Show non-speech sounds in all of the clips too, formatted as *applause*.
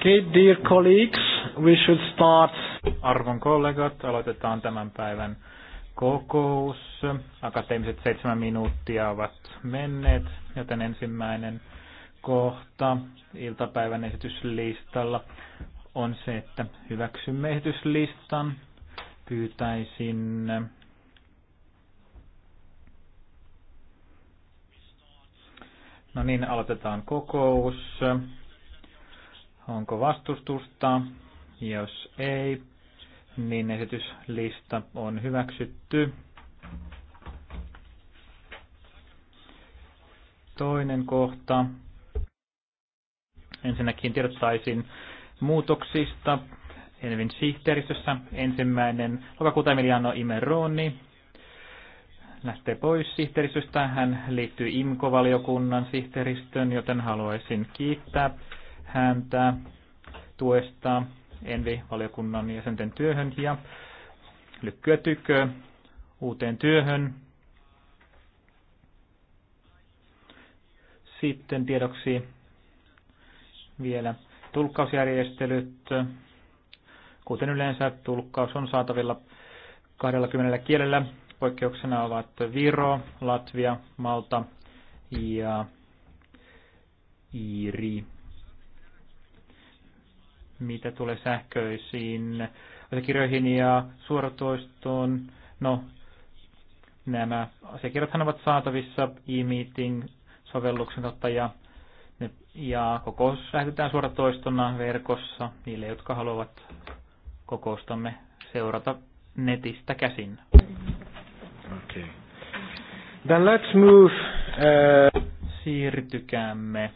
Okay, dear colleagues, we should start. Arvon kollegat, aloitetaan tämän päivän kokous. Akateemiset seitsemän minuuttia ovat menneet, joten ensimmäinen kohta iltapäivän esityslistalla on se, että hyväksymme esityslistan. Pyytäisin No niin, aloitetaan kokous. Onko vastustusta? Jos ei, niin esityslista on hyväksytty. Toinen kohta. Ensinnäkin tiedottaisin muutoksista Envin sihteeristössä. Ensimmäinen lokakuuta Emiliano Imeroni lähtee pois sihteeristöstä. Hän liittyy IMKO-valiokunnan sihteeristön, joten haluaisin kiittää häntä tuesta Envi-valiokunnan jäsenten työhön ja lykkyä tykö uuteen työhön. Sitten tiedoksi vielä tulkkausjärjestelyt. Kuten yleensä, tulkkaus on saatavilla 20 kielellä Poikkeuksena ovat Viro, Latvia, Malta ja Iiri. Mitä tulee sähköisiin asiakirjoihin ja suoratoistoon, no nämä asiakirjathan ovat saatavissa e-meeting-sovelluksen kautta ja, ja kokous lähetetään suoratoistona verkossa niille, jotka haluavat kokoustamme seurata netistä käsin. Okay. Then let's move. Uh... Siirtykäämme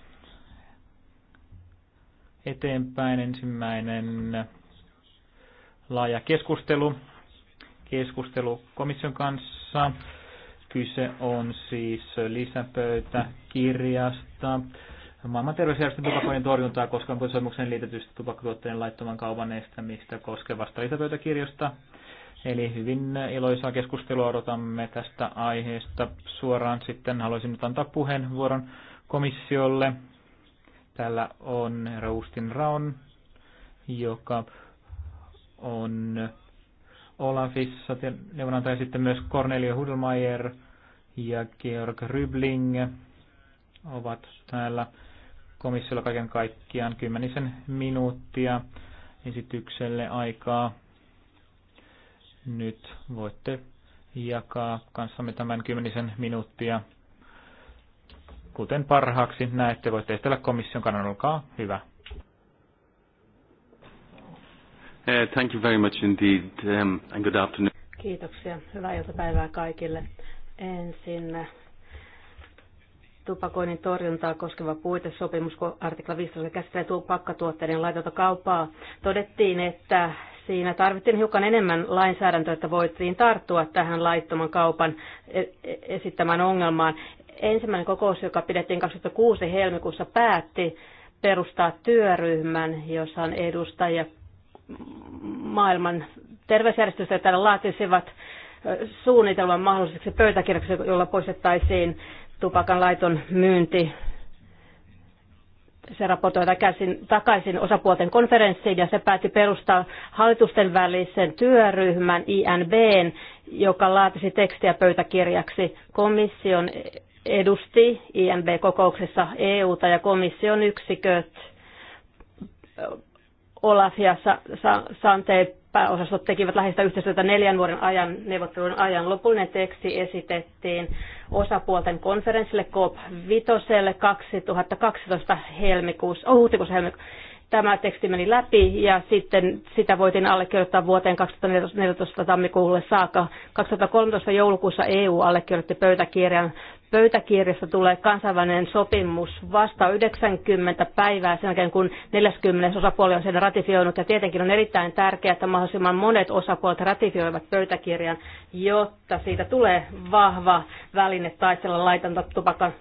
eteenpäin ensimmäinen laaja keskustelu. Keskustelu komission kanssa. Kyse on siis lisäpöytäkirjasta. Maailman terveysjärjestön tupakoinnin torjuntaa koskevan sopimukseen liitetystä tupakkatuotteiden laittoman kaupan estämistä koskevasta lisäpöytäkirjasta. Eli hyvin iloisaa keskustelua odotamme tästä aiheesta. Suoraan sitten haluaisin nyt antaa puheenvuoron komissiolle. Täällä on Raustin Raon, joka on Olafissa neuvonantaja sitten myös Cornelio Hudelmeier ja Georg Rübling ovat täällä komissiolla kaiken kaikkiaan kymmenisen minuuttia esitykselle aikaa nyt voitte jakaa kanssamme tämän kymmenisen minuuttia. Kuten parhaaksi näette, voitte estellä komission kannan. Olkaa hyvä. Uh, thank you very much indeed, um, and good afternoon. Kiitoksia. Hyvää iltapäivää kaikille. Ensin tupakoinnin torjuntaa koskeva puitesopimus, kun artikla 15 käsittelee tupakkatuotteiden laitonta kauppaa, todettiin, että Siinä tarvittiin hiukan enemmän lainsäädäntöä, että voitiin tarttua tähän laittoman kaupan e-, e-, esittämään ongelmaan. Ensimmäinen kokous, joka pidettiin 2006 helmikuussa, päätti perustaa työryhmän, jossa on edustajia maailman terveysjärjestöstä, ja laatisivat suunnitelman mahdolliseksi pöytäkirjaksi, jolla poistettaisiin tupakan laiton myynti se raportoi takaisin, takaisin osapuolten konferenssiin ja se päätti perustaa hallitusten välisen työryhmän INBn, joka laatisi tekstiä pöytäkirjaksi. Komission edusti INB-kokouksessa EUta ja komission yksiköt Olaf ja Sante pääosastot tekivät läheistä yhteistyötä neljän vuoden ajan, neuvottelun ajan. Lopullinen teksti esitettiin osapuolten konferenssille COP5 2012 helmikuussa, oh, huhtikuussa helmikuussa. Tämä teksti meni läpi ja sitten sitä voitiin allekirjoittaa vuoteen 2014 tammikuulle saakka. 2013 joulukuussa EU allekirjoitti pöytäkirjan Pöytäkirjassa tulee kansainvälinen sopimus vasta 90 päivää sen jälkeen, kun 40 osapuoli on sen ratifioinut. Ja tietenkin on erittäin tärkeää, että mahdollisimman monet osapuolet ratifioivat pöytäkirjan, jotta siitä tulee vahva väline taistella laitonta tupakan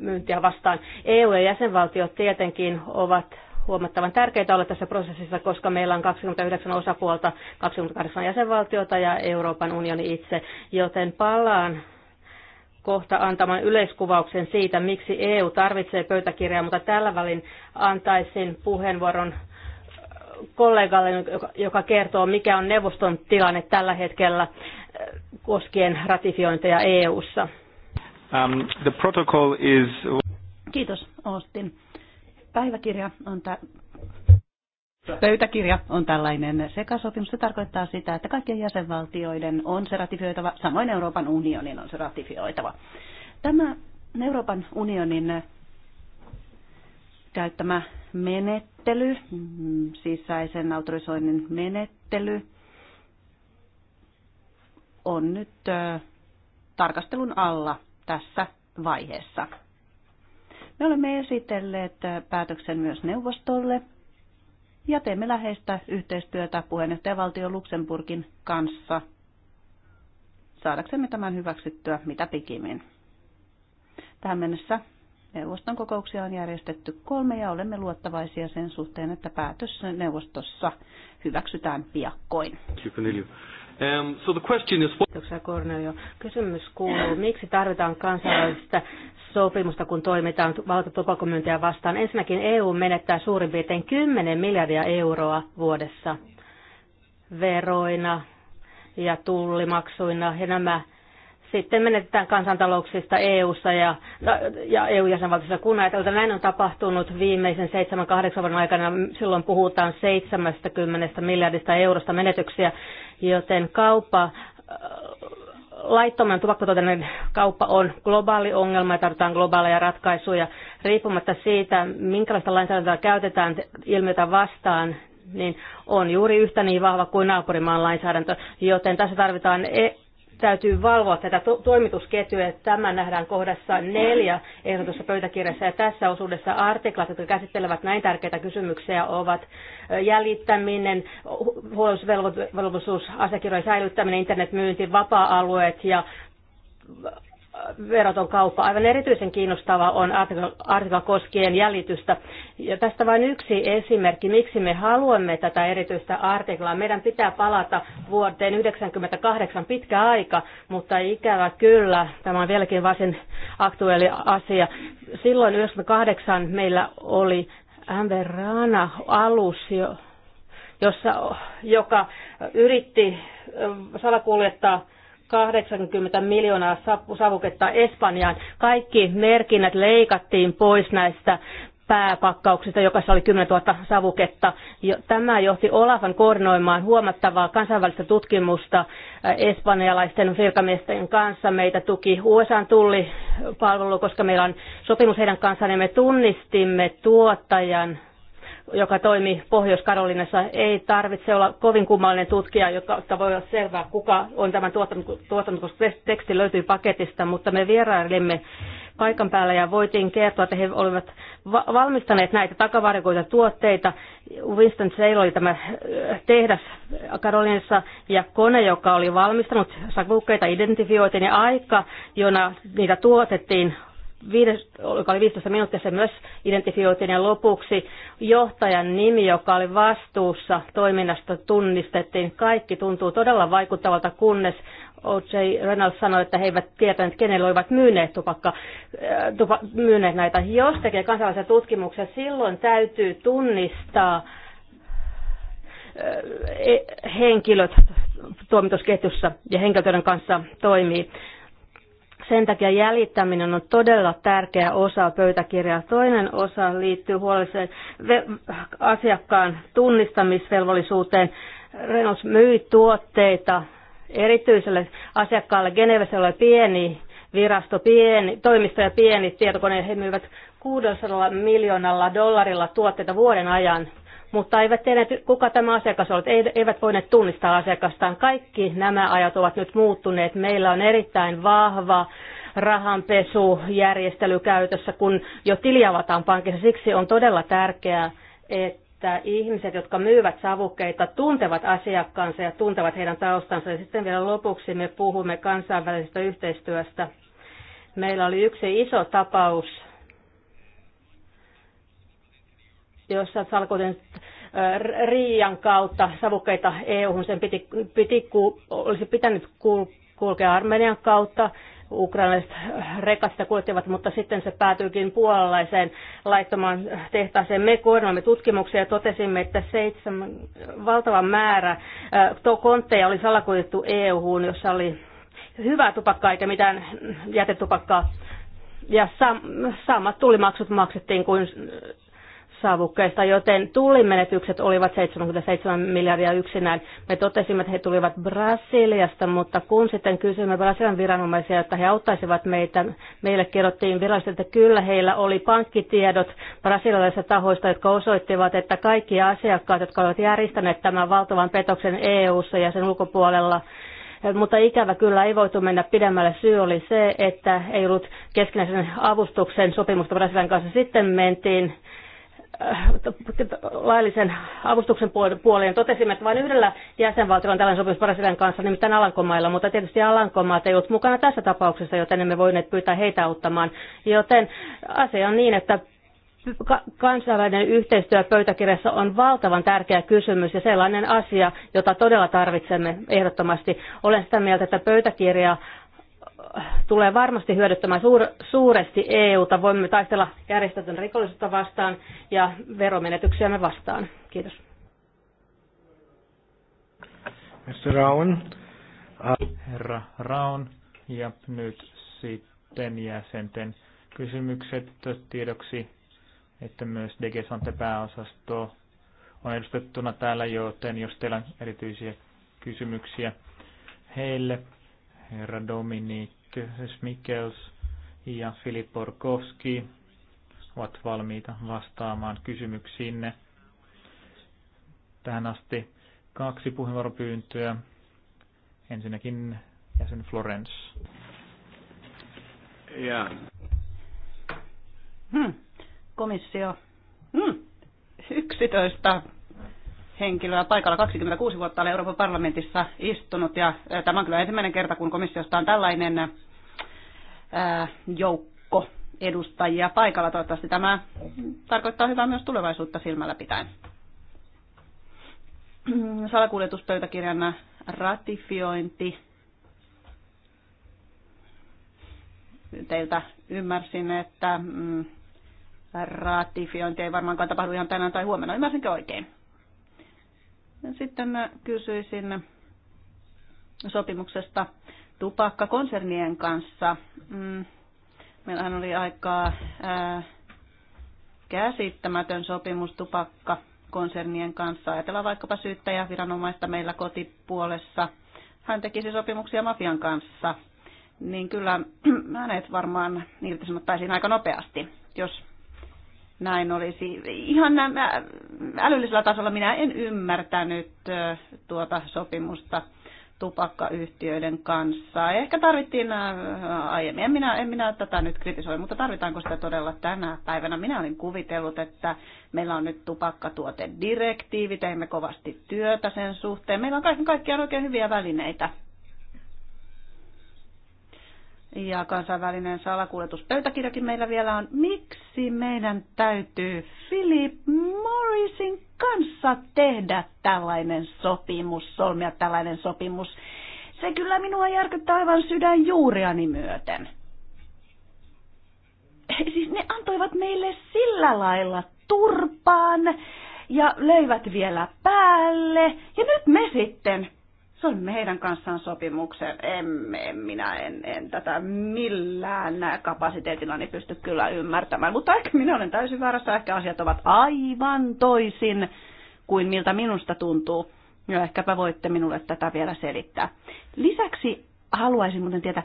myyntiä vastaan. EU ja jäsenvaltiot tietenkin ovat huomattavan tärkeitä olla tässä prosessissa, koska meillä on 29 osapuolta, 28 jäsenvaltiota ja Euroopan unioni itse, joten palaan kohta antamaan yleiskuvauksen siitä, miksi EU tarvitsee pöytäkirjaa, mutta tällä välin antaisin puheenvuoron kollegalle, joka kertoo, mikä on neuvoston tilanne tällä hetkellä eh, koskien ratifiointeja EU-ssa. Um, the protocol is... Kiitos, Austin. Päiväkirja on Pöytäkirja on tällainen sekasopimus. Se tarkoittaa sitä, että kaikkien jäsenvaltioiden on se ratifioitava, samoin Euroopan unionin on se ratifioitava. Tämä Euroopan unionin käyttämä menettely, sisäisen autorisoinnin menettely, on nyt tarkastelun alla tässä vaiheessa. Me olemme esitelleet päätöksen myös neuvostolle ja teemme läheistä yhteistyötä puheenjohtajavaltio Luxemburgin kanssa saadaksemme tämän hyväksyttyä mitä pikimmin. Tähän mennessä neuvoston kokouksia on järjestetty kolme ja olemme luottavaisia sen suhteen, että päätös neuvostossa hyväksytään piakkoin. Um, so the question is... Kiitoksia Cornelio. Kysymys kuuluu, miksi tarvitaan kansainvälistä sopimusta, kun toimitaan valtatupakomyyntiä vastaan? Ensinnäkin EU menettää suurin piirtein 10 miljardia euroa vuodessa veroina ja tullimaksuina, ja nämä sitten menetetään kansantalouksista EU-ssa ja, no, ja EU-jäsenvaltiossa. Kun ajatellaan, näin on tapahtunut viimeisen 7-8 vuoden aikana, silloin puhutaan 70 miljardista eurosta menetyksiä, joten kauppa äh, laittoman tupakkatuotannon kauppa on globaali ongelma ja tarvitaan globaaleja ratkaisuja. Riippumatta siitä, minkälaista lainsäädäntöä käytetään ilmiötä vastaan, niin on juuri yhtä niin vahva kuin naapurimaan lainsäädäntö, joten tässä tarvitaan e täytyy valvoa tätä to- toimitusketjua. Tämä nähdään kohdassa neljä ehdotussa pöytäkirjassa. Ja tässä osuudessa artiklat, jotka käsittelevät näin tärkeitä kysymyksiä, ovat jäljittäminen, huolellisuusvelvollisuus, asiakirjojen säilyttäminen, internetmyynti, vapaa-alueet ja veroton kauppa. Aivan erityisen kiinnostava on artikla koskien jäljitystä. Ja tästä vain yksi esimerkki, miksi me haluamme tätä erityistä artiklaa. Meidän pitää palata vuoteen 1998 pitkä aika, mutta ikävä kyllä, tämä on vieläkin varsin aktuaali asia. Silloin 1998 meillä oli Amberana alus, jossa, joka yritti salakuljettaa 80 miljoonaa savuketta Espanjaan. Kaikki merkinnät leikattiin pois näistä pääpakkauksista, jokaisessa oli 10 000 savuketta. Tämä johti Olafan koordinoimaan huomattavaa kansainvälistä tutkimusta äh, espanjalaisten virkamiesten kanssa. Meitä tuki tuli palvelu koska meillä on sopimus heidän kanssaan ja me tunnistimme tuottajan joka toimi Pohjois-Karolinassa. Ei tarvitse olla kovin kummallinen tutkija, joka voi olla selvää, kuka on tämän tuottanut, koska teksti löytyy paketista, mutta me vierailimme paikan päällä ja voitiin kertoa, että he olivat valmistaneet näitä takavarikoita tuotteita. Winston Sale oli tämä äh, tehdas Karolinassa ja kone, joka oli valmistanut sakukkeita, identifioitiin ja aika, jona niitä tuotettiin, viides, joka oli 15 minuuttia, se myös identifioitiin ja lopuksi johtajan nimi, joka oli vastuussa toiminnasta, tunnistettiin. Kaikki tuntuu todella vaikuttavalta, kunnes O.J. Reynolds sanoi, että he eivät tietäneet, kenelle olivat myyneet, tupakka, äh, tupa, myyneet näitä. Jos tekee kansainvälisen tutkimuksen, silloin täytyy tunnistaa äh, e-, henkilöt toimitusketjussa ja henkilöiden kanssa toimii. Sen takia jäljittäminen on todella tärkeä osa pöytäkirjaa. Toinen osa liittyy huolelliseen asiakkaan tunnistamisvelvollisuuteen. Renos myi tuotteita erityiselle asiakkaalle. Genevessä oli pieni virasto, pieni, toimisto ja pieni tietokone. He myivät 600 miljoonalla dollarilla tuotteita vuoden ajan mutta eivät tiedä, kuka tämä asiakas on, eivät voineet tunnistaa asiakastaan. Kaikki nämä ajat ovat nyt muuttuneet. Meillä on erittäin vahva rahanpesujärjestely käytössä, kun jo tili avataan pankissa. Siksi on todella tärkeää, että ihmiset, jotka myyvät savukkeita, tuntevat asiakkaansa ja tuntevat heidän taustansa. Ja sitten vielä lopuksi me puhumme kansainvälisestä yhteistyöstä. Meillä oli yksi iso tapaus jossa salkoiden Riian kautta savukkeita EU-hun. Sen piti, piti, olisi pitänyt kulkea Armenian kautta. Ukrainalaiset rekat sitä kuljettivat, mutta sitten se päätyykin puolalaiseen laittomaan tehtaaseen. Me koordinoimme tutkimuksia ja totesimme, että seitsemän, valtava määrä kontteja oli salakuljettu EU-hun, jossa oli hyvää tupakkaa eikä mitään jätetupakkaa. Ja sam- samat tulimaksut maksettiin kuin savukkeista, joten tullimenetykset olivat 77 miljardia yksinään. Me totesimme, että he tulivat Brasiliasta, mutta kun sitten kysyimme Brasilian viranomaisia, että he auttaisivat meitä, meille kerrottiin virallisesti, että kyllä heillä oli pankkitiedot brasilialaisista tahoista, jotka osoittivat, että kaikki asiakkaat, jotka olivat järjestäneet tämän valtavan petoksen EU-ssa ja sen ulkopuolella, mutta ikävä kyllä ei voitu mennä pidemmälle. Syy oli se, että ei ollut keskinäisen avustuksen sopimusta Brasilian kanssa. Sitten mentiin laillisen avustuksen puoleen. Totesimme, että vain yhdellä jäsenvaltiolla on tällainen sopimus Brasilian kanssa, nimittäin Alankomailla, mutta tietysti Alankomaat ei ollut mukana tässä tapauksessa, joten emme voineet pyytää heitä auttamaan. Joten asia on niin, että kansainvälinen yhteistyö pöytäkirjassa on valtavan tärkeä kysymys ja sellainen asia, jota todella tarvitsemme ehdottomasti. Olen sitä mieltä, että pöytäkirja tulee varmasti hyödyttämään suur, suuresti EUta. Voimme taistella järjestetyn rikollisuutta vastaan ja veromenetyksiämme vastaan. Kiitos. Mr. Raun. Herra Raun. Ja nyt sitten jäsenten kysymykset tiedoksi, että myös DG pääosasto on edustettuna täällä, joten jos teillä on erityisiä kysymyksiä heille, herra Dominik Smikels, ja Filip Borkowski ovat valmiita vastaamaan kysymyksiinne. Tähän asti kaksi puheenvuoropyyntöä. Ensinnäkin jäsen Florence. Ja Hmm. Komissio. Hmm. 11 henkilöä paikalla. 26 vuotta olen Euroopan parlamentissa istunut ja tämä on kyllä ensimmäinen kerta, kun komissiosta on tällainen joukko edustajia paikalla. Toivottavasti tämä tarkoittaa hyvää myös tulevaisuutta silmällä pitäen. *clears throat* Salakuljetuspöytäkirjan ratifiointi. Teiltä ymmärsin, että mm, ratifiointi ei varmaankaan tapahdu ihan tänään tai huomenna. Ymmärsinkö oikein? Sitten kysyisin sopimuksesta tupakkakonsernien kanssa. Mm, meillähän oli aika käsittämätön sopimus tupakkakonsernien kanssa. Ajatellaan vaikkapa syyttäjä viranomaista meillä kotipuolessa. Hän tekisi sopimuksia mafian kanssa, niin kyllä *clears throat* hänet varmaan irtisanottaisiin aika nopeasti, jos näin olisi. Ihan nämä, älyllisellä tasolla minä en ymmärtänyt tuota sopimusta tupakkayhtiöiden kanssa. Ehkä tarvittiin aiemmin, en minä, en minä tätä nyt kritisoi, mutta tarvitaanko sitä todella tänä päivänä? Minä olin kuvitellut, että meillä on nyt tupakkatuotedirektiivi, teimme kovasti työtä sen suhteen. Meillä on kaiken kaikkiaan oikein hyviä välineitä ja kansainvälinen salakuljetuspöytäkirjakin meillä vielä on. Miksi meidän täytyy Philip Morrisin kanssa tehdä tällainen sopimus, solmia tällainen sopimus? Se kyllä minua järkyttää aivan juuriani myöten. Siis ne antoivat meille sillä lailla turpaan ja löivät vielä päälle. Ja nyt me sitten on heidän kanssaan sopimuksen. En, en minä en, en tätä millään niin pysty kyllä ymmärtämään, mutta ehkä minä olen täysin väärässä, ehkä asiat ovat aivan toisin kuin miltä minusta tuntuu. Ja no, ehkäpä voitte minulle tätä vielä selittää. Lisäksi haluaisin muuten tietää,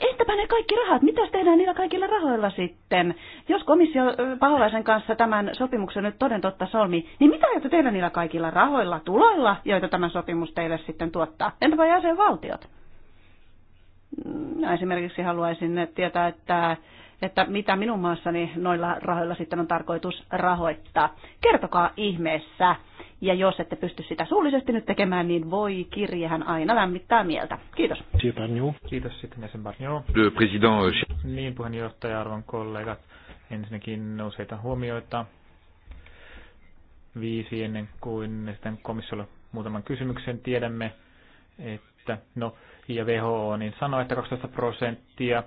Entäpä ne kaikki rahat? Mitä tehdään niillä kaikilla rahoilla sitten? Jos komissio paholaisen kanssa tämän sopimuksen nyt toden totta solmi, niin mitä aiotte tehdä niillä kaikilla rahoilla, tuloilla, joita tämä sopimus teille sitten tuottaa? Entäpä jäsenvaltiot? Minä esimerkiksi haluaisin tietää, että, että mitä minun maassani noilla rahoilla sitten on tarkoitus rahoittaa. Kertokaa ihmeessä ja jos ette pysty sitä suullisesti nyt tekemään, niin voi kirjehän aina lämmittää mieltä. Kiitos. Kiitos sitten jäsen euh, Niin puheenjohtaja, arvon kollegat. Ensinnäkin useita huomioita. Viisi ennen kuin sitten komissiolle muutaman kysymyksen. Tiedämme, että no, ja WHO niin sanoo, että 12 prosenttia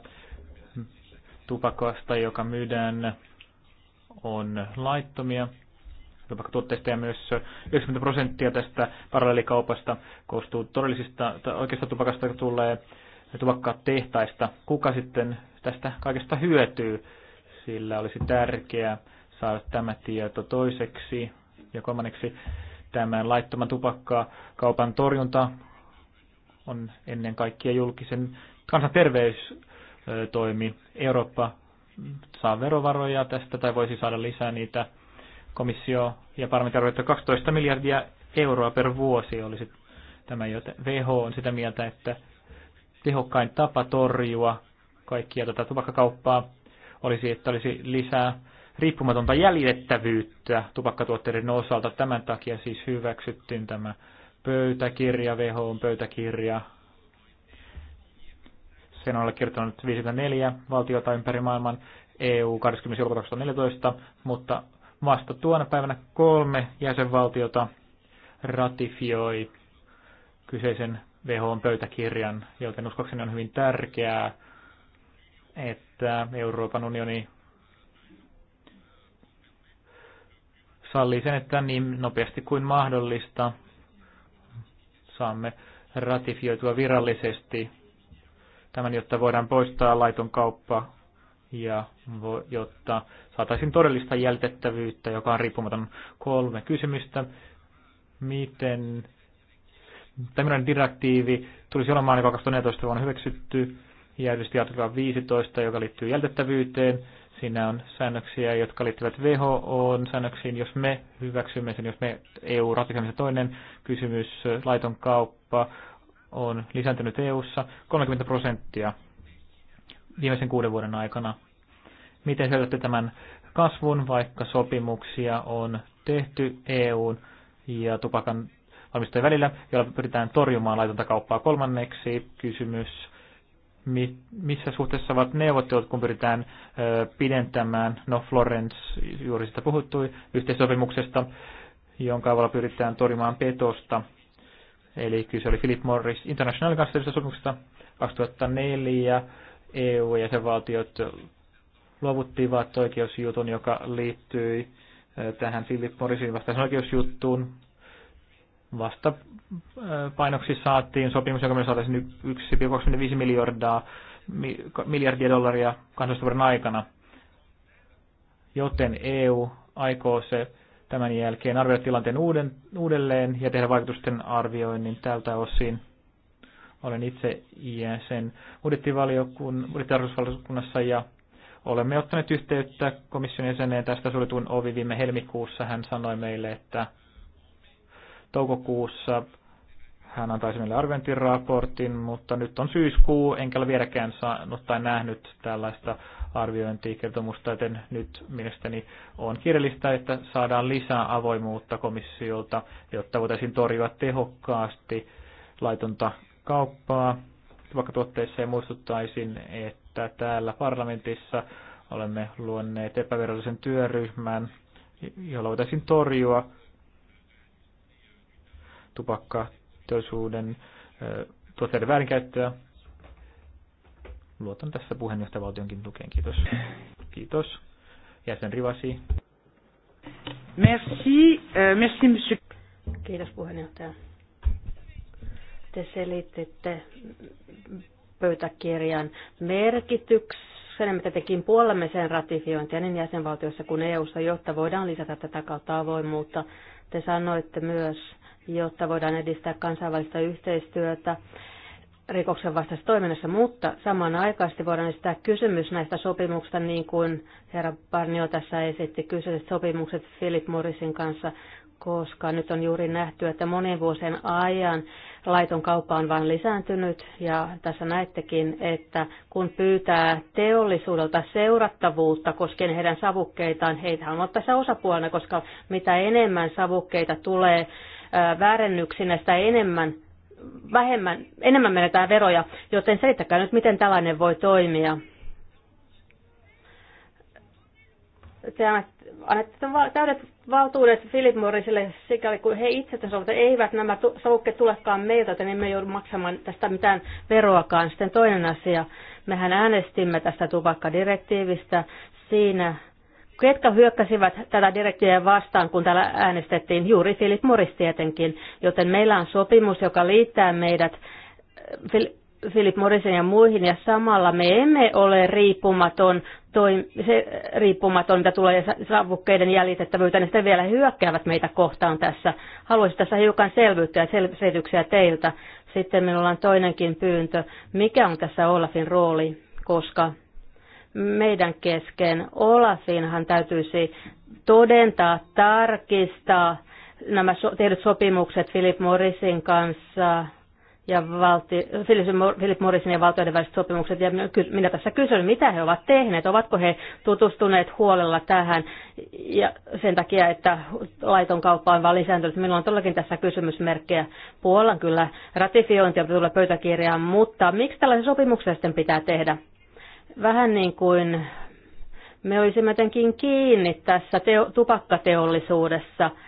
tupakosta, joka myydään, on laittomia tuotteista ja myös 90 prosenttia tästä paralleelikaupasta koostuu todellisista tai oikeasta tupakasta, joka tulee tupakkatehtaista. Kuka sitten tästä kaikesta hyötyy? Sillä olisi tärkeää saada tämä tieto toiseksi ja kolmanneksi tämän laittoman tupakkakaupan torjunta on ennen kaikkea julkisen kansanterveystoimi. Eurooppa saa verovaroja tästä tai voisi saada lisää niitä komissio ja parlamentti että 12 miljardia euroa per vuosi olisi tämä, joten WHO on sitä mieltä, että tehokkain tapa torjua kaikkia tätä tupakkakauppaa olisi, että olisi lisää riippumatonta jäljitettävyyttä tupakkatuotteiden osalta. Tämän takia siis hyväksyttiin tämä pöytäkirja, on pöytäkirja. Sen on allekirjoittanut 54 valtiota ympäri maailman, EU 20. joulukuuta mutta Vasta tuona päivänä kolme jäsenvaltiota ratifioi kyseisen WHOn pöytäkirjan, joten uskokseni on hyvin tärkeää, että Euroopan unioni sallii sen, että niin nopeasti kuin mahdollista saamme ratifioitua virallisesti tämän, jotta voidaan poistaa laiton kauppa ja jotta saataisiin todellista jäljitettävyyttä, joka on riippumaton kolme kysymystä. Miten tämmöinen direktiivi tulisi olemaan, joka 2014 vuonna hyväksytty, ja erityisesti artikla 15, joka liittyy jäljitettävyyteen. Siinä on säännöksiä, jotka liittyvät WHO-säännöksiin, jos me hyväksymme sen, jos me EU ratifioimme toinen kysymys, laiton kauppa on lisääntynyt EU-ssa 30 prosenttia viimeisen kuuden vuoden aikana. Miten hyödytte tämän kasvun, vaikka sopimuksia on tehty EUn ja tupakan valmistajien välillä, jolla pyritään torjumaan laitonta kauppaa. Kolmanneksi kysymys, missä suhteessa ovat neuvottelut, kun pyritään pidentämään, no Florence juuri sitä puhuttui, yhteissopimuksesta, jonka avulla pyritään torjumaan petosta. Eli kyse oli Philip Morris International kanssa sopimuksesta 2004 EU- ja valtiot luovuttivat oikeusjutun, joka liittyi tähän Philip Morrisin vastaisen oikeusjuttuun. Vasta painoksi saatiin sopimus, joka me saataisiin 1,25 miljardia, miljardia dollaria kansallisuuden aikana. Joten EU aikoo se tämän jälkeen arvioida tilanteen uuden, uudelleen ja tehdä vaikutusten arvioinnin tältä osin. Olen itse jäsen budjettivaliokunnassa ja olemme ottaneet yhteyttä komission jäseneen tästä suljetun ovi viime helmikuussa. Hän sanoi meille, että toukokuussa hän antaisi meille arviointiraportin, mutta nyt on syyskuu, enkä ole vieläkään saanut tai nähnyt tällaista arviointikertomusta, joten nyt mielestäni on kirjallista, että saadaan lisää avoimuutta komissiolta, jotta voitaisiin torjua tehokkaasti laitonta kauppaa. Vaikka ei muistuttaisin, että täällä parlamentissa olemme luonneet epävirallisen työryhmän, jolla voitaisiin torjua tupakkateollisuuden tuotteiden väärinkäyttöä. Luotan tässä puheenjohtajavaltionkin tukeen. Kiitos. Kiitos. Jäsen Rivasi. Merci, merci monsieur. Kiitos puheenjohtaja. Te selititte pöytäkirjan merkityksen, mitä tekin puolemme sen ratifiointia niin jäsenvaltiossa kuin EU-ssa, jotta voidaan lisätä tätä kautta avoimuutta. Te sanoitte myös, jotta voidaan edistää kansainvälistä yhteistyötä rikoksen vastaisessa toiminnassa, mutta samanaikaisesti voidaan esittää kysymys näistä sopimuksista, niin kuin herra Barnio tässä esitti kyseiset sopimukset Philip Morrisin kanssa, koska nyt on juuri nähty, että monen vuosien ajan laiton kauppa on vain lisääntynyt ja tässä näettekin, että kun pyytää teollisuudelta seurattavuutta koskien heidän savukkeitaan, heitä on tässä osapuolena, koska mitä enemmän savukkeita tulee väärennyksinä, sitä enemmän vähemmän, enemmän menetään veroja, joten selittäkää nyt, miten tällainen voi toimia. Te annette täydet valtuudet Philip Morrisille, sikäli kun he itse sanovat, että eivät nämä savukkeet tulekaan meiltä, että emme joudu maksamaan tästä mitään veroakaan. Sitten toinen asia, mehän äänestimme tästä tupakkadirektiivistä siinä, ketkä hyökkäsivät tätä direktiiviä vastaan, kun täällä äänestettiin juuri Philip Morris tietenkin, joten meillä on sopimus, joka liittää meidät eh, Philip Morrisen ja muihin, ja samalla me emme ole riippumaton, toi, se riippumaton, mitä tulee savukkeiden jäljitettävyyteen, niin sitten vielä hyökkäävät meitä kohtaan tässä. Haluaisin tässä hiukan selvyyttä ja selityksiä teiltä. Sitten minulla on toinenkin pyyntö. Mikä on tässä Olafin rooli, koska meidän kesken Olafinhan täytyisi todentaa, tarkistaa nämä tehdyt sopimukset Philip Morrisin kanssa, ja valti, Philip Morrisin ja valtioiden väliset sopimukset. Ja minä tässä kysyn, mitä he ovat tehneet, ovatko he tutustuneet huolella tähän ja sen takia, että laiton kauppa on vain lisääntynyt. Minulla on todellakin tässä kysymysmerkkejä. Puolan kyllä ratifiointia tulee pöytäkirjaan, mutta miksi tällaisen sopimuksen sitten pitää tehdä? Vähän niin kuin me olisimme jotenkin kiinni tässä teo, tupakkateollisuudessa –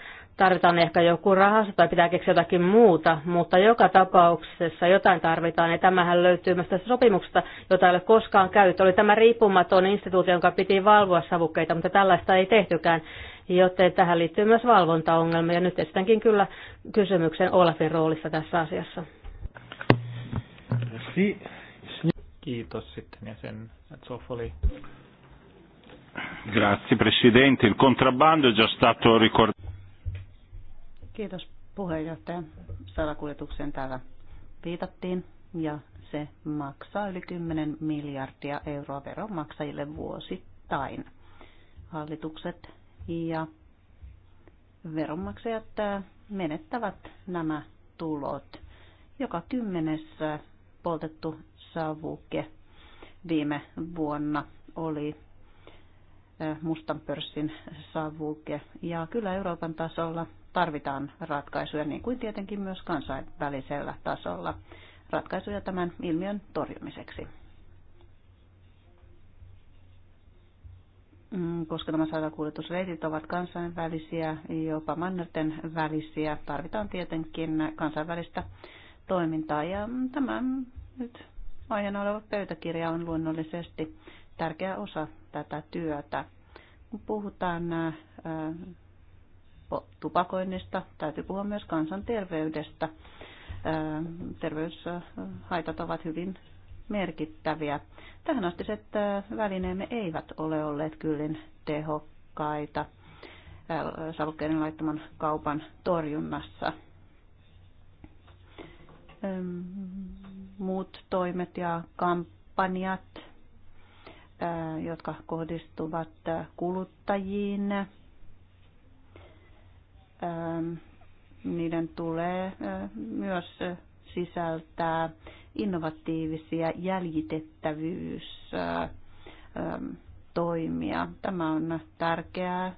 tarvitaan ehkä joku rahasto tai pitää keksiä jotakin muuta, mutta joka tapauksessa jotain tarvitaan ja tämähän löytyy myös tästä sopimuksesta, jota ei ole koskaan käytetty. Oli tämä riippumaton instituutio, jonka piti valvoa savukkeita, mutta tällaista ei tehtykään, joten tähän liittyy myös valvontaongelmia. Nyt esitänkin kyllä kysymyksen Olafin roolista tässä asiassa. Kiitos sitten ja sen, että Grazie Presidente, il contrabbando è già stato ricordato. Kiitos puheenjohtaja. Salakuljetukseen täällä viitattiin ja se maksaa yli 10 miljardia euroa veronmaksajille vuosittain. Hallitukset ja veronmaksajat äh, menettävät nämä tulot. Joka kymmenes poltettu savuke viime vuonna oli äh, mustan pörssin savuke. Ja kyllä Euroopan tasolla tarvitaan ratkaisuja, niin kuin tietenkin myös kansainvälisellä tasolla, ratkaisuja tämän ilmiön torjumiseksi. Mm, koska nämä sairaankuljetusreitit ovat kansainvälisiä, jopa mannerten välisiä, tarvitaan tietenkin kansainvälistä toimintaa. Ja tämä nyt aiheena oleva pöytäkirja on luonnollisesti tärkeä osa tätä työtä. Kun puhutaan äh, tupakoinnista, täytyy puhua myös kansanterveydestä. Terveyshaitat ovat hyvin merkittäviä. Tähän asti että välineemme eivät ole olleet kyllin tehokkaita savukkeiden laittoman kaupan torjunnassa. Muut toimet ja kampanjat, jotka kohdistuvat kuluttajiin, Ähm, niiden tulee äh, myös sisältää innovatiivisia jäljitettävyystoimia. Äh, ähm, Tämä on tärkeää.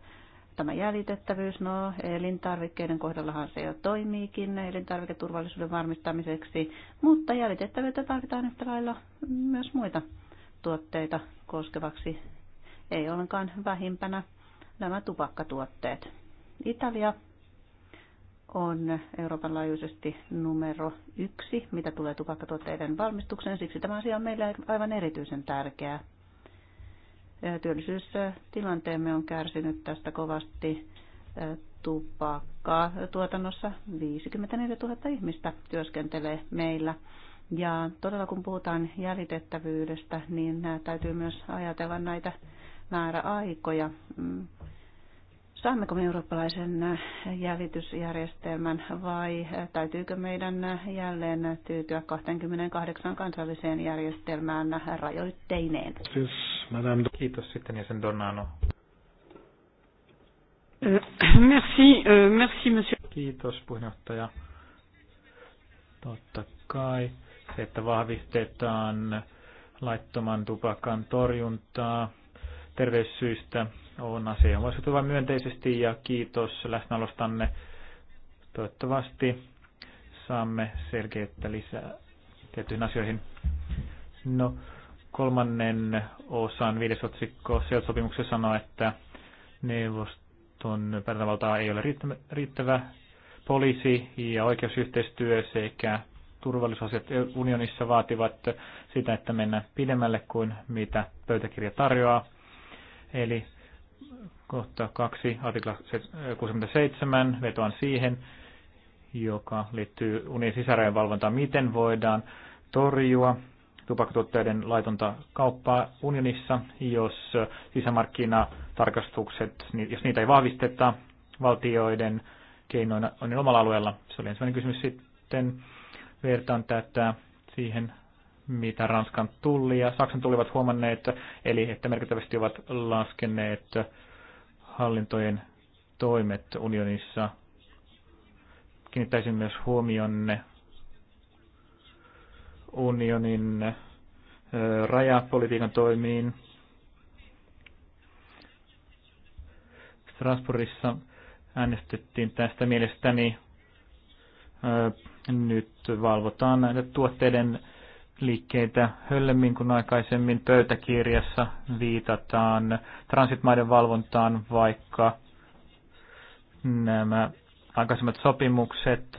Tämä jäljitettävyys, no elintarvikkeiden kohdallahan se jo toimiikin elintarviketurvallisuuden varmistamiseksi, mutta jäljitettävyyttä tarvitaan yhtä lailla myös muita tuotteita koskevaksi, ei ollenkaan vähimpänä nämä tupakkatuotteet. Italia on Euroopan laajuisesti numero yksi, mitä tulee tupakkatuotteiden valmistukseen. Siksi tämä asia on meille aivan erityisen tärkeä. Työllisyystilanteemme on kärsinyt tästä kovasti tupakkaa tuotannossa. 54 000 ihmistä työskentelee meillä. Ja todella kun puhutaan jäljitettävyydestä, niin täytyy myös ajatella näitä määräaikoja. Mm, Saammeko me eurooppalaisen jäljitysjärjestelmän vai täytyykö meidän jälleen tyytyä 28 kansalliseen järjestelmään rajoitteineen? Siis, madame. Kiitos sitten jäsen Donano. Merci, merci monsieur. Kiitos puheenjohtaja. Totta kai se, että vahvistetaan laittoman tupakan torjuntaa terveyssyistä on asia, Voisi tulla myönteisesti ja kiitos läsnäolostanne. Toivottavasti saamme selkeyttä lisää tiettyihin asioihin. No, kolmannen osan viides otsikko sopimuksessa sanoo, että neuvoston päätävaltaa ei ole riittävä poliisi- ja oikeusyhteistyö sekä turvallisuusasiat unionissa vaativat sitä, että mennään pidemmälle kuin mitä pöytäkirja tarjoaa. Eli Kohta 2, artikla 67, eh, vetoan siihen, joka liittyy unien sisärajojen valvontaan. Miten voidaan torjua tupakkatuotteiden laitonta kauppaa unionissa, jos eh, sisämarkkinatarkastukset, jos niitä ei vahvisteta valtioiden keinoina on omalla alueella. Se oli ensimmäinen kysymys sitten. Vertaan tätä siihen, mitä Ranskan tulli ja Saksan tulivat huomanneet, eli että merkittävästi ovat laskeneet hallintojen toimet unionissa. Kiinnittäisin myös huomionne unionin rajapolitiikan toimiin. Strasbourgissa äänestettiin tästä mielestäni. Nyt valvotaan näiden tuotteiden liikkeitä höllemmin kuin aikaisemmin pöytäkirjassa viitataan transitmaiden valvontaan, vaikka nämä aikaisemmat sopimukset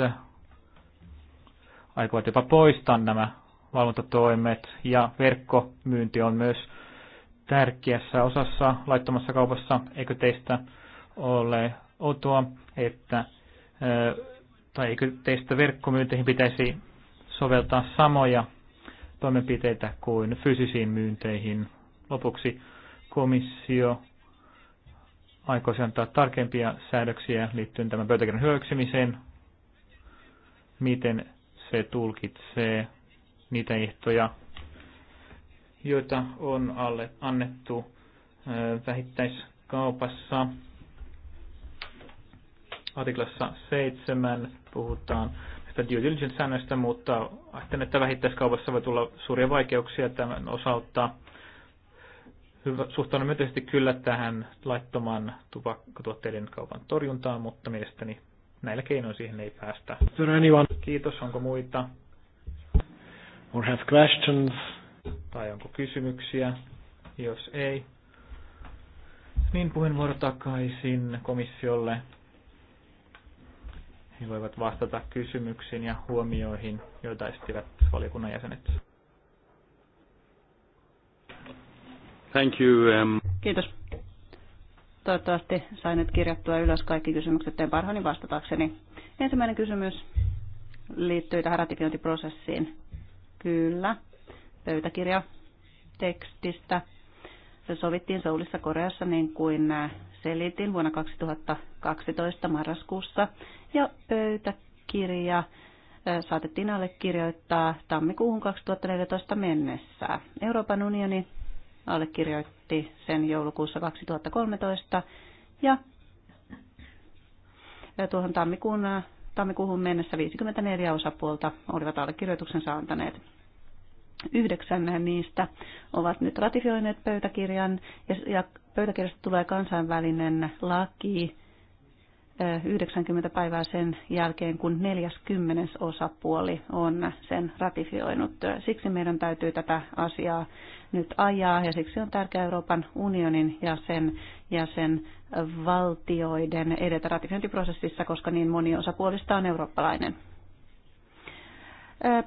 aikovat jopa poistaa nämä valvontatoimet ja verkkomyynti on myös tärkeässä osassa laittomassa kaupassa. Eikö teistä ole otoa, että tai eikö teistä verkkomyynteihin pitäisi soveltaa samoja toimenpiteitä kuin fyysisiin myynteihin. Lopuksi komissio aikoisi antaa tarkempia säädöksiä liittyen tämän pöytäkirjan hyväksymiseen, miten se tulkitsee niitä ehtoja, joita on alle annettu äh, vähittäiskaupassa. Artiklassa 7 puhutaan Tätä due diligence-säännöistä, mutta ajattelen, että vähittäiskaupassa voi tulla suuria vaikeuksia tämän osalta. Hyvä, suhtaudun myönteisesti kyllä tähän laittoman tupakkatuotteiden kaupan torjuntaan, mutta mielestäni näillä keinoin siihen ei päästä. Kiitos, onko muita? Or have questions? Tai onko kysymyksiä? Jos ei, niin puheenvuoro takaisin komissiolle. He voivat vastata kysymyksiin ja huomioihin, joita esittivät valiokunnan jäsenet. Thank you. Um... Kiitos. Toivottavasti sain nyt kirjattua ylös kaikki kysymykset teen parhaani vastatakseni. Ensimmäinen kysymys liittyy tähän ratifiointiprosessiin. Kyllä, pöytäkirja tekstistä. Se sovittiin Soulissa Koreassa niin kuin selitin vuonna 2012 marraskuussa ja pöytäkirja saatettiin allekirjoittaa tammikuuhun 2014 mennessä. Euroopan unioni allekirjoitti sen joulukuussa 2013 ja tuohon tammikuun, tammikuuhun mennessä 54 osapuolta olivat allekirjoituksen saantaneet. Yhdeksän niistä ovat nyt ratifioineet pöytäkirjan ja pöytäkirjasta tulee kansainvälinen laki 90 päivää sen jälkeen, kun 40 osapuoli on sen ratifioinut. Siksi meidän täytyy tätä asiaa nyt ajaa ja siksi on tärkeää Euroopan unionin ja sen, ja sen valtioiden edetä ratifiointiprosessissa, koska niin moni osapuolista on eurooppalainen.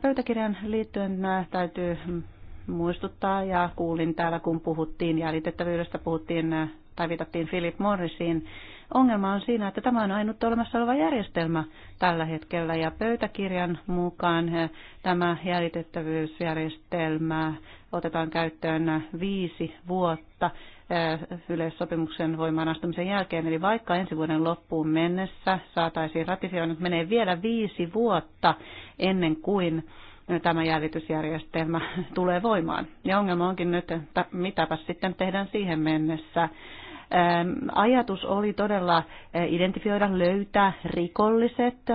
Pöytäkirjan liittyen täytyy muistuttaa ja kuulin täällä, kun puhuttiin jäljitettävyydestä, puhuttiin tai viitattiin Philip Morrisiin. Ongelma on siinä, että tämä on ainut olemassa oleva järjestelmä tällä hetkellä ja pöytäkirjan mukaan tämä jäljitettävyysjärjestelmä otetaan käyttöön viisi vuotta Eh, yleissopimuksen voimaan astumisen jälkeen. Eli vaikka ensi vuoden loppuun mennessä saataisiin että menee vielä viisi vuotta ennen kuin tämä jäljitysjärjestelmä *laughs* tulee voimaan. Ja ongelma onkin nyt, että mitäpä sitten tehdään siihen mennessä. Ajatus oli todella eh, identifioida, löytää rikolliset,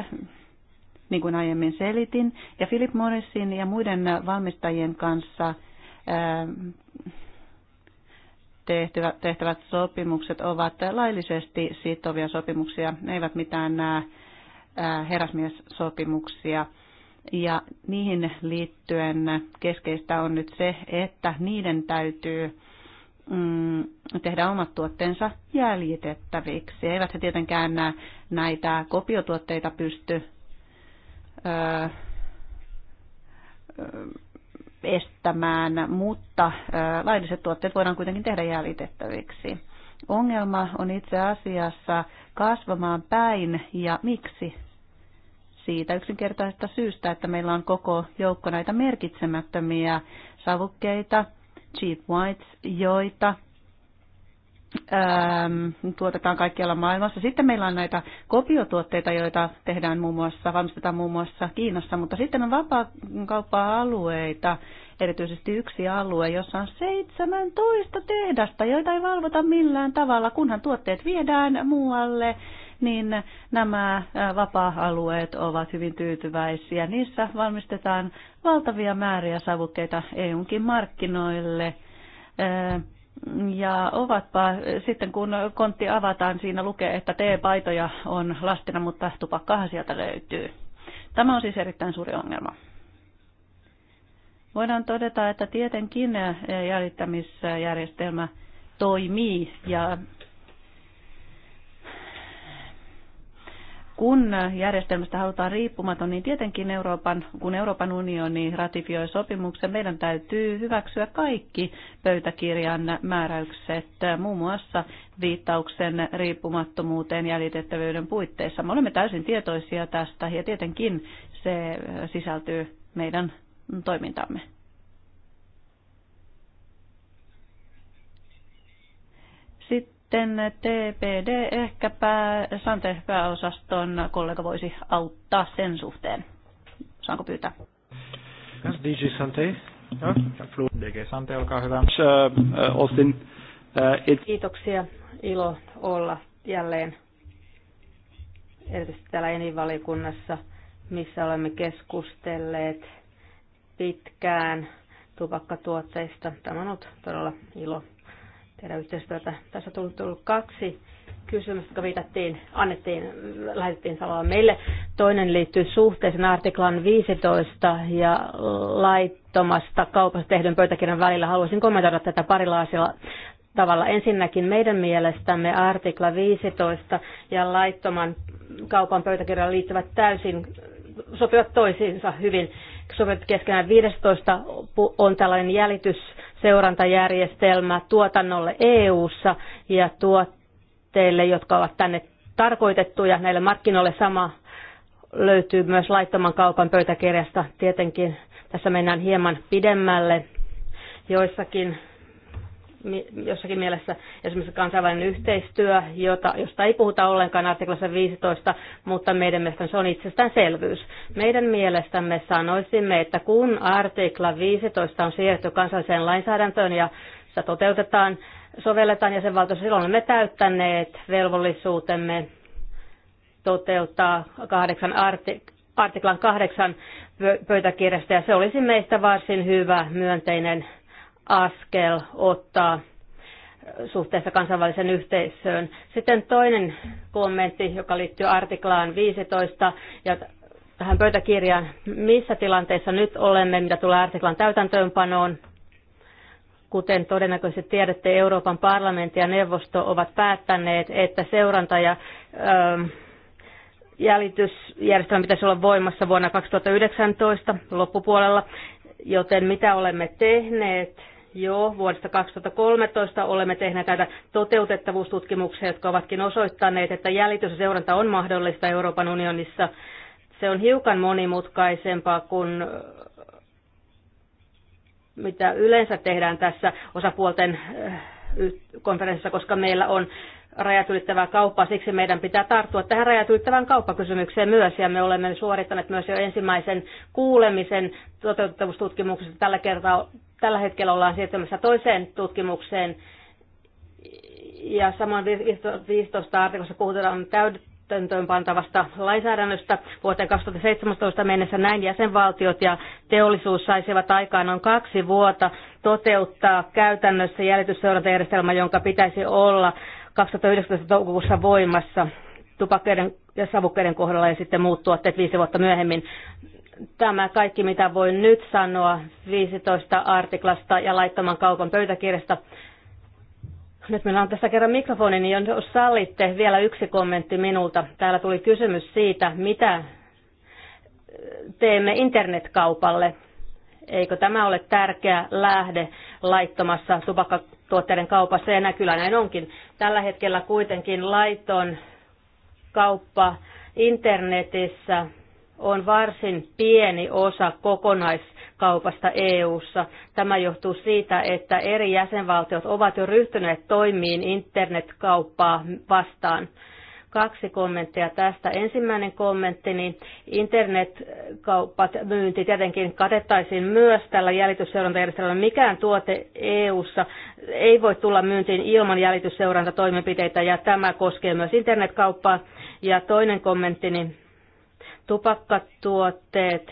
niin kuin aiemmin selitin, ja Philip Morrisin ja muiden valmistajien kanssa tehtävät, tehtävät sopimukset ovat laillisesti sitovia sopimuksia, ne eivät mitään nämä herrasmiessopimuksia. Ja niihin liittyen keskeistä on nyt se, että niiden täytyy mm, tehdä omat tuotteensa jäljitettäviksi. Eivät he tietenkään nää, näitä kopiotuotteita pysty öö, öö, estämään, mutta lailliset tuotteet voidaan kuitenkin tehdä jäljitettäviksi. Ongelma on itse asiassa kasvamaan päin ja miksi? Siitä yksinkertaisesta syystä, että meillä on koko joukko näitä merkitsemättömiä savukkeita, cheap whites, joita tuotetaan kaikkialla maailmassa. Sitten meillä on näitä kopiotuotteita, joita tehdään muun muassa, valmistetaan muun muassa Kiinassa, mutta sitten on vapaakauppa-alueita, erityisesti yksi alue, jossa on 17 tehdasta, joita ei valvota millään tavalla, kunhan tuotteet viedään muualle niin nämä vapaa-alueet ovat hyvin tyytyväisiä. Niissä valmistetaan valtavia määriä savukkeita EUnkin markkinoille ja ovatpa sitten, kun kontti avataan, siinä lukee, että teepaitoja on lastina, mutta tupakkaahan sieltä löytyy. Tämä on siis erittäin suuri ongelma. Voidaan todeta, että tietenkin jäljittämisjärjestelmä toimii ja kun järjestelmästä halutaan riippumaton, niin tietenkin Euroopan, kun Euroopan unioni ratifioi sopimuksen, meidän täytyy hyväksyä kaikki pöytäkirjan määräykset, muun muassa viittauksen riippumattomuuteen jäljitettävyyden puitteissa. Me olemme täysin tietoisia tästä ja tietenkin se sisältyy meidän toimintamme. Sitten TPD, ehkäpä Sante pääosaston kollega voisi auttaa sen suhteen. Saanko pyytää? DG Sante. No, DG Sante, olkaa hyvä. Uh, uh, Austin. Uh, Kiitoksia. Ilo olla jälleen erityisesti täällä Enivalikunnassa, missä olemme keskustelleet pitkään tupakkatuotteista. Tämä on ollut todella ilo tehdä yhteistyötä. Tässä on tullut, tullut kaksi kysymystä, jotka viitattiin, annettiin, lähetettiin salaa meille. Toinen liittyy suhteeseen artiklan 15 ja laittomasta kaupasta tehdyn pöytäkirjan välillä. Haluaisin kommentoida tätä parilla asialla tavalla. Ensinnäkin meidän mielestämme artikla 15 ja laittoman kaupan pöytäkirjan liittyvät täysin, sopivat toisiinsa hyvin. Sopivat keskenään 15 on tällainen jäljitys seurantajärjestelmä tuotannolle EU-ssa ja tuotteille, jotka ovat tänne tarkoitettuja näille markkinoille sama löytyy myös laittoman kaupan pöytäkirjasta. Tietenkin tässä mennään hieman pidemmälle joissakin jossakin mielessä esimerkiksi kansainvälinen yhteistyö, jota, josta ei puhuta ollenkaan artiklassa 15, mutta meidän mielestämme se on itsestäänselvyys. Meidän mielestämme sanoisimme, että kun artikla 15 on siirretty kansalliseen lainsäädäntöön ja sitä toteutetaan, sovelletaan jäsenvaltiossa, silloin olemme täyttäneet velvollisuutemme toteuttaa kahdeksan artik- artiklan kahdeksan pöytäkirjasta, ja se olisi meistä varsin hyvä myönteinen askel ottaa suhteessa kansainväliseen yhteisöön. Sitten toinen kommentti, joka liittyy artiklaan 15 ja tähän pöytäkirjaan. Missä tilanteessa nyt olemme, mitä tulee artiklan täytäntöönpanoon? Kuten todennäköisesti tiedätte, Euroopan parlamentti ja neuvosto ovat päättäneet, että seuranta ja ö, ähm, jäljitysjärjestelmä pitäisi olla voimassa vuonna 2019 loppupuolella, joten mitä olemme tehneet Joo, vuodesta 2013 olemme tehneet näitä toteutettavuustutkimuksia, jotka ovatkin osoittaneet, että jäljitys ja seuranta on mahdollista Euroopan unionissa. Se on hiukan monimutkaisempaa kuin äh, mitä yleensä tehdään tässä osapuolten äh, konferenssissa, koska meillä on rajat ylittävää kauppaa, siksi meidän pitää tarttua tähän rajat ylittävään kauppakysymykseen myös, ja me olemme suorittaneet myös jo ensimmäisen kuulemisen toteutettavuustutkimuksesta. Tällä, kertaa, tällä hetkellä ollaan siirtymässä toiseen tutkimukseen, ja samoin 15 artikossa puhutaan pantavasta lainsäädännöstä vuoteen 2017 mennessä näin jäsenvaltiot ja teollisuus saisivat aikaan on kaksi vuotta toteuttaa käytännössä jäljitysseurantajärjestelmä, jonka pitäisi olla 2019 toukokuussa voimassa tupakkeiden ja savukkeiden kohdalla ja sitten muut tuotteet viisi vuotta myöhemmin. Tämä kaikki, mitä voin nyt sanoa 15 artiklasta ja laittoman kaupan pöytäkirjasta. Nyt meillä on tässä kerran mikrofoni, niin jos sallitte vielä yksi kommentti minulta. Täällä tuli kysymys siitä, mitä teemme internetkaupalle. Eikö tämä ole tärkeä lähde laittomassa tupakkatuotteiden kaupassa? Ja kyllä näin onkin. Tällä hetkellä kuitenkin laiton kauppa internetissä on varsin pieni osa kokonaiskaupasta EU:ssa. Tämä johtuu siitä, että eri jäsenvaltiot ovat jo ryhtyneet toimiin internetkauppaa vastaan. Kaksi kommenttia tästä. Ensimmäinen kommentti, niin internetkaupat myynti tietenkin katettaisiin myös tällä jäljitysseurantajärjestelmällä. Mikään tuote EU-ssa ei voi tulla myyntiin ilman jäljitysseurantatoimenpiteitä ja tämä koskee myös internetkauppaa. Ja toinen kommentti, niin tupakkatuotteet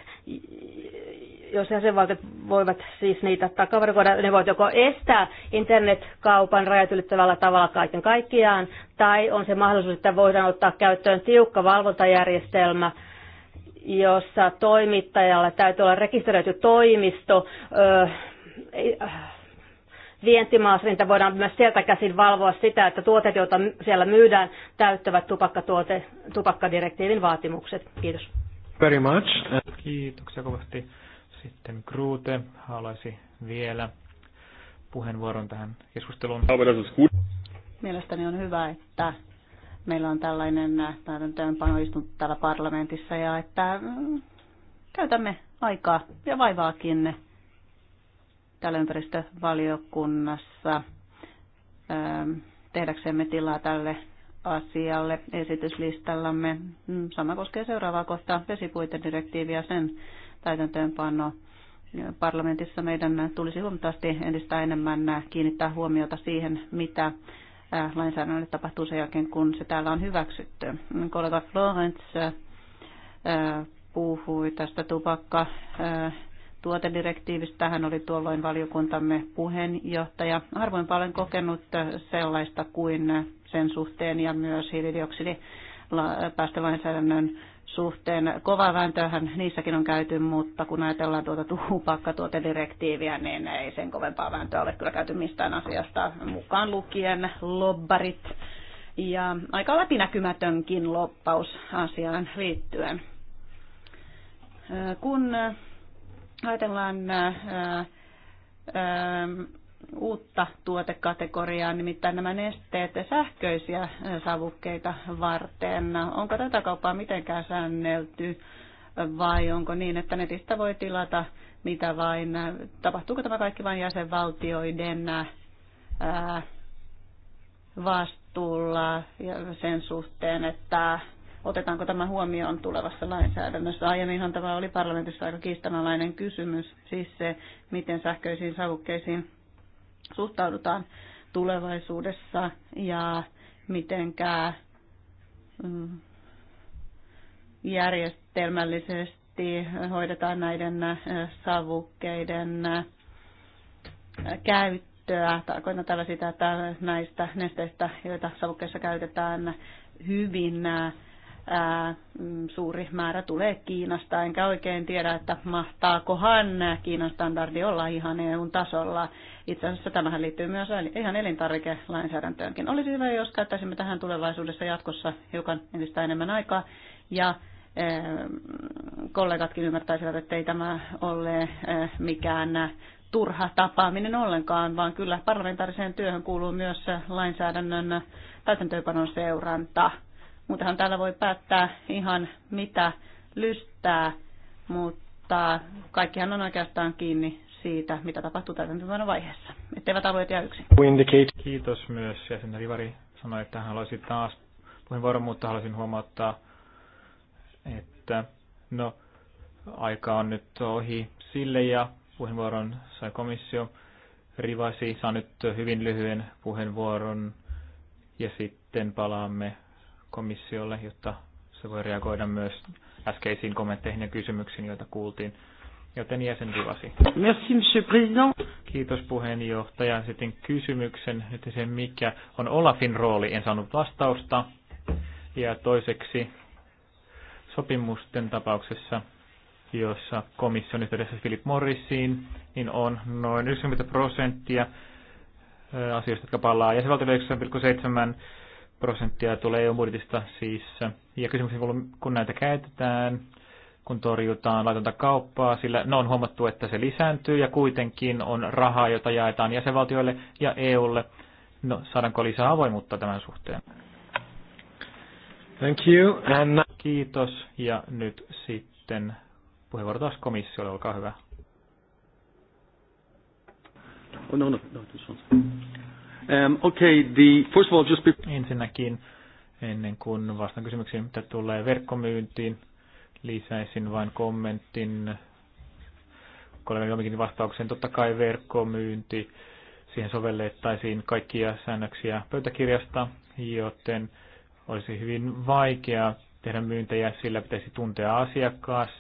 jos jäsenvaltiot voivat siis niitä takavarikoida, ne voivat joko estää internetkaupan rajat ylittävällä tavalla kaiken kaikkiaan, tai on se mahdollisuus, että voidaan ottaa käyttöön tiukka valvontajärjestelmä, jossa toimittajalla täytyy olla rekisteröity toimisto, öö, vientimaassa, niitä voidaan myös sieltä käsin valvoa sitä, että tuotet, joita siellä myydään, täyttävät tupakkatuote, tupakkadirektiivin vaatimukset. Kiitos. Very much. Kiitoksia kovasti. Sitten Gruute haluaisi vielä puheenvuoron tähän keskusteluun. Mielestäni on hyvä, että meillä on tällainen äh, täytäntöönpanoistunut täällä parlamentissa ja että mm, käytämme aikaa ja vaivaakin täällä ympäristövaliokunnassa ähm, tehdäksemme tilaa tälle asialle esityslistallamme. Mm, sama koskee seuraavaa kohtaa vesipuitedirektiiviä sen täytäntöönpano parlamentissa meidän tulisi huomattavasti entistä enemmän kiinnittää huomiota siihen, mitä lainsäädännölle tapahtuu sen jälkeen, kun se täällä on hyväksytty. Kollega Florence puhui tästä tupakka Hän oli tuolloin valiokuntamme puheenjohtaja. Harvoinpa paljon kokenut sellaista kuin sen suhteen ja myös hiilidioksidipäästölainsäädännön suhteen. Kova vääntöhän niissäkin on käyty, mutta kun ajatellaan tuota tupakkatuotedirektiiviä, niin ei sen kovempaa vääntöä ole kyllä käyty mistään asiasta, mukaan lukien lobbarit ja aika läpinäkymätönkin loppaus asiaan liittyen. Äh, kun äh, ajatellaan äh, uutta tuotekategoriaa, nimittäin nämä nesteet sähköisiä savukkeita varten. Onko tätä kauppaa mitenkään säännelty vai onko niin, että netistä voi tilata mitä vain? Tapahtuuko tämä kaikki vain jäsenvaltioiden vastuulla ja sen suhteen, että otetaanko tämä huomioon tulevassa lainsäädännössä. Aiemminhan tämä oli parlamentissa aika kiistanalainen kysymys, siis se, miten sähköisiin savukkeisiin suhtaudutaan tulevaisuudessa ja mitenkään mm, järjestelmällisesti hoidetaan näiden äh, savukkeiden äh, käyttöä. Tarkoitan tällä sitä, että näistä nesteistä, joita savukkeissa käytetään, hyvin äh, Mm, suuri määrä tulee Kiinasta, enkä oikein tiedä, että mahtaakohan Kiinan standardi olla ihan eu tasolla. Itse asiassa tämähän liittyy myös ihan elintarvikelainsäädäntöönkin. Olisi hyvä, jos käyttäisimme tähän tulevaisuudessa jatkossa hiukan entistä enemmän aikaa ja kollegatkin ymmärtäisivät, että ei tämä ole mikään turha tapaaminen ollenkaan, vaan kyllä parlamentaariseen työhön kuuluu myös lainsäädännön täytäntöönpanon seuranta Muutenhan täällä voi päättää ihan mitä lystää, mutta kaikkihan on oikeastaan kiinni siitä, mitä tapahtuu täytäntöönpanon vaiheessa, Että eivät alueet jää yksin. Kiitos myös jäsen Rivari sanoi, että hän haluaisi taas puheenvuoron, mutta haluaisin huomauttaa, että no, aika on nyt ohi sille ja puheenvuoron sai komissio. Rivasi saa nyt hyvin lyhyen puheenvuoron ja sitten palaamme komissiolle, jotta se voi reagoida myös äskeisiin kommentteihin ja kysymyksiin, joita kuultiin. Joten jäsen Rivasi. Merci, monsieur président. Kiitos puheenjohtaja. Sitten kysymyksen, nyt se mikä on Olafin rooli, en saanut vastausta. Ja toiseksi sopimusten tapauksessa, jossa komission yhteydessä Philip Morrisiin, niin on noin 90 prosenttia asioista, jotka palaa jäsenvaltiolle 9,7 prosenttia tulee EU-budjetista siis. Ja kysymys on, kun näitä käytetään, kun torjutaan laitonta kauppaa, sillä ne on huomattu, että se lisääntyy ja kuitenkin on rahaa, jota jaetaan jäsenvaltioille ja EUlle. No, saadaanko lisää avoimuutta tämän suhteen? Thank you. And... Kiitos. Ja nyt sitten puheenvuoro taas komissiolle, olkaa hyvä. Oh, no, no, no, Um, okay, the, first of all, just be... Ensinnäkin, ennen kuin vastaan kysymyksiin, mitä tulee verkkomyyntiin, lisäisin vain kommentin kollega Jomikin vastaukseen. Totta kai verkkomyynti, siihen sovellettaisiin kaikkia säännöksiä pöytäkirjasta, joten olisi hyvin vaikea tehdä myyntejä, sillä pitäisi tuntea asiakas,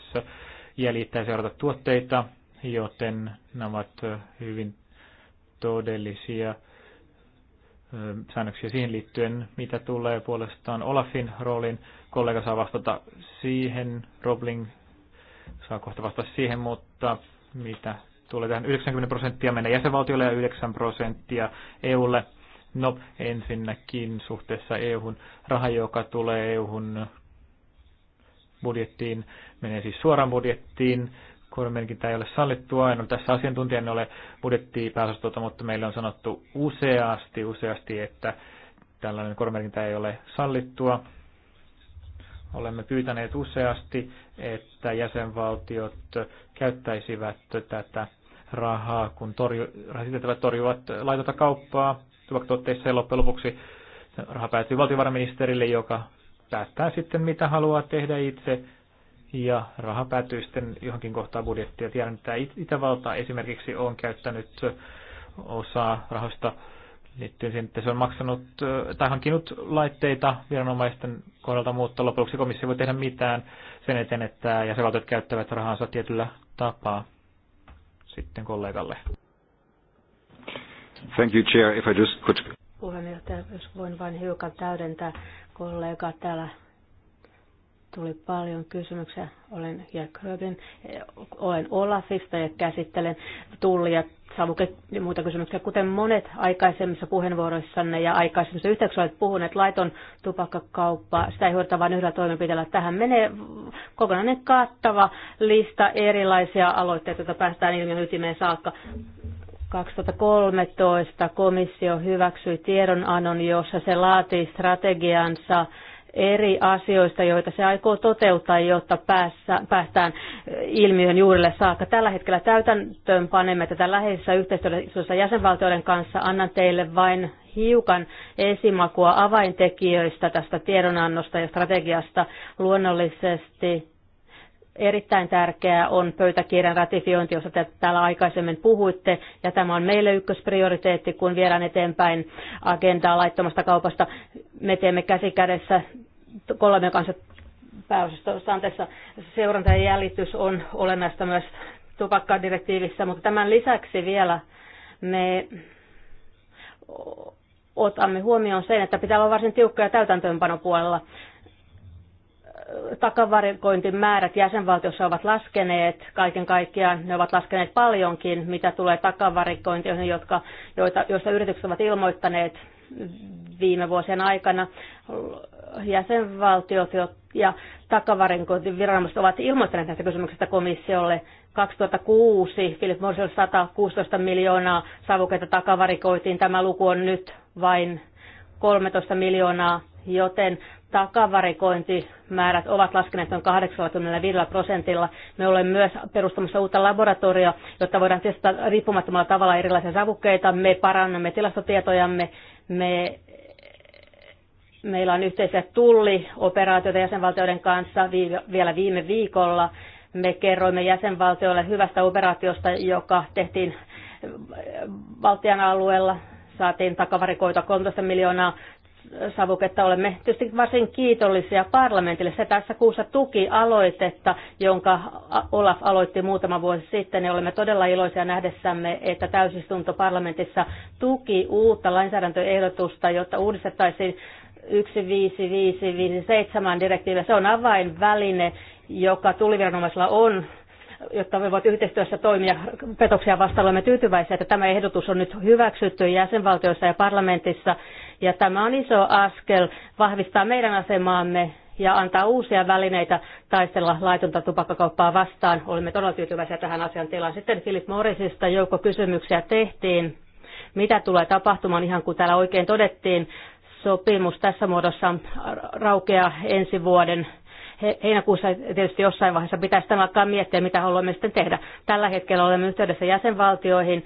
jäljittää ja seurata tuotteita, joten nämä ovat hyvin todellisia säännöksiä siihen liittyen, mitä tulee puolestaan Olafin roolin. Kollega saa vastata siihen, Robling saa kohta vastata siihen, mutta mitä tulee tähän 90 prosenttia menee jäsenvaltiolle ja 9 prosenttia EUlle. No ensinnäkin suhteessa EUhun raha, joka tulee EUhun budjettiin, menee siis suoraan budjettiin korvamerkintä ei ole sallittu aina. No, tässä asiantuntijan ole budjettipääosastolta, mutta meillä on sanottu useasti, useasti, että tällainen korvamerkintä ei ole sallittua. Olemme pyytäneet useasti, että jäsenvaltiot käyttäisivät tätä rahaa, kun torju, rasitettavat torjuvat laitota kauppaa tuotteissa ja loppujen lopuksi raha päätyy valtiovarainministerille, joka päättää sitten mitä haluaa tehdä itse ja raha päätyy sitten johonkin kohtaan budjettia. Tiedän, että Itävalta esimerkiksi on käyttänyt osaa rahoista liittyen siihen, että se on maksanut tai hankkinut laitteita viranomaisten kohdalta, mutta lopuksi komissio voi tehdä mitään sen eteen, että jäsenvaltiot käyttävät rahansa tietyllä tapaa sitten kollegalle. Thank you, Chair. If I just could... Puheenjohtaja, jos voin vain hiukan täydentää kollegaa täällä tuli paljon kysymyksiä. Olen Jack olen Olafista ja käsittelen tulli- ja savuke- ja muita kysymyksiä. Kuten monet aikaisemmissa puheenvuoroissanne ja aikaisemmissa yhteyksissä olet puhuneet, laiton tupakkakauppa, sitä ei hoideta vain yhdellä toimenpiteellä. Tähän menee kokonainen kattava lista erilaisia aloitteita, joita päästään ilmiön ytimeen saakka. 2013 komissio hyväksyi tiedonannon, jossa se laatii strategiansa eri asioista, joita se aikoo toteuttaa, jotta päässä, päästään eh, ilmiön juurille saakka. Tällä hetkellä täytäntöön panemme tätä läheisessä yhteistyössä jäsenvaltioiden kanssa. Annan teille vain hiukan esimakua avaintekijöistä tästä tiedonannosta ja strategiasta. Luonnollisesti Erittäin tärkeää on pöytäkirjan ratifiointi, josta te täällä aikaisemmin puhuitte, ja tämä on meille ykkösprioriteetti, kun viedään eteenpäin agendaa laittomasta kaupasta. Me teemme käsikädessä kolmen kanssa pääosastostanteessa seuranta ja jäljitys on olennaista myös tupakkadirektiivissä, mutta tämän lisäksi vielä me otamme huomioon sen, että pitää olla varsin tiukkoja täytäntöönpanopuolella takavarikointimäärät jäsenvaltiossa ovat laskeneet kaiken kaikkiaan. Ne ovat laskeneet paljonkin, mitä tulee takavarikointioihin, jotka, joita, joista yritykset ovat ilmoittaneet viime vuosien aikana. Jäsenvaltiot ja takavarikointiviranomaiset ovat ilmoittaneet näistä kysymyksistä komissiolle. 2006 Philip Morrisilla 116 miljoonaa savukeita takavarikoitiin. Tämä luku on nyt vain 13 miljoonaa, joten takavarikointimäärät ovat laskeneet noin 85 prosentilla. Me olemme myös perustamassa uutta laboratorioa, jotta voidaan testata riippumattomalla tavalla erilaisia savukkeita. Me parannamme tilastotietojamme, me Meillä on yhteisiä tullioperaatioita jäsenvaltioiden kanssa vielä viime viikolla. Me kerroimme jäsenvaltioille hyvästä operaatiosta, joka tehtiin valtion alueella saatiin takavarikoita 13 miljoonaa savuketta. Olemme tietysti varsin kiitollisia parlamentille. Se tässä kuussa tuki aloitetta, jonka Olaf aloitti muutama vuosi sitten. Ja olemme todella iloisia nähdessämme, että täysistunto parlamentissa tuki uutta lainsäädäntöehdotusta, jotta uudistettaisiin 15557 direktiivi. Se on avainväline, joka tuliviranomaisilla on jotta voivat yhteistyössä toimia petoksia vastaan. Olemme tyytyväisiä, että tämä ehdotus on nyt hyväksytty jäsenvaltioissa ja parlamentissa. Ja tämä on iso askel vahvistaa meidän asemaamme ja antaa uusia välineitä taistella laitonta tupakkakauppaa vastaan. Olemme todella tyytyväisiä tähän asian tilaan. Sitten Philip Morrisista joukko kysymyksiä tehtiin. Mitä tulee tapahtumaan, ihan kuin täällä oikein todettiin, sopimus tässä muodossa raukeaa ensi vuoden heinäkuussa tietysti jossain vaiheessa pitäisi sitten alkaa miettiä, mitä haluamme sitten tehdä. Tällä hetkellä olemme yhteydessä jäsenvaltioihin.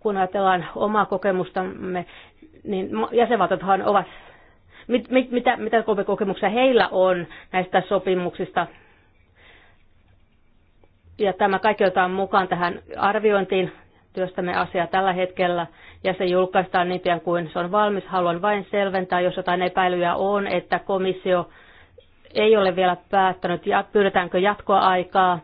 Kun ajatellaan omaa kokemustamme, niin jäsenvaltiothan ovat mit, mit, mitä, mitä kokemuksia heillä on näistä sopimuksista. Ja tämä kaikki otetaan mukaan tähän arviointiin. Työstämme asiaa tällä hetkellä ja se julkaistaan niin pian kuin se on valmis. Haluan vain selventää, jos jotain epäilyjä on, että komissio ei ole vielä päättänyt, ja pyydetäänkö jatkoa aikaa.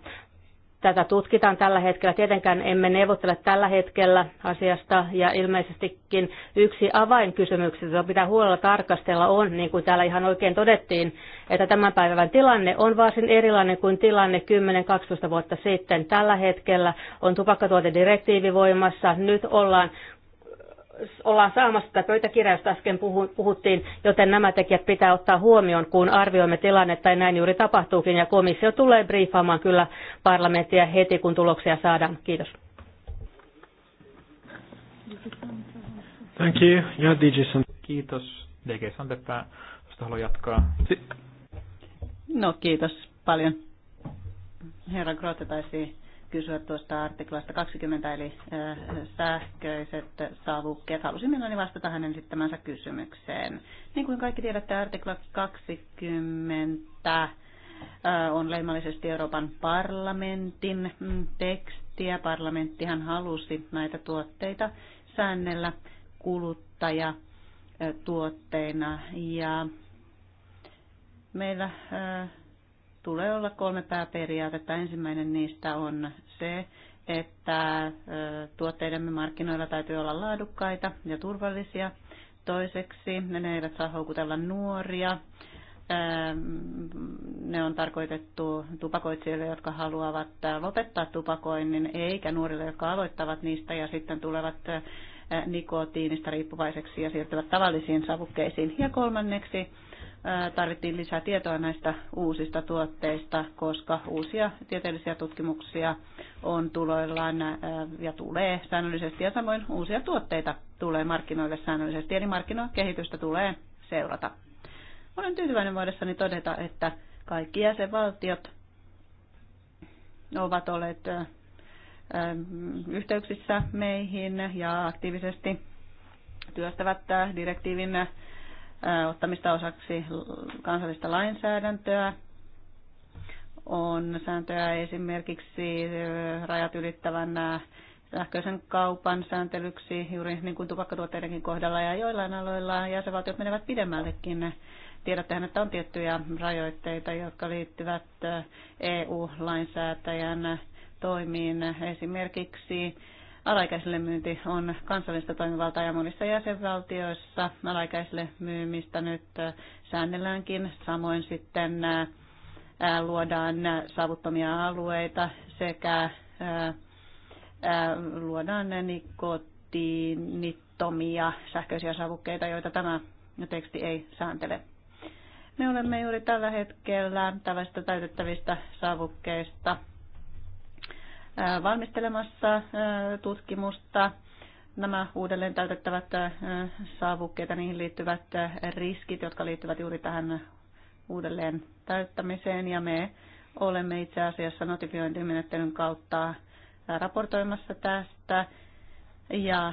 Tätä tutkitaan tällä hetkellä. Tietenkään emme neuvottele tällä hetkellä asiasta ja ilmeisestikin yksi avainkysymys, jota pitää huolella tarkastella on, niin kuin täällä ihan oikein todettiin, että tämän päivän tilanne on varsin erilainen kuin tilanne 10-12 vuotta sitten. Tällä hetkellä on tupakkatuotedirektiivi voimassa. Nyt ollaan ollaan saamassa tätä pöytäkirjaa, josta äsken puhuttiin, joten nämä tekijät pitää ottaa huomioon, kun arvioimme tilannetta, ja näin juuri tapahtuukin, ja komissio tulee briefaamaan kyllä parlamenttia heti, kun tuloksia saadaan. Kiitos. Thank you. Ja Digison. Kiitos. DG Santepää, jos haluaa jatkaa. No kiitos paljon. Herra Grote taisi kysyä tuosta artiklasta 20, eli sähköiset savukkeet. Halusin mielelläni vastata hänen esittämänsä kysymykseen. Niin kuin kaikki tiedätte, artikla 20 on leimallisesti Euroopan parlamentin mm, tekstiä. Parlamenttihan halusi näitä tuotteita säännellä kuluttaja tuotteina ja meillä tulee olla kolme pääperiaatetta. Ensimmäinen niistä on se, että tuotteidemme markkinoilla täytyy olla laadukkaita ja turvallisia. Toiseksi ne eivät saa houkutella nuoria. Ne on tarkoitettu tupakoitsijoille, jotka haluavat lopettaa tupakoinnin, eikä nuorille, jotka aloittavat niistä ja sitten tulevat nikotiinista riippuvaiseksi ja siirtyvät tavallisiin savukkeisiin. Ja kolmanneksi tarvittiin lisää tietoa näistä uusista tuotteista, koska uusia tieteellisiä tutkimuksia on tuloillaan ja tulee säännöllisesti ja samoin uusia tuotteita tulee markkinoille säännöllisesti, eli markkinakehitystä tulee seurata. Olen tyytyväinen voidessani todeta, että kaikki jäsenvaltiot ovat olleet yhteyksissä meihin ja aktiivisesti työstävät direktiivin ottamista osaksi kansallista lainsäädäntöä. On sääntöjä esimerkiksi rajat ylittävän sähköisen kaupan sääntelyksi juuri niin kuin tupakkatuotteidenkin kohdalla ja joillain aloilla jäsenvaltiot menevät pidemmällekin. Tiedättehän, että on tiettyjä rajoitteita, jotka liittyvät EU-lainsäätäjän toimiin. Esimerkiksi Alaikäiselle myynti on kansallista toimivaltaa ja monissa jäsenvaltioissa alaikäiselle myymistä nyt säännelläänkin. Samoin sitten luodaan savuttomia alueita sekä luodaan nikotiinittomia sähköisiä savukkeita, joita tämä teksti ei sääntele. Me olemme juuri tällä hetkellä tällaista täytettävistä savukkeista valmistelemassa tutkimusta nämä uudelleen täytettävät saavukkeet ja niihin liittyvät riskit, jotka liittyvät juuri tähän uudelleen täyttämiseen. Ja me olemme itse asiassa notifiointimenettelyn kautta raportoimassa tästä. Ja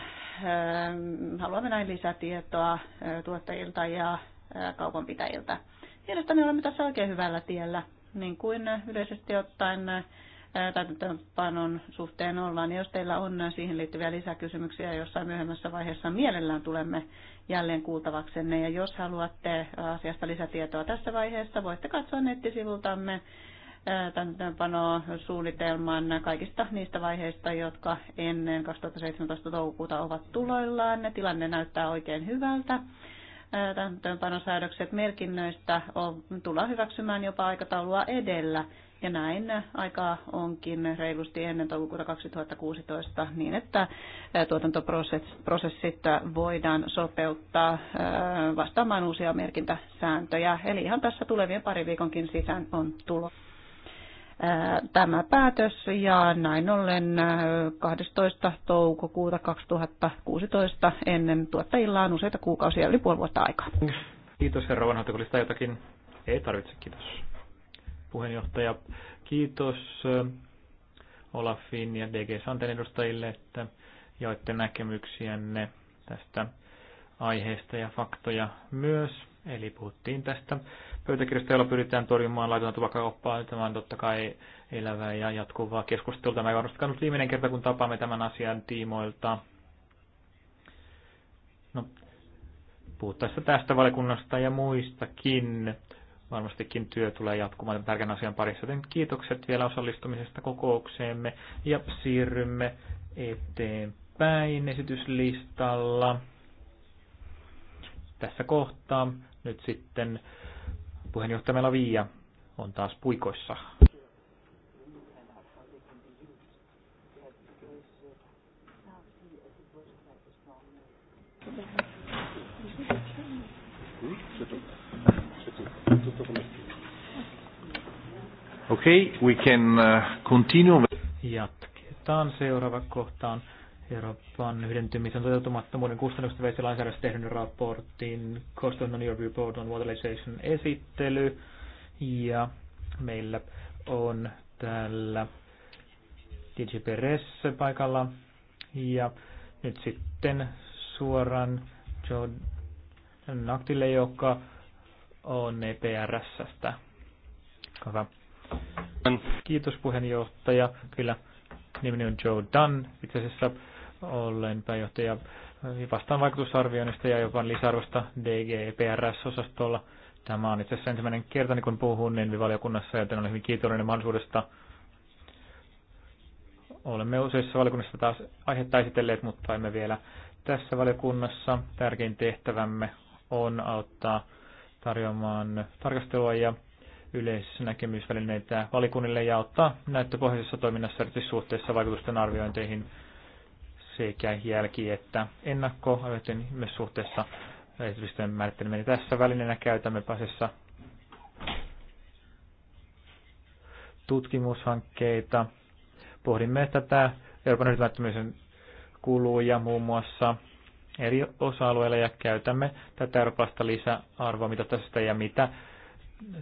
haluamme näin lisätietoa tuottajilta ja kaupanpitäjiltä. Mielestäni olemme tässä oikein hyvällä tiellä, niin kuin yleisesti ottaen täytäntöönpanon suhteen ollaan. Jos teillä on siihen liittyviä lisäkysymyksiä jossain myöhemmässä vaiheessa, mielellään tulemme jälleen kuultavaksenne. Ja jos haluatte asiasta lisätietoa tässä vaiheessa, voitte katsoa nettisivultamme suunnitelman kaikista niistä vaiheista, jotka ennen 2017 toukokuuta ovat tuloillaan. ne Tilanne näyttää oikein hyvältä täytäntöönpanosäädökset merkinnöistä on, tullaan hyväksymään jopa aikataulua edellä. Ja näin aikaa onkin reilusti ennen toukokuuta 2016 niin, että tuotantoprosessit voidaan sopeuttaa vastaamaan uusia merkintäsääntöjä. Eli ihan tässä tulevien pari viikonkin sisään on tulo tämä päätös ja näin ollen 12. toukokuuta 2016 ennen tuottajilla on useita kuukausia yli puoli vuotta aikaa. Kiitos herra Vanhoitakulista jotakin. Ei tarvitse, kiitos puheenjohtaja. Kiitos äh, Olafin ja DG Santen edustajille, että jaoitte näkemyksiänne tästä aiheesta ja faktoja myös. Eli puhuttiin tästä pöytäkirjasta, jolla pyritään torjumaan laitonta tupakkakauppaa. Tämä on totta kai elävää ja jatkuvaa keskustelua. Tämä ei varmastikaan ollut viimeinen kerta, kun tapaamme tämän asian tiimoilta. No, puhuttaessa tästä valikunnasta ja muistakin varmastikin työ tulee jatkumaan tärkeän asian parissa. Joten kiitokset vielä osallistumisesta kokoukseemme ja siirrymme eteenpäin esityslistalla. Tässä kohtaa nyt sitten puheenjohtaja viia on taas puikoissa. Thank you. Okei, okay, we can uh, continue. Jatketaan. Seuraava kohta on Euroopan yhdentymisen toteutumattomuuden kustannukset veisi lainsäädännössä tehdyn raportin Cost of Non-Europe Report on Waterization esittely. Ja meillä on täällä DJ Perez paikalla. Ja nyt sitten suoraan John Naktille, joka on EPRS-stä. Hyvä. Mm. Kiitos puheenjohtaja. Kyllä, nimeni on Joe Dunn. Itse asiassa olen pääjohtaja vastaan vaikutusarvioinnista ja jopa lisäarvosta DGPRS-osastolla. Tämä on itse asiassa ensimmäinen kerta, niin kun puhun niin valiokunnassa, joten olen hyvin kiitollinen mahdollisuudesta. Olemme useissa valiokunnissa taas aihetta esitelleet, mutta emme vielä tässä valiokunnassa. Tärkein tehtävämme on auttaa tarjoamaan tarkastelua ja yleisnäkemysvälineitä valikunnille ja ottaa näyttöpohjaisessa toiminnassa erityisesti suhteessa vaikutusten arviointeihin sekä jälki- että ennakko myös suhteessa esitysten määritteleminen. Tässä välineenä käytämme PASessa tutkimushankkeita. Pohdimme tätä Euroopan yhdistymättömyyden kuluja muun muassa eri osa-alueilla ja käytämme tätä eurooppalaista lisäarvoa, mitä tästä ja mitä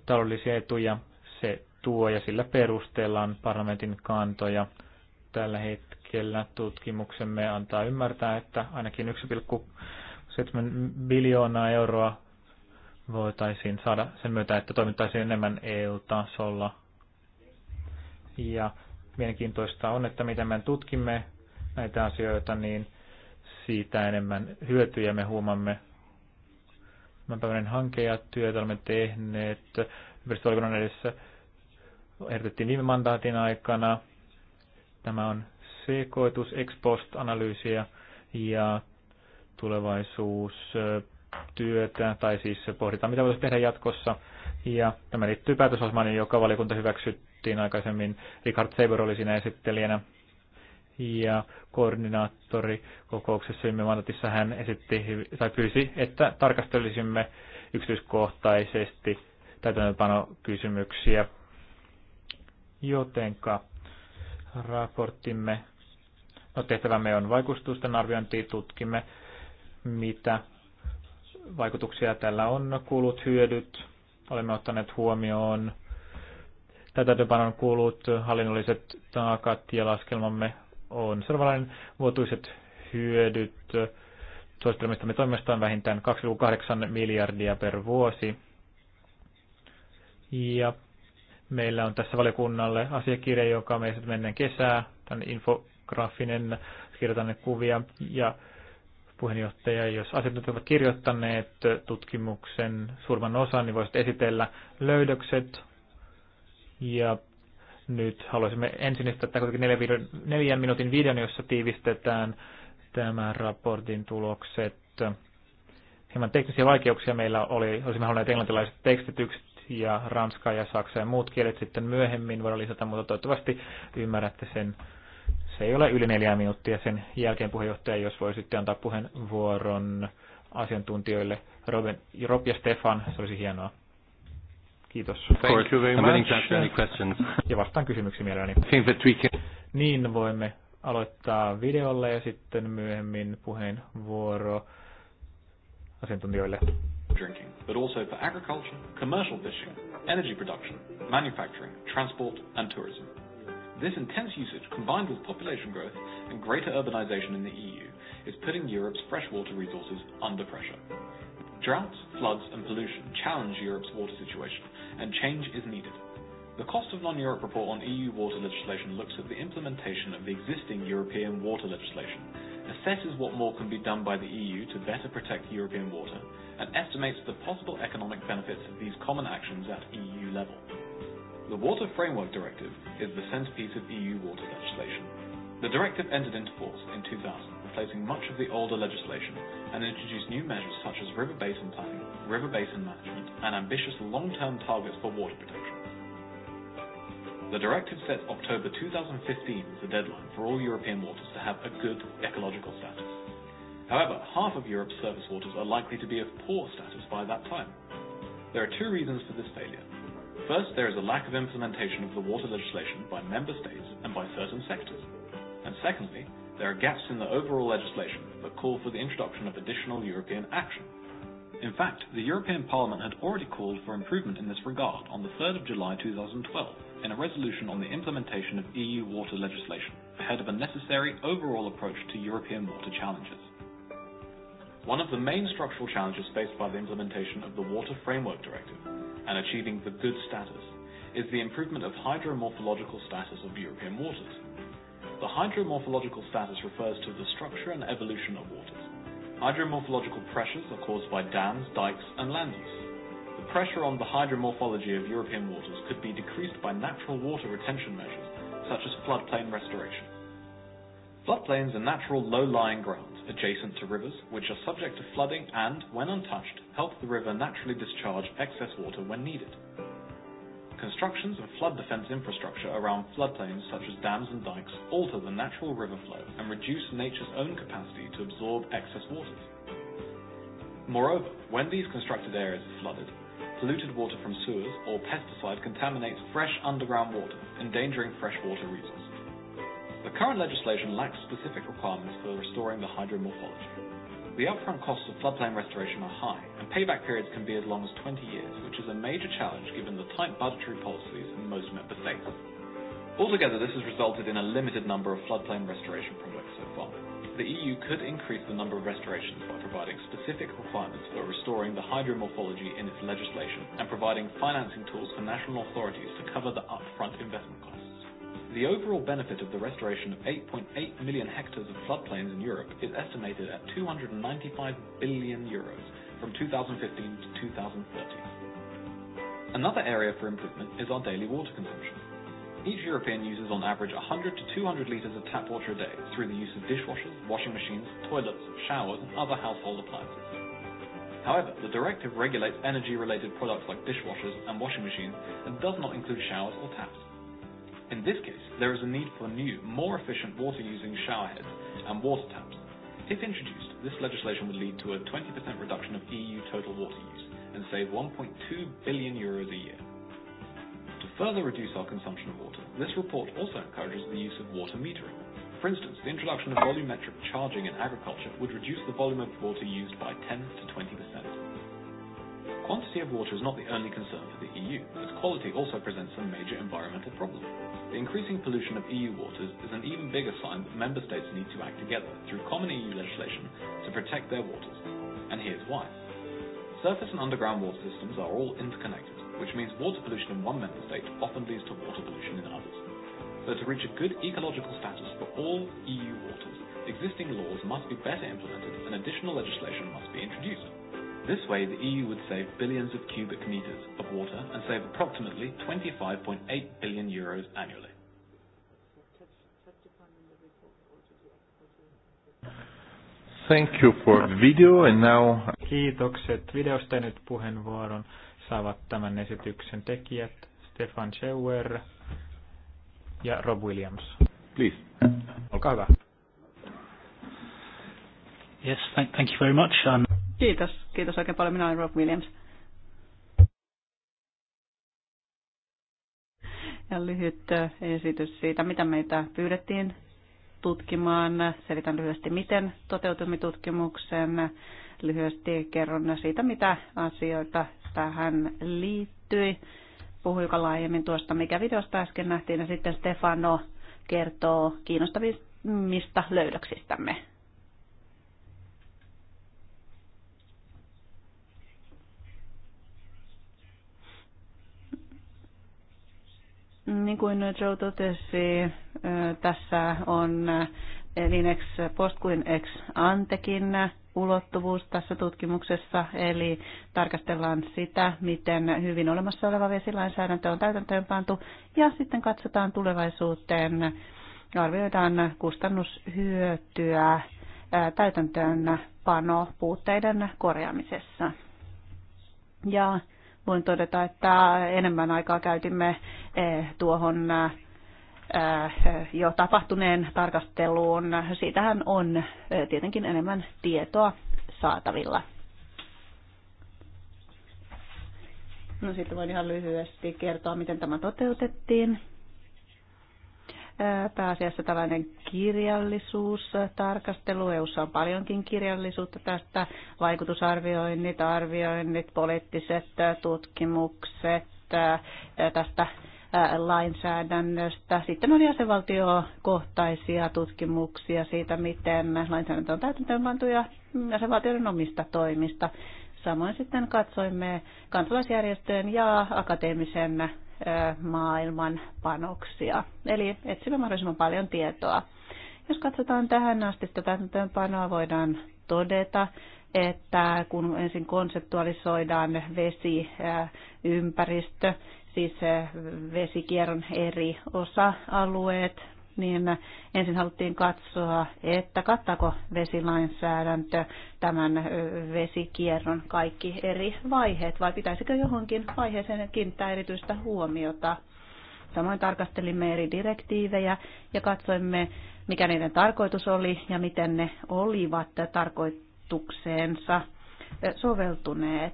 taloudellisia etuja se tuo ja sillä perusteellaan parlamentin kantoja. Tällä hetkellä tutkimuksemme antaa ymmärtää, että ainakin 1,7 biljoonaa euroa voitaisiin saada sen myötä, että toimittaisiin enemmän EU-tasolla. Ja mielenkiintoista on, että miten me tutkimme näitä asioita, niin siitä enemmän hyötyjä me huomamme. Tämän päivän hanke ja työtä olemme tehneet ympäristövaliokunnan edessä ehdotettiin viime mandaatin aikana. Tämä on sekoitus ex post analyysiä ja tulevaisuustyötä, tai siis pohditaan, mitä voitaisiin tehdä jatkossa. Ja tämä liittyy päätösosmaan, joka valiokunta hyväksyttiin aikaisemmin. Richard Seber oli siinä esittelijänä ja koordinaattori kokouksessa viime mandatissa hän esitti, tai pyysi, että tarkastelisimme yksityiskohtaisesti täytäntöönpanokysymyksiä, jotenka raporttimme, no tehtävämme on vaikutusten arviointi, tutkimme, mitä vaikutuksia tällä on, kulut, hyödyt, olemme ottaneet huomioon täytäntöönpanon kulut, hallinnolliset taakat ja laskelmamme on sellainen vuotuiset hyödyt suosittelemistamme toimista on vähintään 2,8 miljardia per vuosi. Ja meillä on tässä valiokunnalle asiakirja, joka meistä menneen kesää, tämän infograafinen, kirjoitan ne kuvia, ja puheenjohtaja, jos asiantuntijat ovat kirjoittaneet tutkimuksen suurman osan, niin voisit esitellä löydökset, ja nyt haluaisimme ensin esittää kuitenkin neljän, neljän minuutin videon, jossa tiivistetään tämän raportin tulokset. Hieman teknisiä vaikeuksia meillä oli, olisimme halunneet englantilaiset tekstitykset ja ranska ja saksa ja muut kielet sitten myöhemmin voidaan lisätä, mutta toivottavasti ymmärrätte sen. Se ei ole yli neljä minuuttia sen jälkeen puheenjohtaja, jos voi sitten antaa puheenvuoron asiantuntijoille Robin, Rob ja Stefan, se olisi hienoa. Kiitos. Thank you very much. any questions. Ja vastaan kysymyksiin mielelläni. Think that we can... Niin voimme aloittaa videolle ja sitten myöhemmin puheenvuoro asiantuntijoille. Drinking, but also for agriculture, commercial fishing, energy production, manufacturing, transport and tourism. This intense usage, combined with population growth and greater urbanization in the EU, is putting Europe's freshwater resources under pressure. Droughts, floods, and pollution challenge Europe's water situation, and change is needed. The Cost of Non-Europe report on EU water legislation looks at the implementation of the existing European water legislation, assesses what more can be done by the EU to better protect European water, and estimates the possible economic benefits of these common actions at EU level. The Water Framework Directive is the centerpiece of EU water legislation. The directive entered into force in 2000 replacing much of the older legislation and introduced new measures such as river basin planning, river basin management, and ambitious long-term targets for water protection. The directive sets October 2015 as the deadline for all European waters to have a good ecological status. However, half of Europe's surface waters are likely to be of poor status by that time. There are two reasons for this failure. First, there is a lack of implementation of the water legislation by member states and by certain sectors. And secondly, There are gaps in the overall legislation that call for the introduction of additional European action. In fact, the European Parliament had already called for improvement in this regard on the 3rd of July 2012 in a resolution on the implementation of EU water legislation ahead of a necessary overall approach to European water challenges. One of the main structural challenges faced by the implementation of the Water Framework Directive and achieving the good status is the improvement of hydromorphological status of European waters, The hydromorphological status refers to the structure and evolution of waters. Hydromorphological pressures are caused by dams, dikes, and land use. The pressure on the hydromorphology of European waters could be decreased by natural water retention measures, such as floodplain restoration. Floodplains are natural low-lying grounds adjacent to rivers, which are subject to flooding and, when untouched, help the river naturally discharge excess water when needed. Constructions of flood defense infrastructure around floodplains such as dams and dikes alter the natural river flow and reduce nature's own capacity to absorb excess waters. Moreover, when these constructed areas are flooded, polluted water from sewers or pesticide contaminates fresh underground water, endangering freshwater resources. The current legislation lacks specific requirements for restoring the hydromorphology. The upfront costs of floodplain restoration are high, and payback periods can be as long as 20 years, which is a major challenge given the tight budgetary policies in most member states. Altogether, this has resulted in a limited number of floodplain restoration projects so far. The EU could increase the number of restorations by providing specific requirements for restoring the hydromorphology in its legislation and providing financing tools for national authorities to cover the upfront investment costs. The overall benefit of the restoration of 8.8 million hectares of floodplains in Europe is estimated at 295 billion euros from 2015 to 2030. Another area for improvement is our daily water consumption. Each European uses on average 100 to 200 liters of tap water a day through the use of dishwashers, washing machines, toilets, showers, and other household appliances. However, the directive regulates energy-related products like dishwashers and washing machines and does not include showers or taps. In this case, there is a need for new, more efficient water-using showerheads and water taps. If introduced, this legislation would lead to a 20% reduction of EU total water use and save 1.2 billion euros a year. To further reduce our consumption of water, this report also encourages the use of water metering. For instance, the introduction of volumetric charging in agriculture would reduce the volume of water used by 10 to 20 quantity of water is not the only concern for the EU, as quality also presents some major environmental problems. The increasing pollution of EU waters is an even bigger sign that member states need to act together through common EU legislation to protect their waters, and here's why. Surface and underground water systems are all interconnected, which means water pollution in one member state often leads to water pollution in others. So to reach a good ecological status for all EU waters, existing laws must be better implemented and additional legislation must be introduced. This way, the EU would save billions of cubic meters of water and save approximately 25.8 billion euros annually. Thank you for the video and now... Kiitokset videosta nyt puheenvuoron saavat tämän esityksen tekijät Stefan Schauer ja Rob Williams. Please. Olkaa hyvä. Yes, thank, thank you very much. Um... Kiitos. Kiitos oikein paljon. Minä olen Rob Williams. Ja lyhyt äh, esitys siitä, mitä meitä pyydettiin tutkimaan. Selitän lyhyesti, miten toteutumme tutkimuksen. Lyhyesti kerron siitä, mitä asioita tähän liittyi. Puhuin joka laajemmin tuosta, mikä videosta äsken nähtiin, ja sitten Stefano kertoo kiinnostavista löydöksistämme. Niin kuin Joe totesi, tässä on niin ex post kuin ex antekin ulottuvuus tässä tutkimuksessa, eli tarkastellaan sitä, miten hyvin olemassa oleva vesilainsäädäntö on täytäntöönpantu, ja sitten katsotaan tulevaisuuteen, arvioidaan kustannushyötyä täytäntöönpano puutteiden korjaamisessa. Ja voin todeta, että enemmän aikaa käytimme eh, tuohon eh, jo tapahtuneen tarkasteluun. Siitähän on eh, tietenkin enemmän tietoa saatavilla. No sitten voin ihan lyhyesti kertoa, miten tämä toteutettiin pääasiassa tällainen kirjallisuustarkastelu. EUssa on paljonkin kirjallisuutta tästä, vaikutusarvioinnit, arvioinnit, poliittiset tutkimukset tästä lainsäädännöstä. Sitten on jäsenvaltiokohtaisia tutkimuksia siitä, miten lainsäädäntö on täytäntöönpantu ja jäsenvaltioiden omista toimista. Samoin sitten katsoimme kansalaisjärjestöjen ja akateemisen maailman panoksia. Eli etsimme mahdollisimman paljon tietoa. Jos katsotaan tähän asti panoa voidaan todeta, että kun ensin konseptualisoidaan vesi, ympäristö, siis vesikierron eri osa-alueet, niin ensin haluttiin katsoa, että kattaako vesilainsäädäntö tämän vesikierron kaikki eri vaiheet, vai pitäisikö johonkin vaiheeseen kiinnittää erityistä huomiota. Samoin tarkastelimme eri direktiivejä ja katsoimme, mikä niiden tarkoitus oli ja miten ne olivat tarkoitukseensa soveltuneet.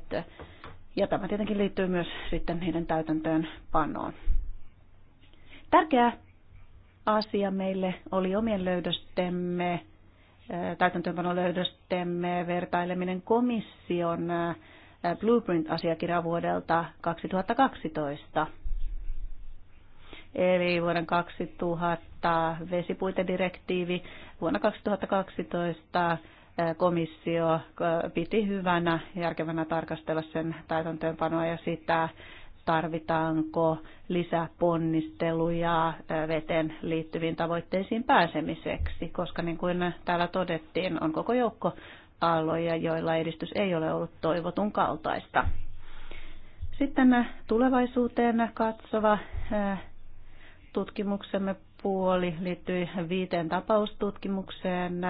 Ja tämä tietenkin liittyy myös sitten niiden täytäntöön panoon. Tärkeää asia meille oli omien löydöstemme, löydöstemme vertaileminen komission Blueprint-asiakirja vuodelta 2012. Eli vuoden 2000 vesipuitedirektiivi. Vuonna 2012 komissio piti hyvänä, järkevänä tarkastella sen täytäntöönpanoa ja sitä, tarvitaanko lisäponnisteluja veteen liittyviin tavoitteisiin pääsemiseksi, koska niin kuin täällä todettiin, on koko joukko aloja, joilla edistys ei ole ollut toivotun kaltaista. Sitten tulevaisuuteen katsova tutkimuksemme puoli liittyy viiteen tapaustutkimukseen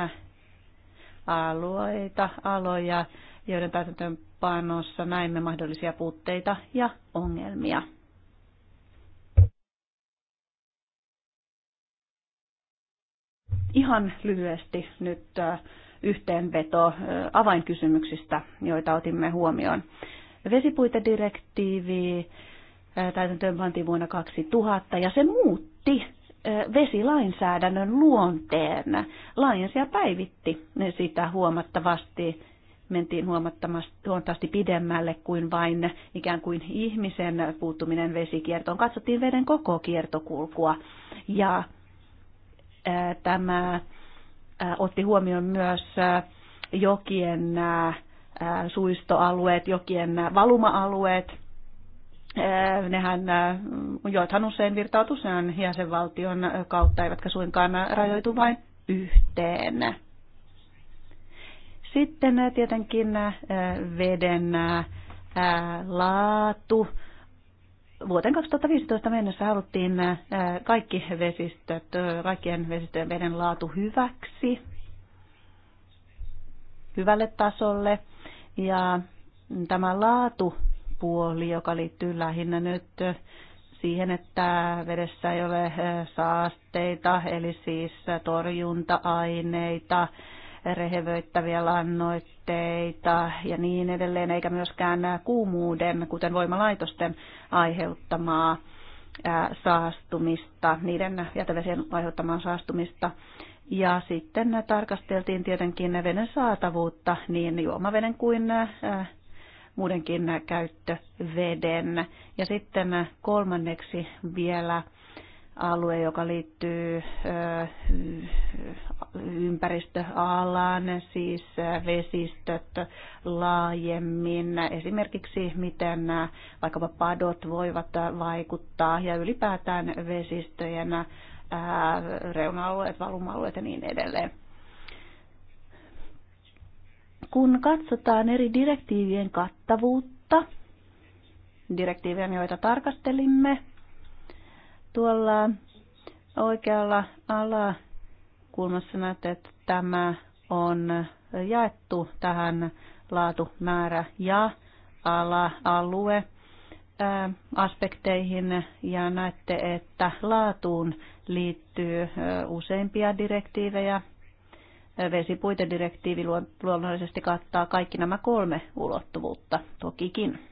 alueita, aloja, joiden täytäntöön toimeenpanossa näimme mahdollisia puutteita ja ongelmia. Ihan lyhyesti nyt yhteenveto avainkysymyksistä, joita otimme huomioon. Vesipuitedirektiivi täytäntöön pantiin vuonna 2000 ja se muutti vesilainsäädännön luonteen. Laajensi ja päivitti sitä huomattavasti mentiin huomattavasti pidemmälle kuin vain ikään kuin ihmisen puuttuminen vesikiertoon. Katsottiin veden koko kiertokulkua ja tämä otti huomioon myös jokien suistoalueet, jokien valuma-alueet. Nehän, joithan usein virtautuisivat jäsenvaltion kautta, eivätkä suinkaan rajoitu vain yhteen. Sitten äh, tietenkin äh, veden äh, laatu. Vuoteen 2015 mennessä haluttiin kaikki vesistöt, kaikkien vesistöjen veden laatu hyväksi, hyvälle tasolle. Ja tämä laatupuoli, joka liittyy lähinnä nyt siihen, että vedessä ei ole saasteita, eli siis torjunta-aineita, rehevöittäviä lannoitteita ja niin edelleen, eikä myöskään kuumuuden, kuten voimalaitosten aiheuttamaa saastumista, niiden jätevesien aiheuttamaa saastumista. Ja sitten tarkasteltiin tietenkin veden saatavuutta niin juomaveden kuin muidenkin käyttöveden. Ja sitten kolmanneksi vielä alue, joka liittyy ympäristöalaan, siis vesistöt laajemmin, esimerkiksi miten vaikkapa padot voivat vaikuttaa ja ylipäätään vesistöjen reuna-alueet, valuma-alueet ja niin edelleen. Kun katsotaan eri direktiivien kattavuutta, direktiivejä, joita tarkastelimme, Tuolla oikealla alakulmassa näette, että tämä on jaettu tähän laatumäärä määrä ja ala, alue aspekteihin ja näette, että laatuun liittyy useimpia direktiivejä. Vesipuitedirektiivi luonnollisesti kattaa kaikki nämä kolme ulottuvuutta tokikin.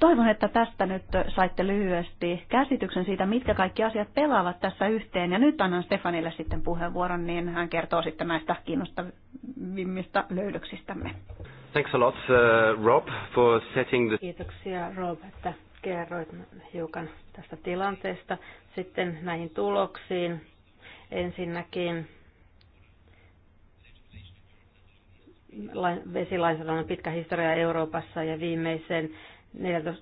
Toivon, että tästä nyt saitte lyhyesti käsityksen siitä, mitkä kaikki asiat pelaavat tässä yhteen. Ja nyt annan Stefanille sitten puheenvuoron, niin hän kertoo sitten näistä kiinnostavimmista löydöksistämme. Thanks a lot, uh, Rob, for setting the... Kiitoksia, Rob, että kerroit hiukan tästä tilanteesta. Sitten näihin tuloksiin. Ensinnäkin vesilainsäädännön pitkä historia Euroopassa ja viimeisen 14,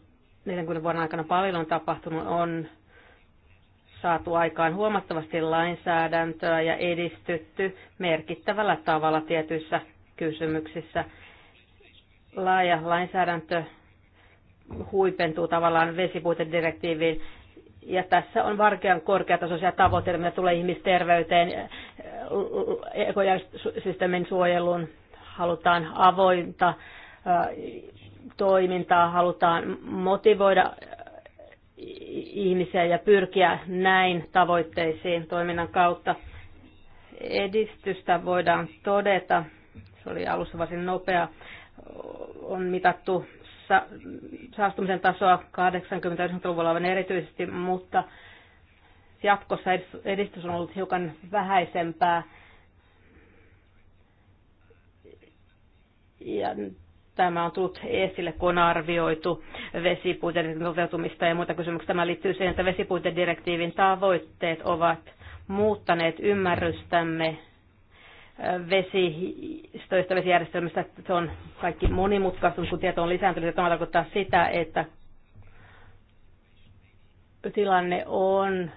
40 vuoden aikana paljon on tapahtunut, on saatu aikaan huomattavasti lainsäädäntöä ja edistytty merkittävällä tavalla tietyissä kysymyksissä. Laaja lainsäädäntö huipentuu tavallaan vesipuitedirektiiviin ja tässä on varkean korkeatasoisia tavoitteita, mitä tulee ihmisterveyteen, ekosysteemin suojeluun, halutaan avointa toimintaa halutaan motivoida ihmisiä ja pyrkiä näin tavoitteisiin toiminnan kautta. Edistystä voidaan todeta, se oli alussa varsin nopea, on mitattu saastumisen tasoa 80-90-luvulla aivan erityisesti, mutta jatkossa edistys on ollut hiukan vähäisempää. Ja Tämä on tullut esille, kun on arvioitu vesipuitteiden toteutumista ja muita kysymyksiä. Tämä liittyy siihen, että vesipuitedirektiivin tavoitteet ovat muuttaneet ymmärrystämme äh, vesistöistä, vesijärjestelmistä. Se on kaikki monimutkaistunut, kun tieto on lisääntynyt. Tämä tarkoittaa sitä, että tilanne on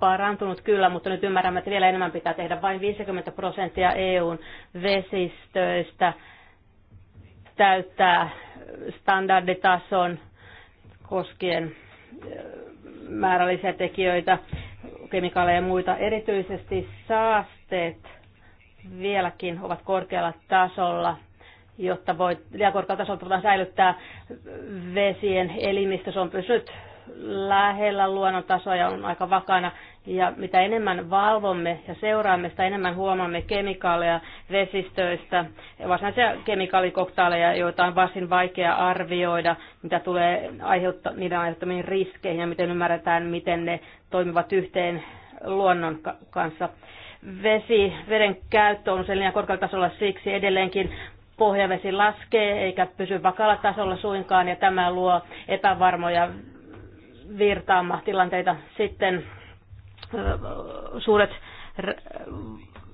parantunut kyllä, mutta nyt ymmärrämme, että vielä enemmän pitää tehdä. Vain 50 prosenttia EUn vesistöistä täyttää standarditason koskien äh, määrällisiä tekijöitä, kemikaaleja ja muita. Erityisesti saasteet vieläkin ovat korkealla tasolla, jotta voi, liian korkealla tasolla säilyttää vesien elimistö. Se on pysynyt lähellä tasoa ja on aika vakana. Ja mitä enemmän valvomme ja seuraamme, sitä enemmän huomaamme kemikaaleja vesistöistä, varsinaisia kemikaalikoktaaleja, joita on varsin vaikea arvioida, mitä tulee aiheutta, niiden aiheuttamiin riskeihin ja miten ymmärretään, miten ne toimivat yhteen luonnon kanssa. Vesi, veden käyttö on sellainen korkealla tasolla siksi edelleenkin pohjavesi laskee eikä pysy vakalla tasolla suinkaan ja tämä luo epävarmoja tilanteita Sitten suuret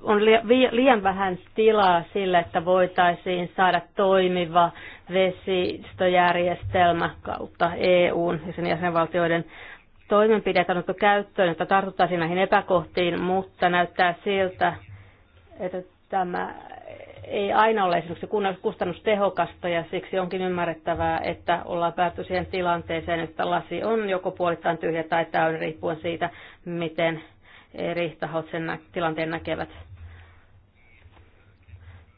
on liian vähän tilaa sille, että voitaisiin saada toimiva vesistöjärjestelmä kautta EUn ja sen jäsenvaltioiden toimenpiteet on otettu käyttöön, että tartuttaisiin näihin epäkohtiin, mutta näyttää siltä, että tämä ei aina ole esimerkiksi kustannustehokasta ja siksi onkin ymmärrettävää, että ollaan päätty siihen tilanteeseen, että lasi on joko puolittain tyhjä tai täynnä riippuen siitä, miten eri tahot sen nä- tilanteen näkevät.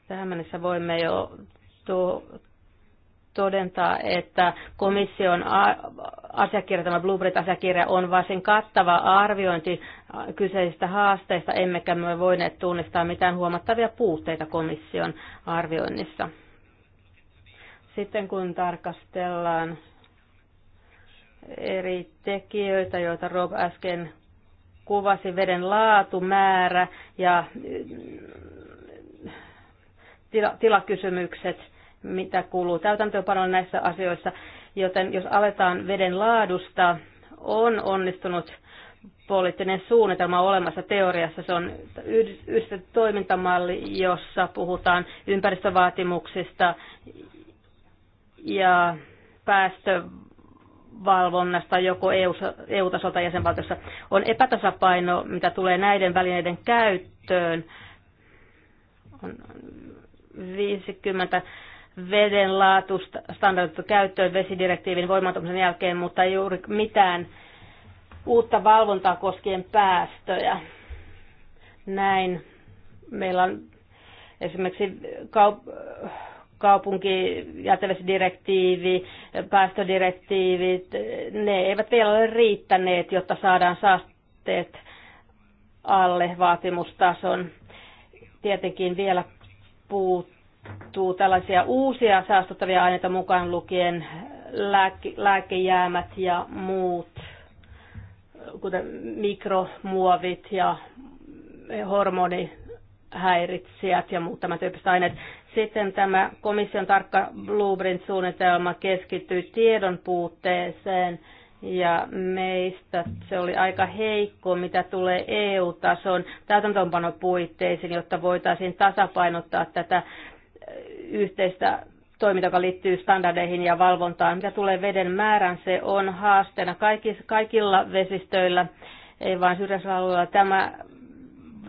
Tähän mennessä voimme jo todentaa, että komission asiakirja, tämä Blueprint-asiakirja on varsin kattava arviointi kyseisistä haasteista, emmekä me voineet tunnistaa mitään huomattavia puutteita komission arvioinnissa. Sitten kun tarkastellaan eri tekijöitä, joita Rob äsken kuvasi, veden laatu, määrä ja mm, tilakysymykset, mitä kuuluu täytäntöönpanolle näissä asioissa. Joten jos aletaan veden laadusta, on onnistunut poliittinen suunnitelma olemassa teoriassa. Se on yhdessä toimintamalli, jossa puhutaan ympäristövaatimuksista ja päästövalvonnasta joko EU-tasolta e jäsenvaltiossa. On epätasapaino, mitä tulee näiden välineiden käyttöön. On 50 veden laatustandardit käyttöön vesidirektiivin voimantumisen jälkeen, mutta ei juuri mitään uutta valvontaa koskien päästöjä. Näin meillä on esimerkiksi kaup- kaupunkijätevesidirektiivi, päästödirektiivit, ne eivät vielä ole riittäneet, jotta saadaan saasteet alle vaatimustason. Tietenkin vielä puuttuu tuu tällaisia uusia saastuttavia aineita mukaan lukien lääke, lääkejäämät ja muut, kuten mikromuovit ja hormonihäiritsijät ja muut tämän tyyppiset aineet. Sitten tämä komission tarkka Blueprint-suunnitelma keskittyy tiedon puutteeseen ja meistä se oli aika heikko, mitä tulee EU-tason täytäntöönpanopuitteisiin, jotta voitaisiin tasapainottaa tätä yhteistä toiminta, joka liittyy standardeihin ja valvontaan. Mitä tulee veden määrän, se on haasteena kaikilla vesistöillä, ei vain syrjäisellä Tämä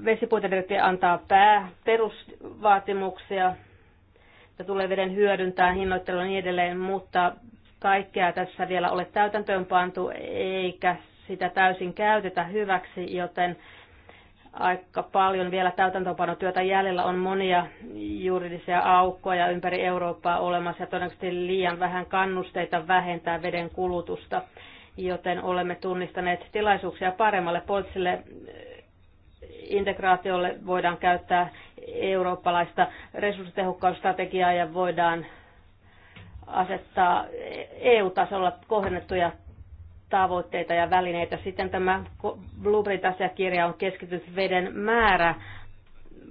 vesipuitedirektiivi antaa pää perusvaatimuksia, että tulee veden hyödyntää, hinnoittelu ja niin edelleen, mutta kaikkea tässä vielä ole täytäntöön pantu, eikä sitä täysin käytetä hyväksi, joten aika paljon vielä täytäntöpanotyötä jäljellä. On monia juridisia aukkoja ympäri Eurooppaa olemassa ja todennäköisesti liian vähän kannusteita vähentää veden kulutusta, joten olemme tunnistaneet tilaisuuksia paremmalle poliittiselle eh, integraatiolle. Voidaan käyttää eurooppalaista resurssitehokkausstrategiaa ja voidaan asettaa e- EU-tasolla kohdennettuja tavoitteita ja välineitä. Sitten tämä Blueprint-asiakirja on keskityt veden määrä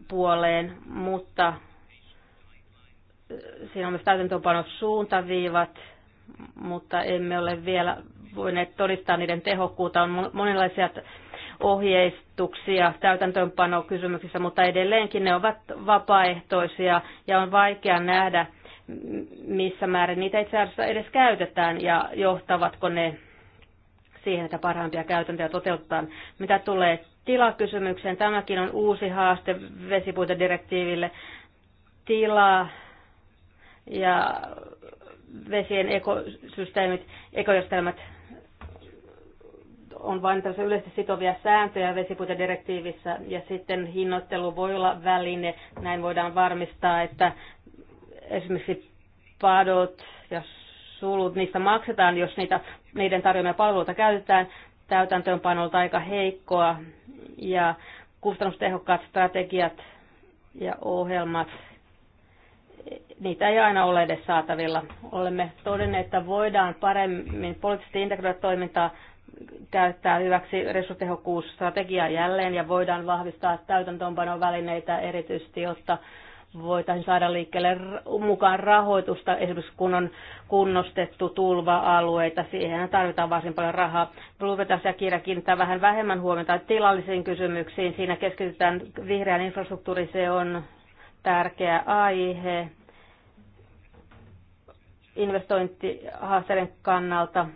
puoleen, mutta eh, siinä on myös täytäntöönpanot suuntaviivat, mutta emme ole vielä voineet todistaa niiden tehokkuutta. On monenlaisia ohjeistuksia kysymyksissä, mutta edelleenkin ne ovat vapaaehtoisia ja on vaikea nähdä, missä määrin niitä itse asiassa edes käytetään ja johtavatko ne siihen, että parhaimpia käytäntöjä toteutetaan. Mitä tulee tilakysymykseen, tämäkin on uusi haaste vesipuitedirektiiville. Tila ja vesien ekosysteemit, ekojärjestelmät on vain tällaisia yleisesti sitovia sääntöjä vesipuitedirektiivissä ja sitten hinnoittelu voi olla väline. Näin voidaan varmistaa, että esimerkiksi padot ja sulut, niistä maksetaan, jos niitä, niiden tarjoamia palveluita käytetään. Täytäntöönpano on aika heikkoa ja kustannustehokkaat strategiat ja ohjelmat, niitä ei aina ole edes saatavilla. Olemme todenneet, että voidaan paremmin poliittisesti integroida toimintaa käyttää hyväksi resurssitehokkuusstrategiaa jälleen ja voidaan vahvistaa täytäntöönpanon välineitä erityisesti, jotta voitaisiin saada liikkeelle mukaan rahoitusta, esimerkiksi kun on kunnostettu tulva-alueita, siihen tarvitaan varsin paljon rahaa. Bluvetas ja kirja kiinnittää vähän vähemmän huomiota tilallisiin kysymyksiin. Siinä keskitytään vihreän infrastruktuuriin, se on tärkeä aihe investointihaasteiden kannalta.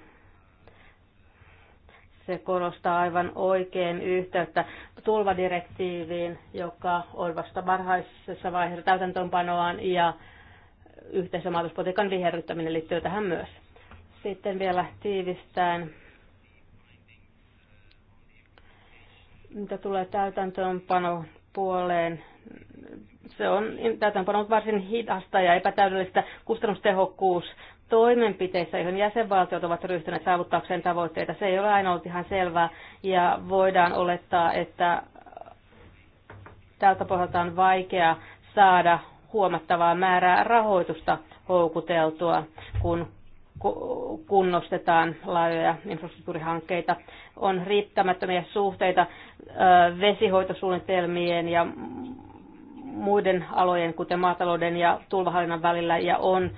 Se korostaa aivan oikein yhteyttä tulvadirektiiviin, joka on vasta varhaisessa vaiheessa täytäntöönpanoaan ja yhteisömaatuspotikan viherryttäminen liittyy tähän myös. Sitten vielä tiivistään, mitä tulee täytäntöönpano puoleen. Se on täytäntöönpano varsin hidasta ja epätäydellistä. Kustannustehokkuus toimenpiteissä, joihin jäsenvaltiot ovat ryhtyneet saavuttaakseen tavoitteita. Se ei ole aina ollut ihan selvää ja voidaan olettaa, että tältä pohjalta on vaikea saada huomattavaa määrää rahoitusta houkuteltua, kun kunnostetaan laajoja infrastruktuurihankkeita. On riittämättömiä suhteita vesihoitosuunnitelmien ja muiden alojen, kuten maatalouden ja tulvahallinnan välillä, ja on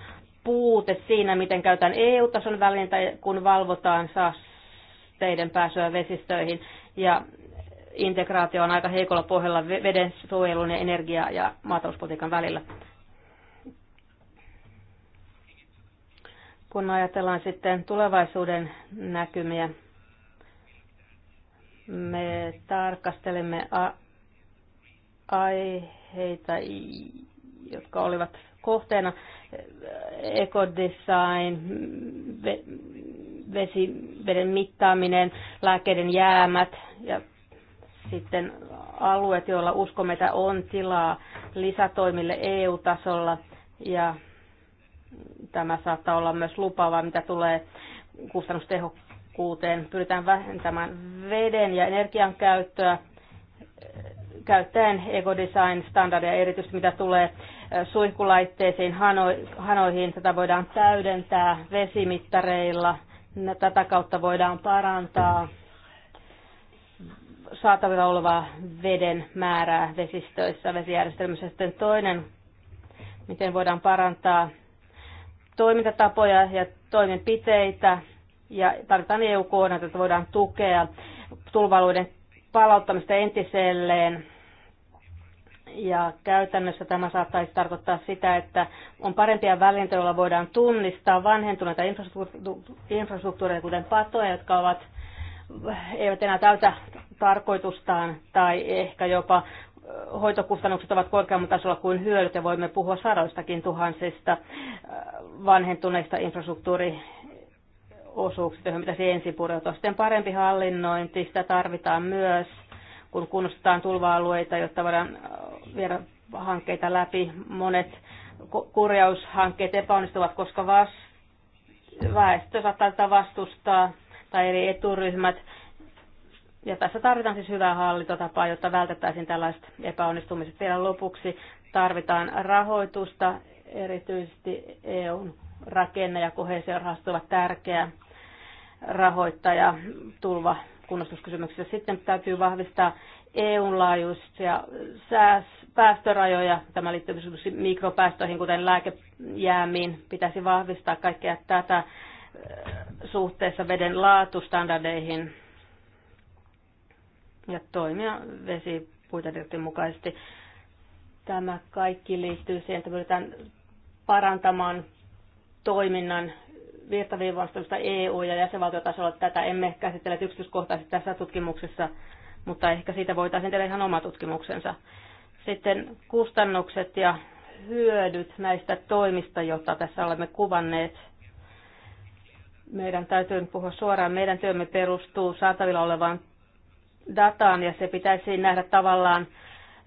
puute siinä, miten käytetään EU-tason välintä, kun valvotaan saasteiden pääsyä vesistöihin. Ja integraatio on aika heikolla pohjalla veden suojelun ja energia- ja maatalouspolitiikan välillä. Kun ajatellaan sitten tulevaisuuden näkymiä, me tarkastelemme aiheita, jotka olivat kohteena eh, ekodesign, vesiveden mittaaminen, lääkkeiden jäämät ja sitten alueet, joilla uskomme, että on tilaa lisätoimille EU-tasolla ja tämä saattaa olla myös lupaava, mitä tulee kustannustehokkuuteen. Pyritään vähentämään veden ja energian käyttöä käyttäen ekodesign standardia erityisesti mitä tulee suihkulaitteisiin, hanoihin, tätä voidaan täydentää vesimittareilla, tätä kautta voidaan parantaa saatavilla olevaa veden määrää vesistöissä, vesijärjestelmissä. Sitten toinen, miten voidaan parantaa toimintatapoja ja toimenpiteitä, ja tarvitaan EU-koordinaatiota, että voidaan tukea tulvaluiden palauttamista entiselleen. Ja käytännössä tämä saattaisi tarkoittaa sitä, että on parempia välineitä, joilla voidaan tunnistaa vanhentuneita infrastruktuureja, kuten patoja, jotka ovat, eivät enää täytä tarkoitustaan tai ehkä jopa hoitokustannukset ovat korkeammalla tasolla kuin hyödyt ja voimme puhua sadoistakin tuhansista vanhentuneista infrastruktuuri osuukset, mitä se ensin pureutuu. Sitten parempi hallinnointi, sitä tarvitaan myös, kun kunnostetaan tulva-alueita, jotta voidaan viedä hankkeita läpi. Monet kurjaushankkeet epäonnistuvat, koska väestö saattaa tätä vastustaa tai eri eturyhmät. Ja tässä tarvitaan siis hyvää hallintotapaa, jotta vältettäisiin tällaiset epäonnistumiset. Vielä lopuksi tarvitaan rahoitusta, erityisesti EUn rakenne- ja kohesiorahasto ovat tärkeä rahoittaja tulva kunnostuskysymyksissä. Sitten täytyy vahvistaa EUn laajuisia sääs, päästörajoja. Tämä liittyy myös mikropäästöihin, kuten lääkejäämiin. Pitäisi vahvistaa kaikkea tätä äh, suhteessa veden laatustandardeihin ja toimia vesipuitedirektiivin mukaisesti. Tämä kaikki liittyy siihen, että pyritään parantamaan toiminnan virtaviivastamista EU- ja jäsenvaltiotasolla. Tätä emme käsittele yksityiskohtaisesti tässä tutkimuksessa, mutta ehkä siitä voitaisiin tehdä ihan oma tutkimuksensa. Sitten kustannukset ja hyödyt näistä toimista, joita tässä olemme kuvanneet. Meidän täytyy puhua suoraan. Meidän työmme perustuu saatavilla olevaan dataan ja se pitäisi nähdä tavallaan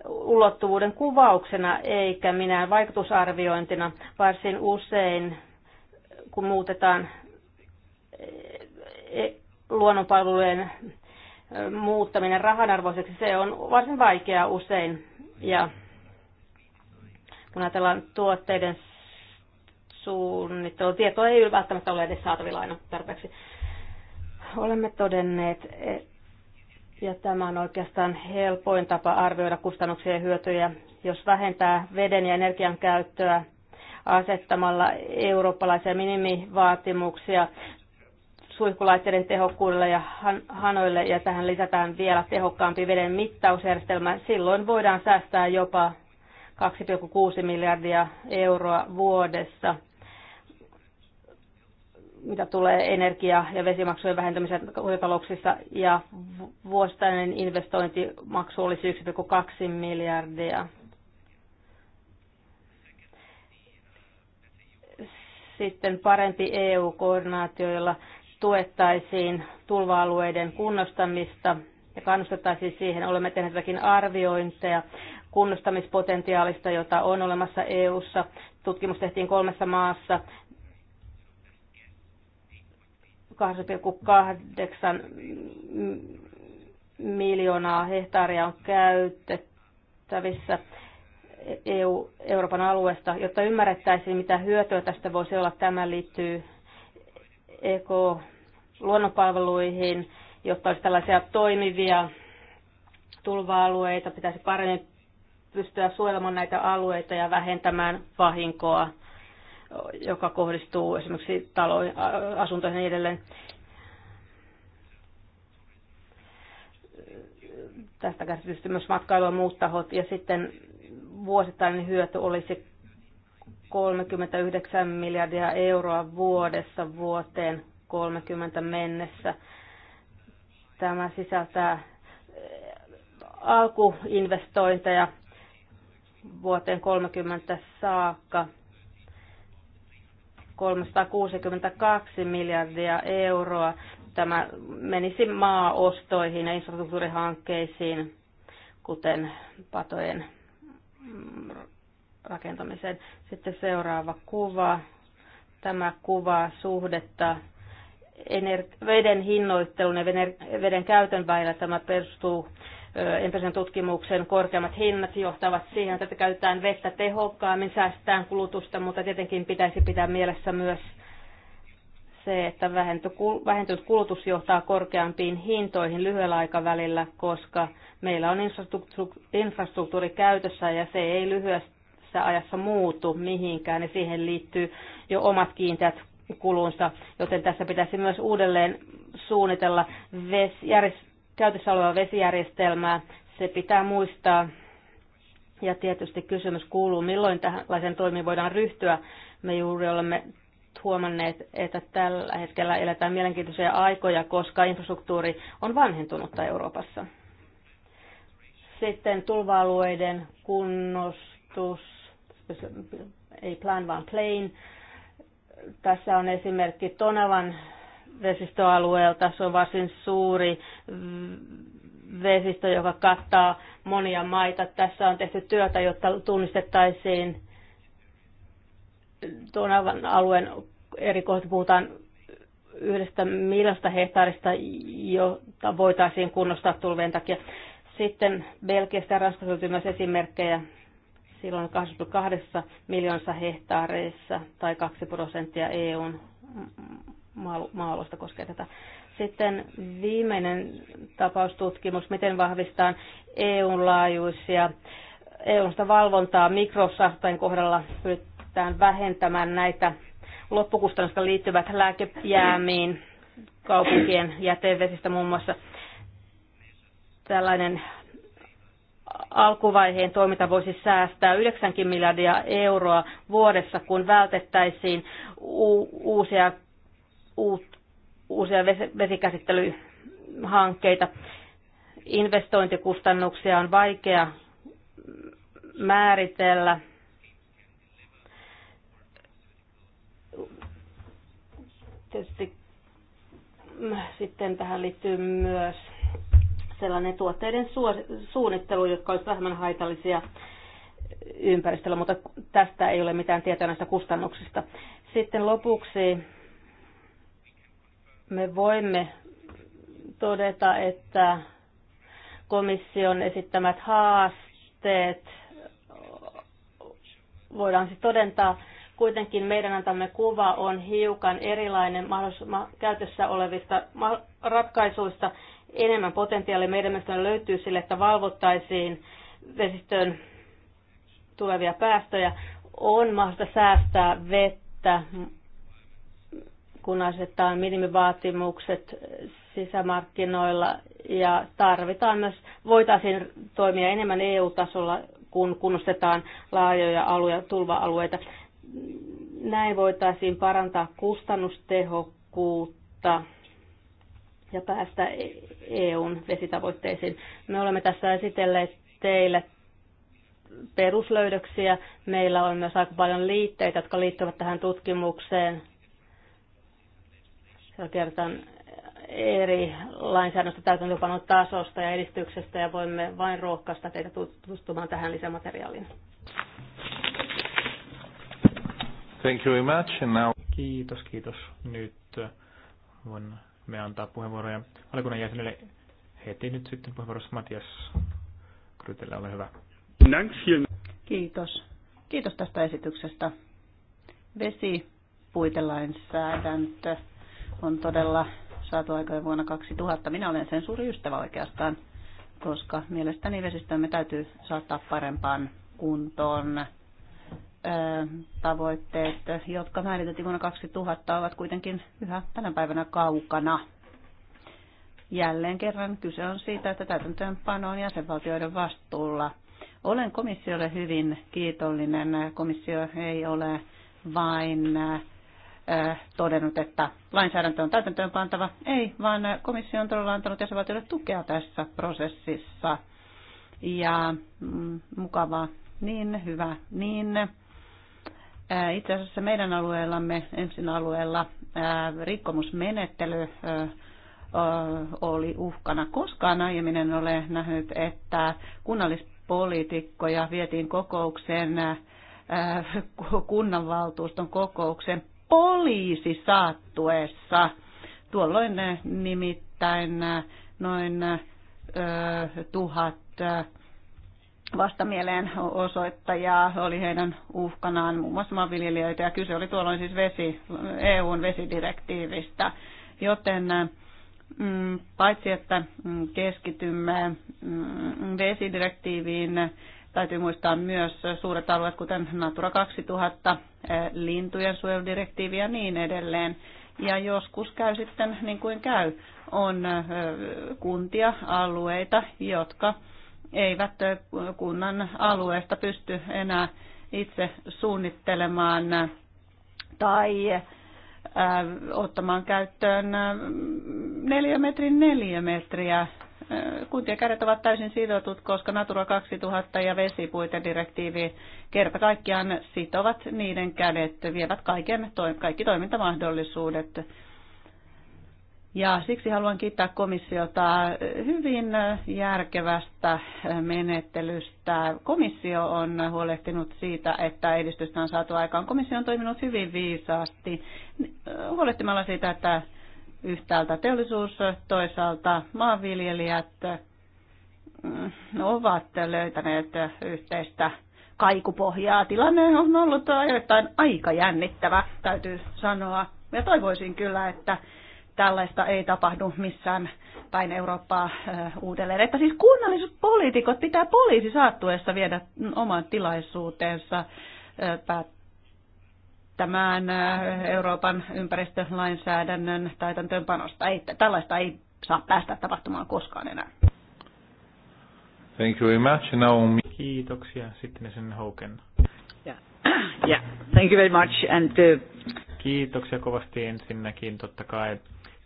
ulottuvuuden kuvauksena eikä minä vaikutusarviointina. Varsin usein kun muutetaan e, e, luonnonpalvelujen e, muuttaminen rahanarvoiseksi, se on varsin vaikeaa usein. Ja kun ajatellaan tuotteiden suunnittelu, tietoa ei välttämättä ole edes saatavilla aina tarpeeksi. Olemme todenneet, ja tämä on oikeastaan helpoin tapa arvioida kustannuksia ja hyötyjä, jos vähentää veden ja energian käyttöä asettamalla eurooppalaisia minimivaatimuksia suihkulaitteiden tehokkuudelle ja hanoille ja tähän lisätään vielä tehokkaampi veden mittausjärjestelmä. Silloin voidaan säästää jopa 2,6 miljardia euroa vuodessa mitä tulee energia- ja vesimaksujen vähentämiseen kotitalouksissa, ja vuosittainen investointimaksu olisi 1,2 miljardia. Sitten parempi EU-koordinaatio, jolla tuettaisiin tulva-alueiden kunnostamista ja kannustettaisiin siihen. Olemme tehneet jotakin arviointeja kunnostamispotentiaalista, jota on olemassa EU-ssa. Tutkimus tehtiin kolmessa maassa. 2,8 miljoonaa hehtaaria on käytettävissä EU, Euroopan alueesta, jotta ymmärrettäisiin, mitä hyötyä tästä voisi olla. Tämä liittyy EK-luonnonpalveluihin, jotta olisi tällaisia toimivia tulva-alueita, pitäisi paremmin pystyä suojelemaan näitä alueita ja vähentämään vahinkoa, joka kohdistuu esimerkiksi taloihin, asuntoihin ja niin edelleen. Tästä käsitystä myös matkailua muut tahot ja sitten vuosittainen hyöty olisi 39 miljardia euroa vuodessa vuoteen 30 mennessä. Tämä sisältää eh, alkuinvestointeja vuoteen 30 saakka 362 miljardia euroa. Tämä menisi maaostoihin ja infrastruktuurihankkeisiin, kuten patojen rakentamiseen. Sitten seuraava kuva. Tämä kuva suhdetta veden hinnoittelun ja veden käytön väillä. Tämä perustuu entisen tutkimuksen korkeammat hinnat johtavat siihen, että käytetään vettä tehokkaammin, säästetään kulutusta, mutta tietenkin pitäisi pitää mielessä myös se, että vähentynyt kulutus johtaa korkeampiin hintoihin lyhyellä aikavälillä, koska meillä on infrastruktuuri käytössä ja se ei lyhyessä ajassa muutu mihinkään ja siihen liittyy jo omat kiinteät kulunsa, joten tässä pitäisi myös uudelleen suunnitella ves, käytössä olevaa vesijärjestelmää. Se pitää muistaa. Ja tietysti kysymys kuuluu, milloin tällaisen toimiin voidaan ryhtyä. Me juuri olemme huomanneet, että tällä hetkellä eletään mielenkiintoisia aikoja, koska infrastruktuuri on vanhentunutta Euroopassa. Sitten tulva-alueiden kunnostus, ei plan vaan plane. Tässä on esimerkki Tonavan vesistöalueelta. Se on varsin suuri vesistö, joka kattaa monia maita. Tässä on tehty työtä, jotta tunnistettaisiin aivan alueen eri kohdat puhutaan yhdestä miljoonasta hehtaarista, jota voitaisiin kunnostaa tulvien takia. Sitten Belgiasta ja Ranskassa löytyy myös esimerkkejä silloin 22 miljoonassa hehtaareissa tai 2 prosenttia EUn maalosta koskee tätä. Sitten viimeinen tapaustutkimus, miten vahvistaa EUn laajuisia EUn valvontaa mikrosahtojen kohdalla päästään vähentämään näitä loppukustannusta liittyvät lääkejäämiin kaupunkien jätevesistä muun muassa. Tällainen alkuvaiheen toiminta voisi säästää 90 miljardia euroa vuodessa, kun vältettäisiin uusia, uusia vesikäsittelyhankkeita. Investointikustannuksia on vaikea määritellä Tietysti mm, sitten tähän liittyy myös sellainen tuotteiden suunnittelu, jotka olisivat vähemmän haitallisia ympäristölle, mutta tästä ei ole mitään tietoa näistä kustannuksista. Sitten lopuksi me voimme todeta, että komission esittämät haasteet voidaan siis todentaa Kuitenkin meidän antamme kuva on hiukan erilainen käytössä olevista ratkaisuista. Enemmän potentiaalia meidän mielestämme löytyy sille, että valvottaisiin vesistöön tulevia päästöjä. On mahdollista säästää vettä, kun asetetaan minimivaatimukset sisämarkkinoilla ja tarvitaan myös, voitaisiin toimia enemmän EU-tasolla, kun kunnostetaan laajoja alueja, tulva-alueita. Näin voitaisiin parantaa kustannustehokkuutta ja päästä e- EUn vesitavoitteisiin. Me olemme tässä esitelleet teille peruslöydöksiä. Meillä on myös aika paljon liitteitä, jotka liittyvät tähän tutkimukseen. Siellä kerrotaan eri lainsäädännöstä täytäntöpanon tasosta ja edistyksestä ja voimme vain rohkaista teitä tutustumaan tähän lisämateriaaliin. Thank you very much. And now... Kiitos, kiitos. Nyt äh, voin me antaa puheenvuoroja valiokunnan jäsenille heti nyt sitten puheenvuorossa Matias Krytellä, ole hyvä. Kiitos. Kiitos tästä esityksestä. Vesi puitelainsäädäntö on todella saatu aikaan vuonna 2000. Minä olen sen suuri ystävä oikeastaan, koska mielestäni vesistömme täytyy saattaa parempaan kuntoon tavoitteet, jotka määritettiin vuonna 2000, ovat kuitenkin yhä tänä päivänä kaukana. Jälleen kerran kyse on siitä, että täytäntöönpano on jäsenvaltioiden vastuulla. Olen komissiolle hyvin kiitollinen. Komissio ei ole vain äh, todennut, että lainsäädäntö on täytäntöönpantava. Ei, vaan komissio on todella antanut jäsenvaltioille tukea tässä prosessissa. Ja mm, mukavaa, niin hyvä, niin itse asiassa meidän alueellamme, ensin alueella, rikkomusmenettely oli uhkana. Koskaan aiemmin en ole nähnyt, että kunnallispoliitikkoja vietiin kokoukseen kunnanvaltuuston kokouksen poliisi saattuessa. Tuolloin nimittäin noin tuhat vastamieleen osoittajaa oli heidän uhkanaan muun muassa maanviljelijöitä ja kyse oli tuolloin siis vesi, EUn vesidirektiivistä, joten mm, paitsi että mm, keskitymme mm, vesidirektiiviin, täytyy muistaa myös suuret alueet, kuten Natura 2000, eh, lintujen suojeludirektiivi ja niin edelleen. Ja joskus käy sitten niin kuin käy, on eh, kuntia, alueita, jotka eivät kunnan alueesta pysty enää itse suunnittelemaan tai ottamaan käyttöön neliömetrin metriä. Kuntien kädet ovat täysin sidotut, koska Natura 2000 ja vesipuitedirektiivi kerta kaikkiaan sitovat niiden kädet, vievät kaiken, kaikki toimintamahdollisuudet ja siksi haluan kiittää komissiota hyvin järkevästä menettelystä. Komissio on huolehtinut siitä, että edistystä on saatu aikaan. Komissio on toiminut hyvin viisaasti huolehtimalla siitä, että yhtäältä teollisuus, toisaalta maanviljelijät mm, ovat löytäneet yhteistä kaikupohjaa. Tilanne on ollut ajoittain aika jännittävä, täytyy sanoa. Ja toivoisin kyllä, että tällaista ei tapahdu missään päin Eurooppaa uudelleen. Että siis kunnalliset poliitikot pitää poliisi saattuessa viedä oman tilaisuuteensa päättämään Euroopan ympäristölainsäädännön täytäntöönpanosta. Ei, tällaista ei saa päästä tapahtumaan koskaan enää. Thank you very much. Now... Kiitoksia. Sitten sen Hoken. Yeah. *coughs* yeah. Thank you very much. And, uh... Kiitoksia kovasti ensinnäkin totta kai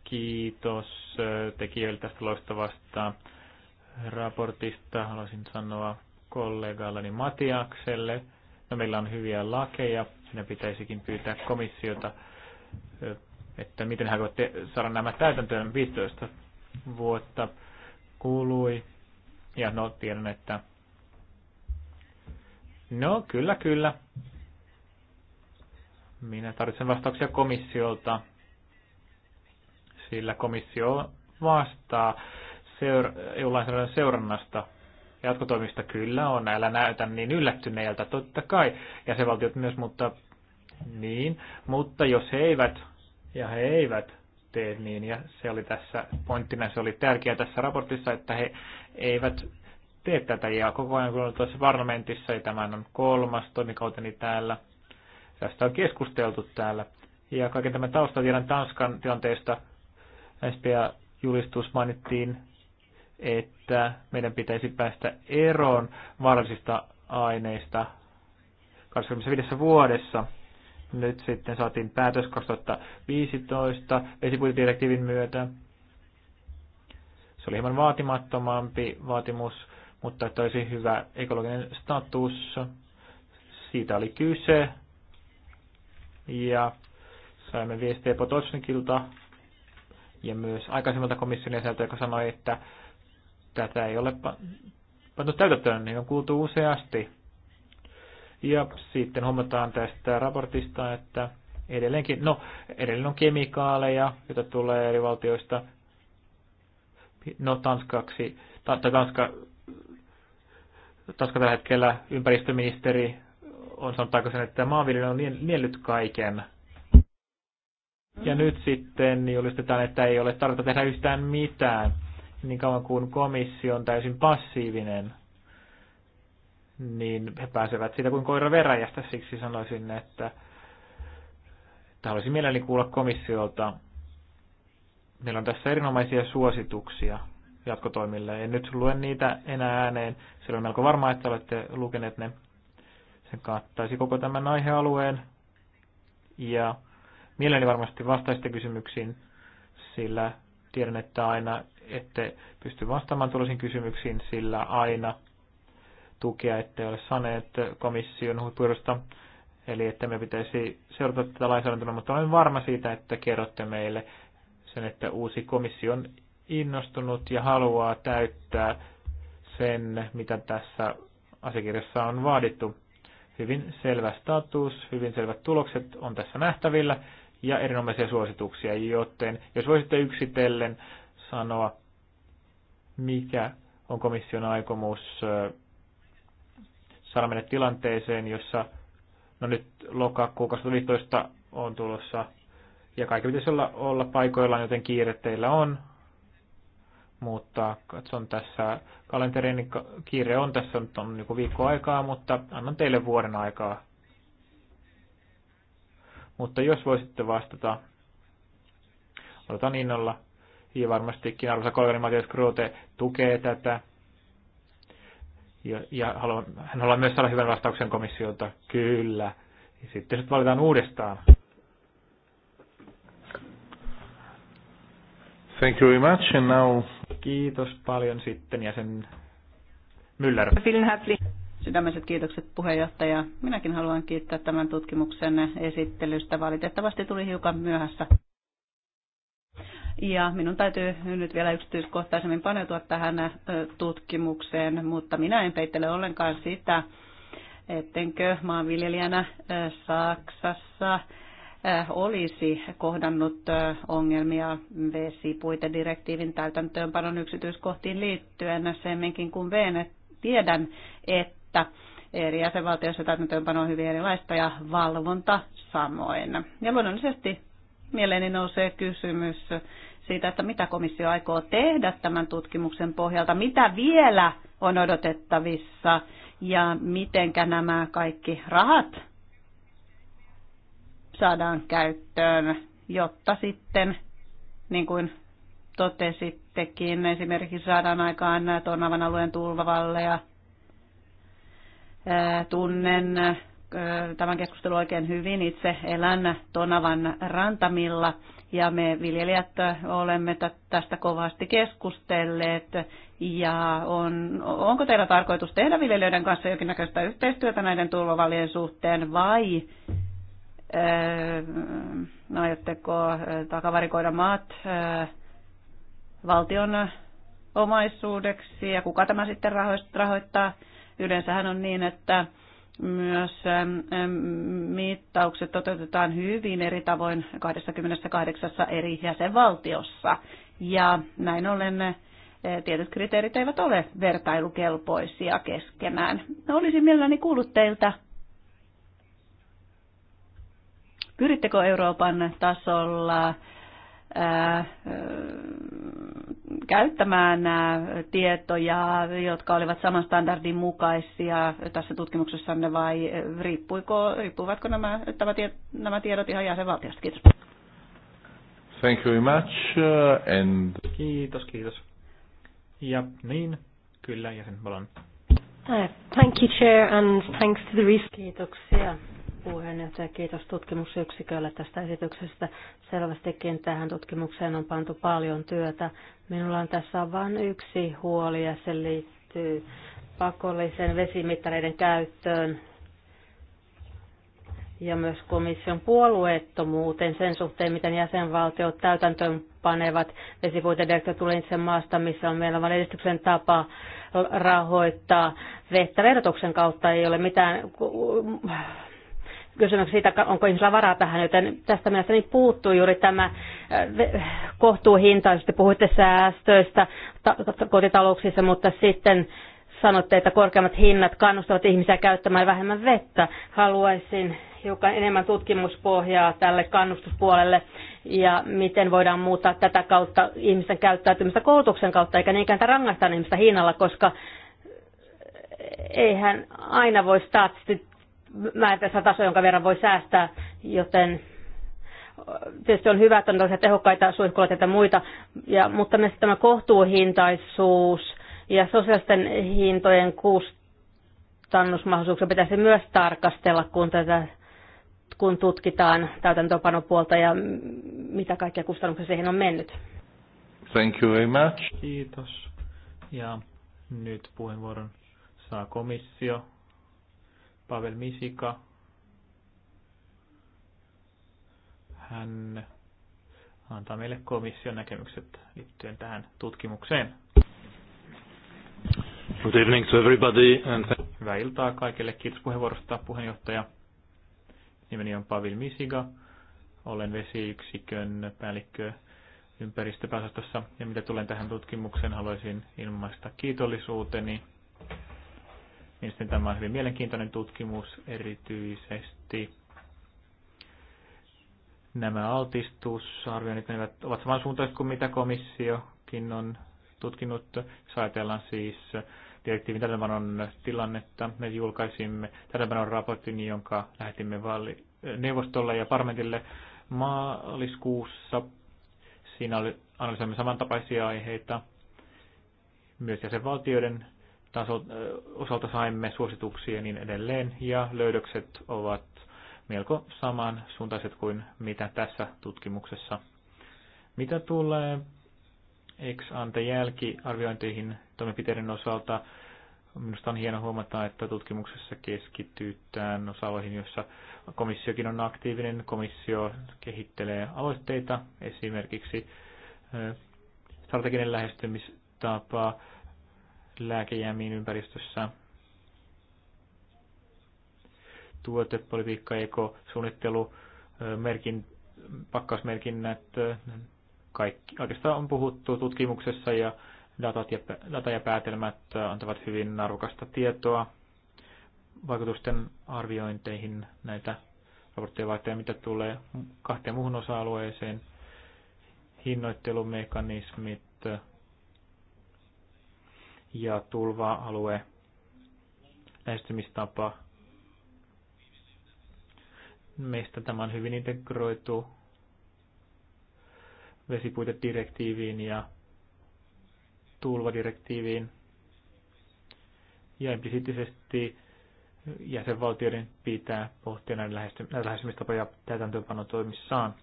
kiitos äh, tekijöille tästä loistavasta raportista. Haluaisin sanoa kollegallani Matiakselle. No, meillä on hyviä lakeja. Sinä pitäisikin pyytää komissiota, että miten hän voi saada nämä täytäntöön 15 vuotta kului. Ja no, tiedän, että... No, kyllä, kyllä. Minä tarvitsen vastauksia komissiolta sillä komissio vastaa seura- EU-lainsäädännön seurannasta. Jatkotoimista kyllä on, älä näytä niin yllättyneeltä, totta kai, jäsenvaltiot myös, mutta niin, mutta jos he eivät, ja he eivät tee niin, ja se oli tässä pointtina, se oli tärkeää tässä raportissa, että he eivät tee tätä, ja koko ajan kun olen tuossa parlamentissa, ja tämän on kolmas toimikauteni täällä, tästä on keskusteltu täällä, ja kaiken tämän taustatiedon Tanskan tilanteesta SPA-julistus mainittiin, että meidän pitäisi päästä eroon vaarallisista aineista 25 vuodessa. Nyt sitten saatiin päätös 2015 vesipuitidirektiivin myötä. Se oli hieman vaatimattomampi vaatimus, mutta että olisi hyvä ekologinen status. Siitä oli kyse. Ja saimme viestejä Potosnikilta ja myös aikaisemmalta komission jäseltä, joka sanoi, että tätä ei ole pantu täytäntöön, niin on kuultu useasti. Ja sitten huomataan tästä raportista, että edelleenkin, no edelleen on kemikaaleja, joita tulee eri valtioista, no Tanskaksi, tai Tanska, Tanska tällä hetkellä ympäristöministeri on sanotaanko sen, että maanviljely on niellyt kaiken – ja nyt sitten julistetaan, että ei ole tarvetta tehdä yhtään mitään, niin kauan kuin komissio on täysin passiivinen niin he pääsevät siitä kuin koira veräjästä. Siksi sanoisin, että, että haluaisin mielelläni kuulla komissiolta. Meillä on tässä erinomaisia suosituksia jatkotoimille. En nyt lue niitä enää ääneen. Se on melko varmaa, että olette lukeneet ne. Se kattaisi koko tämän aihealueen. Ja Mielelläni varmasti vastaisitte kysymyksiin, sillä tiedän, että aina ette pysty vastaamaan tuollaisiin kysymyksiin, sillä aina tukea ette ole saaneet komission huippuyrosta, eli että me pitäisi seurata tätä lainsäädäntöä, mutta olen varma siitä, että kerrotte meille sen, että uusi komissio on innostunut ja haluaa täyttää sen, mitä tässä asiakirjassa on vaadittu. Hyvin selvä status, hyvin selvät tulokset on tässä nähtävillä, ja erinomaisia suosituksia, joten jos voisitte yksitellen sanoa, mikä on komission aikomus saada mennä tilanteeseen, jossa no nyt lokakuun 2015 on tulossa ja kaikki pitäisi olla, olla paikoillaan, joten kiire teillä on. Mutta katson tässä kalenterin, niin kiire on tässä, nyt on niin viikko aikaa, mutta annan teille vuoden aikaa mutta jos voisitte vastata, odotan innolla. Ja varmastikin arvoisa kollegani Matias Grote tukee tätä. Ja, ja haluan, hän haluaa myös saada hyvän vastauksen komissiolta. Kyllä. Ja sitten sut valitaan uudestaan. Thank you very much and now... Kiitos paljon sitten ja sen Müller. Vielen herzlichen Sydämiset kiitokset puheenjohtaja. Minäkin haluan kiittää tämän tutkimuksen esittelystä. Valitettavasti tuli hiukan myöhässä. Ja minun täytyy nyt vielä yksityiskohtaisemmin paneutua tähän tutkimukseen, mutta minä en peittele ollenkaan sitä, ettenkö maanviljelijänä Saksassa olisi kohdannut ongelmia vesipuitedirektiivin täytäntöönpanon yksityiskohtiin liittyen semminkin, kun veen, tiedän, että että eri jäsenvaltioissa täytäntöönpano on hyvin erilaista ja valvonta samoin. Ja luonnollisesti mieleeni nousee kysymys siitä, että mitä komissio aikoo tehdä tämän tutkimuksen pohjalta, mitä vielä on odotettavissa ja mitenkä nämä kaikki rahat saadaan käyttöön, jotta sitten, niin kuin totesittekin, esimerkiksi saadaan aikaan Tornavan alueen ja Tunnen tämän keskustelun oikein hyvin. Itse elän Tonavan rantamilla ja me viljelijät olemme tästä kovasti keskustelleet. Ja on, onko teillä tarkoitus tehdä viljelijöiden kanssa jokinnäköistä yhteistyötä näiden tulvavalien suhteen vai no, aiotteko takavarikoida maat valtion omaisuudeksi ja kuka tämä sitten rahoittaa? Yleensähän on niin, että myös ähm, ähm, mittaukset toteutetaan hyvin eri tavoin 28 eri jäsenvaltiossa. Ja näin ollen äh, tietyt kriteerit eivät ole vertailukelpoisia keskenään. Olisin mielelläni kuullut teiltä, pyrittekö Euroopan tasolla äh, käyttämään äh, tietoja, jotka olivat saman standardin mukaisia tässä tutkimuksessanne vai äh, riippuiko, riippuvatko nämä, tämä, nämä tiedot ihan jäsenvaltiosta? Kiitos. Thank you very much. Uh, and... Kiitos, kiitos. Ja niin, kyllä jäsenvalon. Uh, thank you, Chair, and thanks to the research. Kiitoksia puheenjohtaja. Kiitos tutkimusyksikölle tästä esityksestä. Selvästikin tähän tutkimukseen on pantu paljon työtä. Minulla on tässä vain yksi huoli ja se liittyy pakollisen vesimittareiden käyttöön ja myös komission puolueettomuuteen sen suhteen, miten jäsenvaltiot täytäntöön panevat vesipuitedirektiivit tulee itse maasta, missä on meillä vain edistyksen tapa rahoittaa vettä verotuksen kautta. Ei ole mitään kysymys siitä, onko ihmisellä varaa tähän, joten tästä mielestäni puuttuu juuri tämä äh, kohtuuhintaisesti. Puhuitte säästöistä kotitalouksissa, mutta sitten sanotte, että korkeammat hinnat kannustavat ihmisiä käyttämään vähemmän vettä. Haluaisin hiukan enemmän tutkimuspohjaa tälle kannustuspuolelle ja miten voidaan muuttaa tätä kautta ihmisten käyttäytymistä koulutuksen kautta, eikä niinkään rangaista ihmistä hinnalla, koska eihän aina voi staattisesti määritellä taso, jonka verran voi säästää, joten tietysti on hyvä, että on tällaisia tehokkaita suihkulaitteita ja muita, ja, mutta myös tämä kohtuuhintaisuus ja sosiaalisten hintojen kustannusmahdollisuuksia pitäisi myös tarkastella, kun tätä kun tutkitaan täytäntöpanopuolta ja mitä kaikkia kustannuksia siihen on mennyt. Thank you very much. Kiitos. Ja nyt puheenvuoron saa komissio. Pavel Misika. Hän antaa meille komission näkemykset liittyen tähän tutkimukseen. Good evening to everybody. And Hyvää iltaa kaikille. Kiitos puheenvuorosta puheenjohtaja. Nimeni on Pavel Misiga. Olen vesiyksikön päällikkö ympäristöpäästössä ja mitä tulen tähän tutkimukseen, haluaisin ilmaista kiitollisuuteni Mielestäni tämä on hyvin mielenkiintoinen tutkimus erityisesti. Nämä altistusarvioinnit ne ovat samansuuntaiset kuin mitä komissiokin on tutkinut. Jos ajatellaan siis direktiivin täydenpanon tilannetta, me julkaisimme täydenpanon raportin, jonka lähetimme vali neuvostolle ja parlamentille maaliskuussa. Siinä oli, analysoimme samantapaisia aiheita myös jäsenvaltioiden taso, osalta saimme suosituksia ja niin edelleen, ja löydökset ovat melko samansuuntaiset kuin mitä tässä tutkimuksessa. Mitä tulee ex ante jälkiarviointeihin toimenpiteiden osalta, minusta on hieno huomata, että tutkimuksessa keskitytään osa-aloihin, joissa komissiokin on aktiivinen. Komissio kehittelee aloitteita, esimerkiksi strateginen lähestymistapa, lääkejäämiin ympäristössä. Tuotepolitiikka, ekosuunnittelu, merkin, pakkausmerkinnät, kaikki, oikeastaan on puhuttu tutkimuksessa ja datat ja, data ja päätelmät antavat hyvin arvokasta tietoa vaikutusten arviointeihin näitä raportteja vaihtoja, mitä tulee kahteen muuhun osa-alueeseen, hinnoittelumekanismit, ja tulva-alue lähestymistapa. Meistä tämä on hyvin integroitu vesipuitedirektiiviin ja tulvadirektiiviin. Ja implisiittisesti jäsenvaltioiden pitää pohtia näitä lähestymistapoja täytäntöönpanotoimissaan.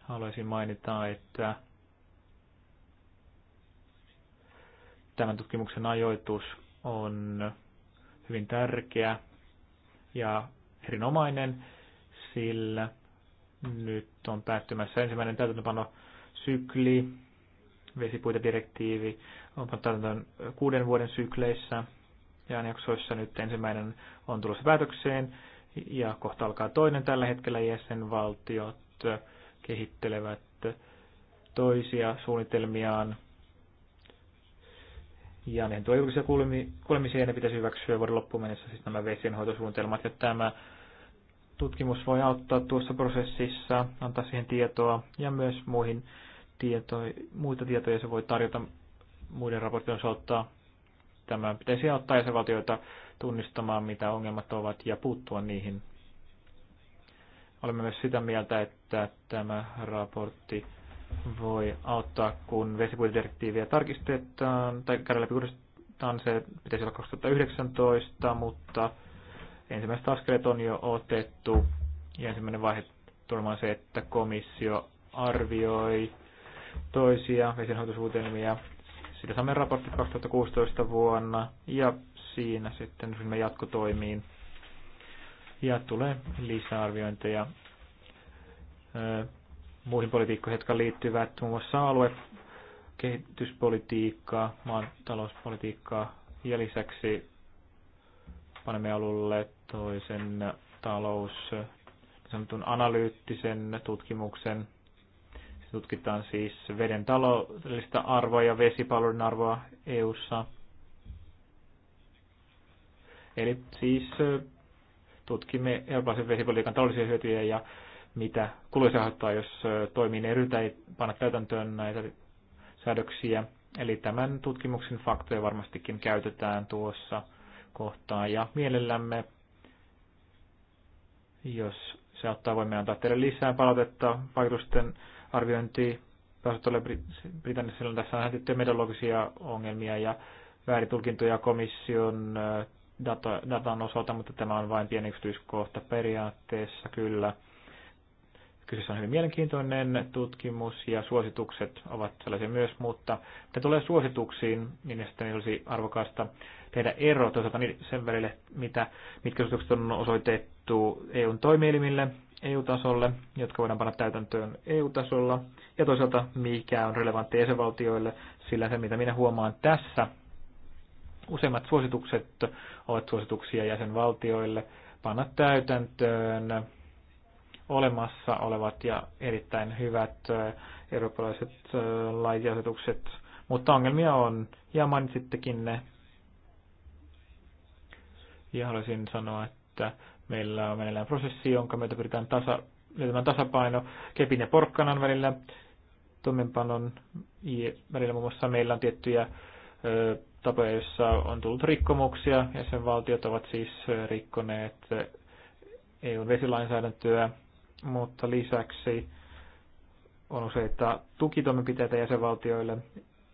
Haluaisin mainita, että Tämän tutkimuksen ajoitus on hyvin tärkeä ja erinomainen, sillä nyt on päättymässä ensimmäinen täytäntöpano sykli, vesipuitedirektiivi, on täytäntöön kuuden vuoden sykleissä ja jaksoissa nyt ensimmäinen on tulossa päätökseen ja kohta alkaa toinen tällä hetkellä jäsenvaltiot kehittelevät toisia suunnitelmiaan ja niin tuo julkisia kuulemisia ja ne pitäisi hyväksyä vuoden loppuun mennessä siis nämä vesienhoitosuunnitelmat. Ja tämä tutkimus voi auttaa tuossa prosessissa, antaa siihen tietoa ja myös muihin tieto, muita tietoja se voi tarjota muiden raportin osalta. Tämä pitäisi auttaa jäsenvaltioita tunnistamaan, mitä ongelmat ovat ja puuttua niihin. Olemme myös sitä mieltä, että tämä raportti voi auttaa, kun vesipuitedirektiiviä tarkistetaan tai käydään läpi uudestaan. Se pitäisi olla 2019, mutta ensimmäiset askeleet on jo otettu. Ja ensimmäinen vaihe tulemaan se, että komissio arvioi toisia vesienhoitosuunnitelmia. Siitä saamme raportti 2016 vuonna ja siinä sitten ryhmä jatkotoimiin ja tulee lisäarviointeja muihin politiikkoihin, jotka liittyvät muun muassa aluekehityspolitiikkaa, maan talouspolitiikkaa ja lisäksi panemme alulle toisen talous, niin sanotun analyyttisen tutkimuksen. Se tutkitaan siis veden taloudellista arvoa ja vesipalveluiden arvoa EU:ssa. Eli siis tutkimme eurooppalaisen vesipolitiikan taloudellisia hyötyjä ja mitä kuluisi aiheuttaa, jos toimiin niin, eri tai panna täytäntöön näitä säädöksiä. Eli tämän tutkimuksen faktoja varmastikin käytetään tuossa kohtaa ja mielellämme, jos se ottaa voimme antaa teille lisää palautetta vaikutusten arviointiin. Päästölle Britannissa on tässä nähty metodologisia ongelmia ja vääritulkintoja komission data, datan osalta, mutta tämä on vain pieni yksityiskohta periaatteessa kyllä. Kyseessä on hyvin mielenkiintoinen tutkimus ja suositukset ovat sellaisia myös, mutta mitä tulee suosituksiin, niin sitten olisi arvokasta tehdä ero toisaalta sen välille, mitä, mitkä suositukset on osoitettu EUn toimielimille, EU-tasolle, jotka voidaan panna täytäntöön EU-tasolla, ja toisaalta mikä on relevantti jäsenvaltioille, sillä se mitä minä huomaan tässä, useimmat suositukset ovat suosituksia jäsenvaltioille panna täytäntöön olemassa olevat ja erittäin hyvät eurooppalaiset laitiasetukset, mutta ongelmia on, ja mainitsittekin ne. Ja haluaisin sanoa, että meillä on meneillään prosessi, jonka myötä pyritään tasa, löytämään tasapaino kepin ja porkkanan välillä, toimenpanon välillä muun muassa meillä on tiettyjä tapoja, joissa on tullut rikkomuksia, ja sen valtiot ovat siis rikkoneet eu vesilainsäädäntöä, mutta lisäksi on useita tukitoimenpiteitä jäsenvaltioille,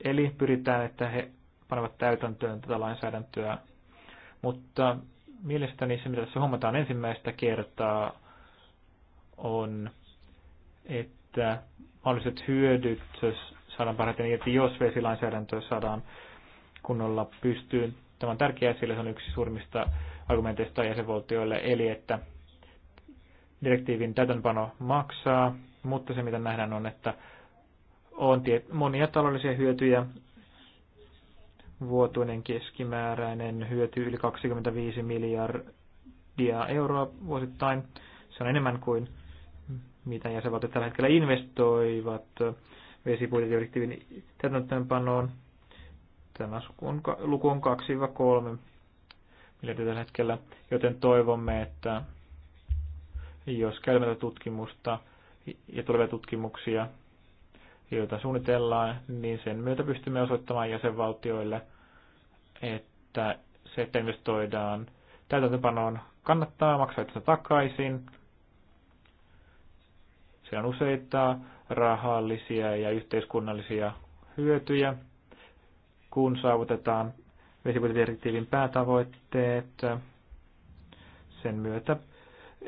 eli pyritään, että he panevat täytäntöön tätä lainsäädäntöä. Mutta mielestäni se, mitä tässä huomataan ensimmäistä kertaa, on, että mahdolliset hyödyt saadaan parhaiten irti, jos vesilainsäädäntö saadaan kunnolla pystyyn. Tämä on tärkeää, sillä se on yksi suurimmista argumenteista jäsenvaltioille, eli että direktiivin täytäntöpano maksaa, mutta se mitä nähdään on, että on monia taloudellisia hyötyjä. Vuotuinen keskimääräinen hyöty yli 25 miljardia euroa vuosittain. Se on enemmän kuin mitä jäsenvaltiot tällä hetkellä investoivat vesipuitedirektiivin täytäntöönpanoon. Tämä luku on 2-3 miljardia tällä hetkellä, joten toivomme, että jos käymme tätä tutkimusta ja tulevia tutkimuksia, joita suunnitellaan, niin sen myötä pystymme osoittamaan jäsenvaltioille, että se, että investoidaan täytäntöpanoon, kannattaa maksaa itse takaisin. Se on useita rahallisia ja yhteiskunnallisia hyötyjä, kun saavutetaan vesipuitedirektiivin päätavoitteet. Sen myötä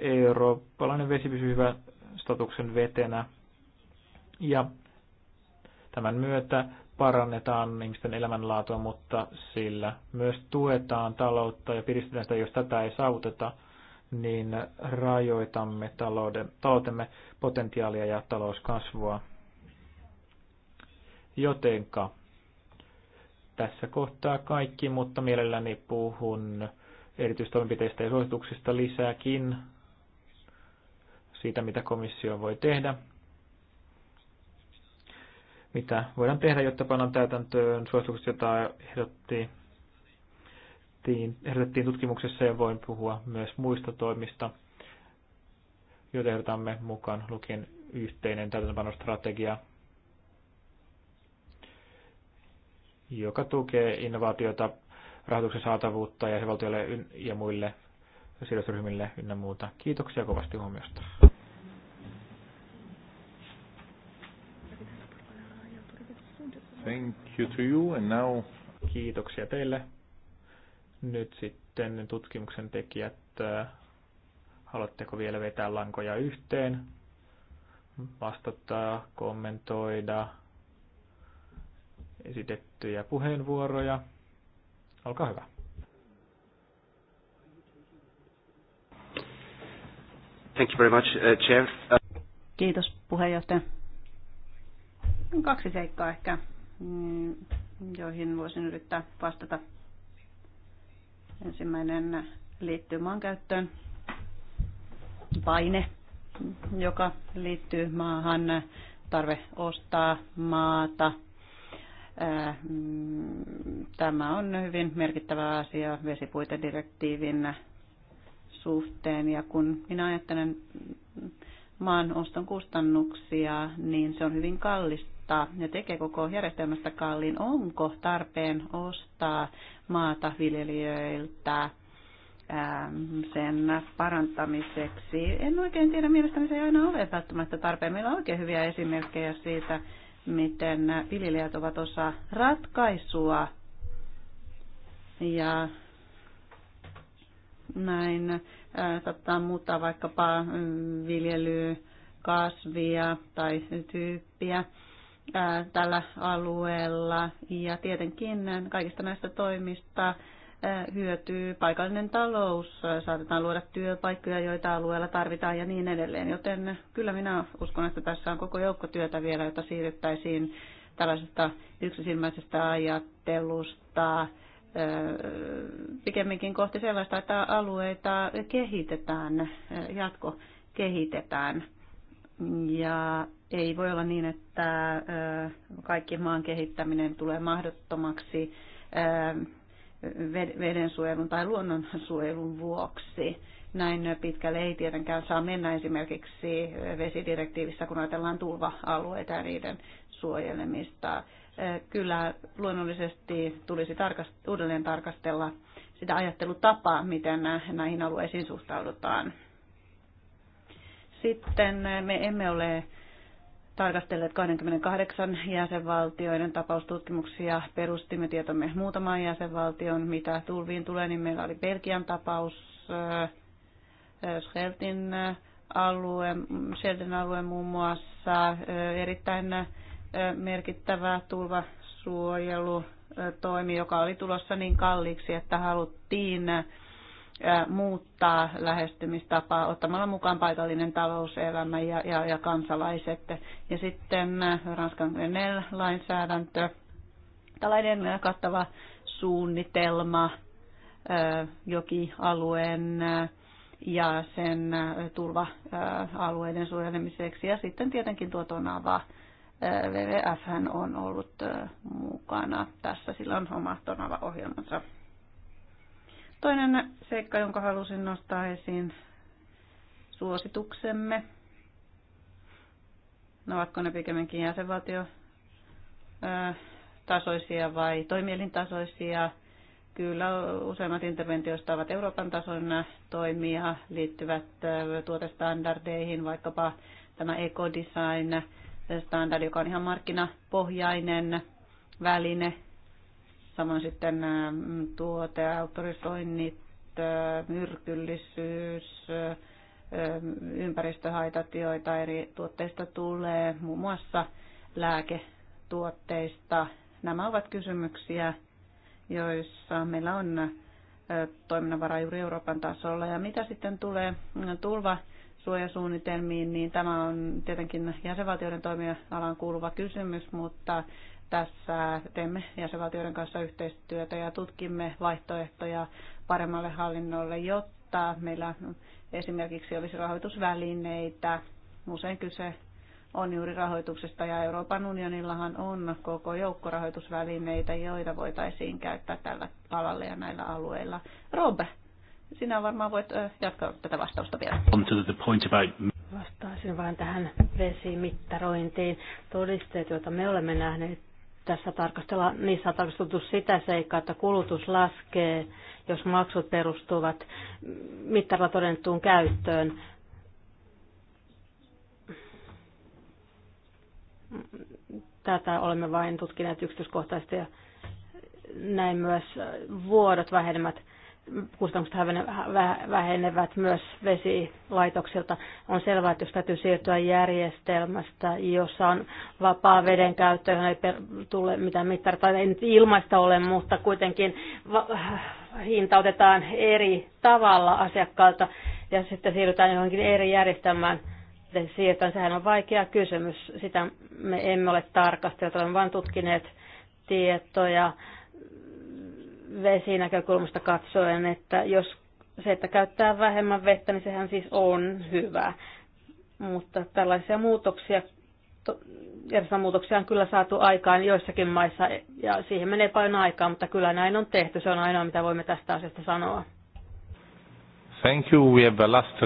eurooppalainen vesi pysyy hyvän statuksen vetenä. Ja tämän myötä parannetaan ihmisten elämänlaatua, mutta sillä myös tuetaan taloutta ja piristetään sitä, jos tätä ei saavuteta, niin rajoitamme talouden, taloutemme potentiaalia ja talouskasvua. Jotenka tässä kohtaa kaikki, mutta mielelläni puhun erityistoimenpiteistä ja suosituksista lisääkin siitä, mitä komissio voi tehdä, mitä voidaan tehdä, jotta pannaan täytäntöön suositukset, joita ehdottiin, ehdotettiin tutkimuksessa ja voin puhua myös muista toimista, joita ehdotamme mukaan lukien yhteinen täytäntöpanostrategia, joka tukee innovaatiota, rahoituksen saatavuutta ja valtiolle ja muille sidosryhmille ynnä muuta. Kiitoksia kovasti huomiosta. Thank you to you and now... Kiitoksia teille. Nyt sitten tutkimuksen tekijät, äh, haluatteko vielä vetää lankoja yhteen, vastata, kommentoida esitettyjä puheenvuoroja? Olkaa hyvä. Thank you very much, uh, Chair. Kiitos puheenjohtaja. Kaksi seikkaa ehkä Mm, joihin voisin yrittää vastata. Ensimmäinen liittyy maankäyttöön. Paine, joka liittyy maahan, tarve ostaa maata. Mm, tämä on hyvin merkittävä asia vesipuitedirektiivin suhteen. Ja kun minä ajattelen maan oston kustannuksia, niin se on hyvin kallista ostaa ja tekee koko järjestelmästä kalliin. Onko tarpeen ostaa maata viljelijöiltä ähm, sen parantamiseksi? En oikein tiedä, mielestäni se ei aina ole välttämättä tarpeen. Meillä on oikein hyviä esimerkkejä siitä, miten viljelijät ovat osa ratkaisua ja näin äh, saattaa muuttaa vaikkapa mm, viljelyä kasvia tai tyyppiä tällä alueella. Ja tietenkin kaikista näistä toimista hyötyy paikallinen talous, saatetaan luoda työpaikkoja, joita alueella tarvitaan ja niin edelleen. Joten kyllä minä uskon, että tässä on koko joukko työtä vielä, jota siirryttäisiin tällaisesta yksisilmäisestä ajattelusta pikemminkin kohti sellaista, että alueita kehitetään, jatko kehitetään. Ja ei voi olla niin, että kaikki maan kehittäminen tulee mahdottomaksi vedensuojelun tai luonnonsuojelun vuoksi. Näin pitkälle ei tietenkään saa mennä esimerkiksi vesidirektiivissä, kun ajatellaan tulva-alueita ja niiden suojelemista. Kyllä luonnollisesti tulisi tarkast- uudelleen tarkastella sitä ajattelutapaa, miten näihin alueisiin suhtaudutaan. Sitten me emme ole tarkastelleet 28 jäsenvaltioiden tapaustutkimuksia, perustimme tietomme muutamaan jäsenvaltion. Mitä tulviin tulee, niin meillä oli Belgian tapaus, äh, äh, Scheltin äh, alue, Sheldon alue muun muassa, erittäin merkittävä tulvasuojelutoimi, toimi, joka oli tulossa niin kalliiksi, että haluttiin muuttaa lähestymistapaa ottamalla mukaan paikallinen talouselämä ja, ja, ja kansalaiset. Ja sitten Ranskan Grenell-lainsäädäntö, tällainen kattava suunnitelma jokialueen ja sen tulva-alueiden suojelemiseksi. Ja sitten tietenkin tuo tonava WWF on ollut mukana tässä, sillä on oma tonava ohjelmansa. Toinen seikka, jonka halusin nostaa esiin, suosituksemme. No, ovatko ne pikemminkin jäsenvaltio tasoisia vai toimielintasoisia? Kyllä useimmat interventioista ovat Euroopan tason toimia, liittyvät tuotestandardeihin, vaikkapa tämä ecodesign standardi, joka on ihan markkinapohjainen väline, samoin sitten mm, tuoteautorisoinnit, mm, myrkyllisyys, mm, ympäristöhaitat, joita eri tuotteista tulee, muun muassa lääketuotteista. Nämä ovat kysymyksiä, joissa meillä on toiminnanvara juuri Euroopan tasolla. Ja mitä sitten tulee suojasuunnitelmiin, niin tämä on tietenkin jäsenvaltioiden toimialaan kuuluva kysymys, mutta tässä teemme jäsenvaltioiden kanssa yhteistyötä ja tutkimme vaihtoehtoja paremmalle hallinnolle, jotta meillä esimerkiksi olisi rahoitusvälineitä. Usein kyse on juuri rahoituksesta ja Euroopan unionillahan on koko joukko rahoitusvälineitä, joita voitaisiin käyttää tällä alalla ja näillä alueilla. Robe, sinä varmaan voit jatkaa tätä vastausta vielä. Vastaisin vain tähän vesimittarointiin. Todisteet, joita me olemme nähneet tässä tarkastellaan, niissä on tarkasteltu sitä seikkaa, että kulutus laskee, jos maksut perustuvat mittarilla todennettuun käyttöön. Tätä olemme vain tutkineet yksityiskohtaisesti ja näin myös vuodot vähenemät kustannukset vähenevät myös vesilaitoksilta. On selvää, että jos täytyy siirtyä järjestelmästä, jossa on vapaa veden käyttö, johon ei tule mitään mittaria, tai ei nyt ilmaista ole, mutta kuitenkin hinta otetaan eri tavalla asiakkaalta ja sitten siirrytään johonkin eri järjestelmään siirtään. Sehän on vaikea kysymys. Sitä me emme ole tarkastelleet, olemme vain tutkineet tietoja vesinäkökulmasta katsoen, että jos se, että käyttää vähemmän vettä, niin sehän siis on hyvä. Mutta tällaisia muutoksia, muutoksia on kyllä saatu aikaan joissakin maissa, ja siihen menee paljon aikaa, mutta kyllä näin on tehty. Se on ainoa, mitä voimme tästä asiasta sanoa. Thank you. We have last...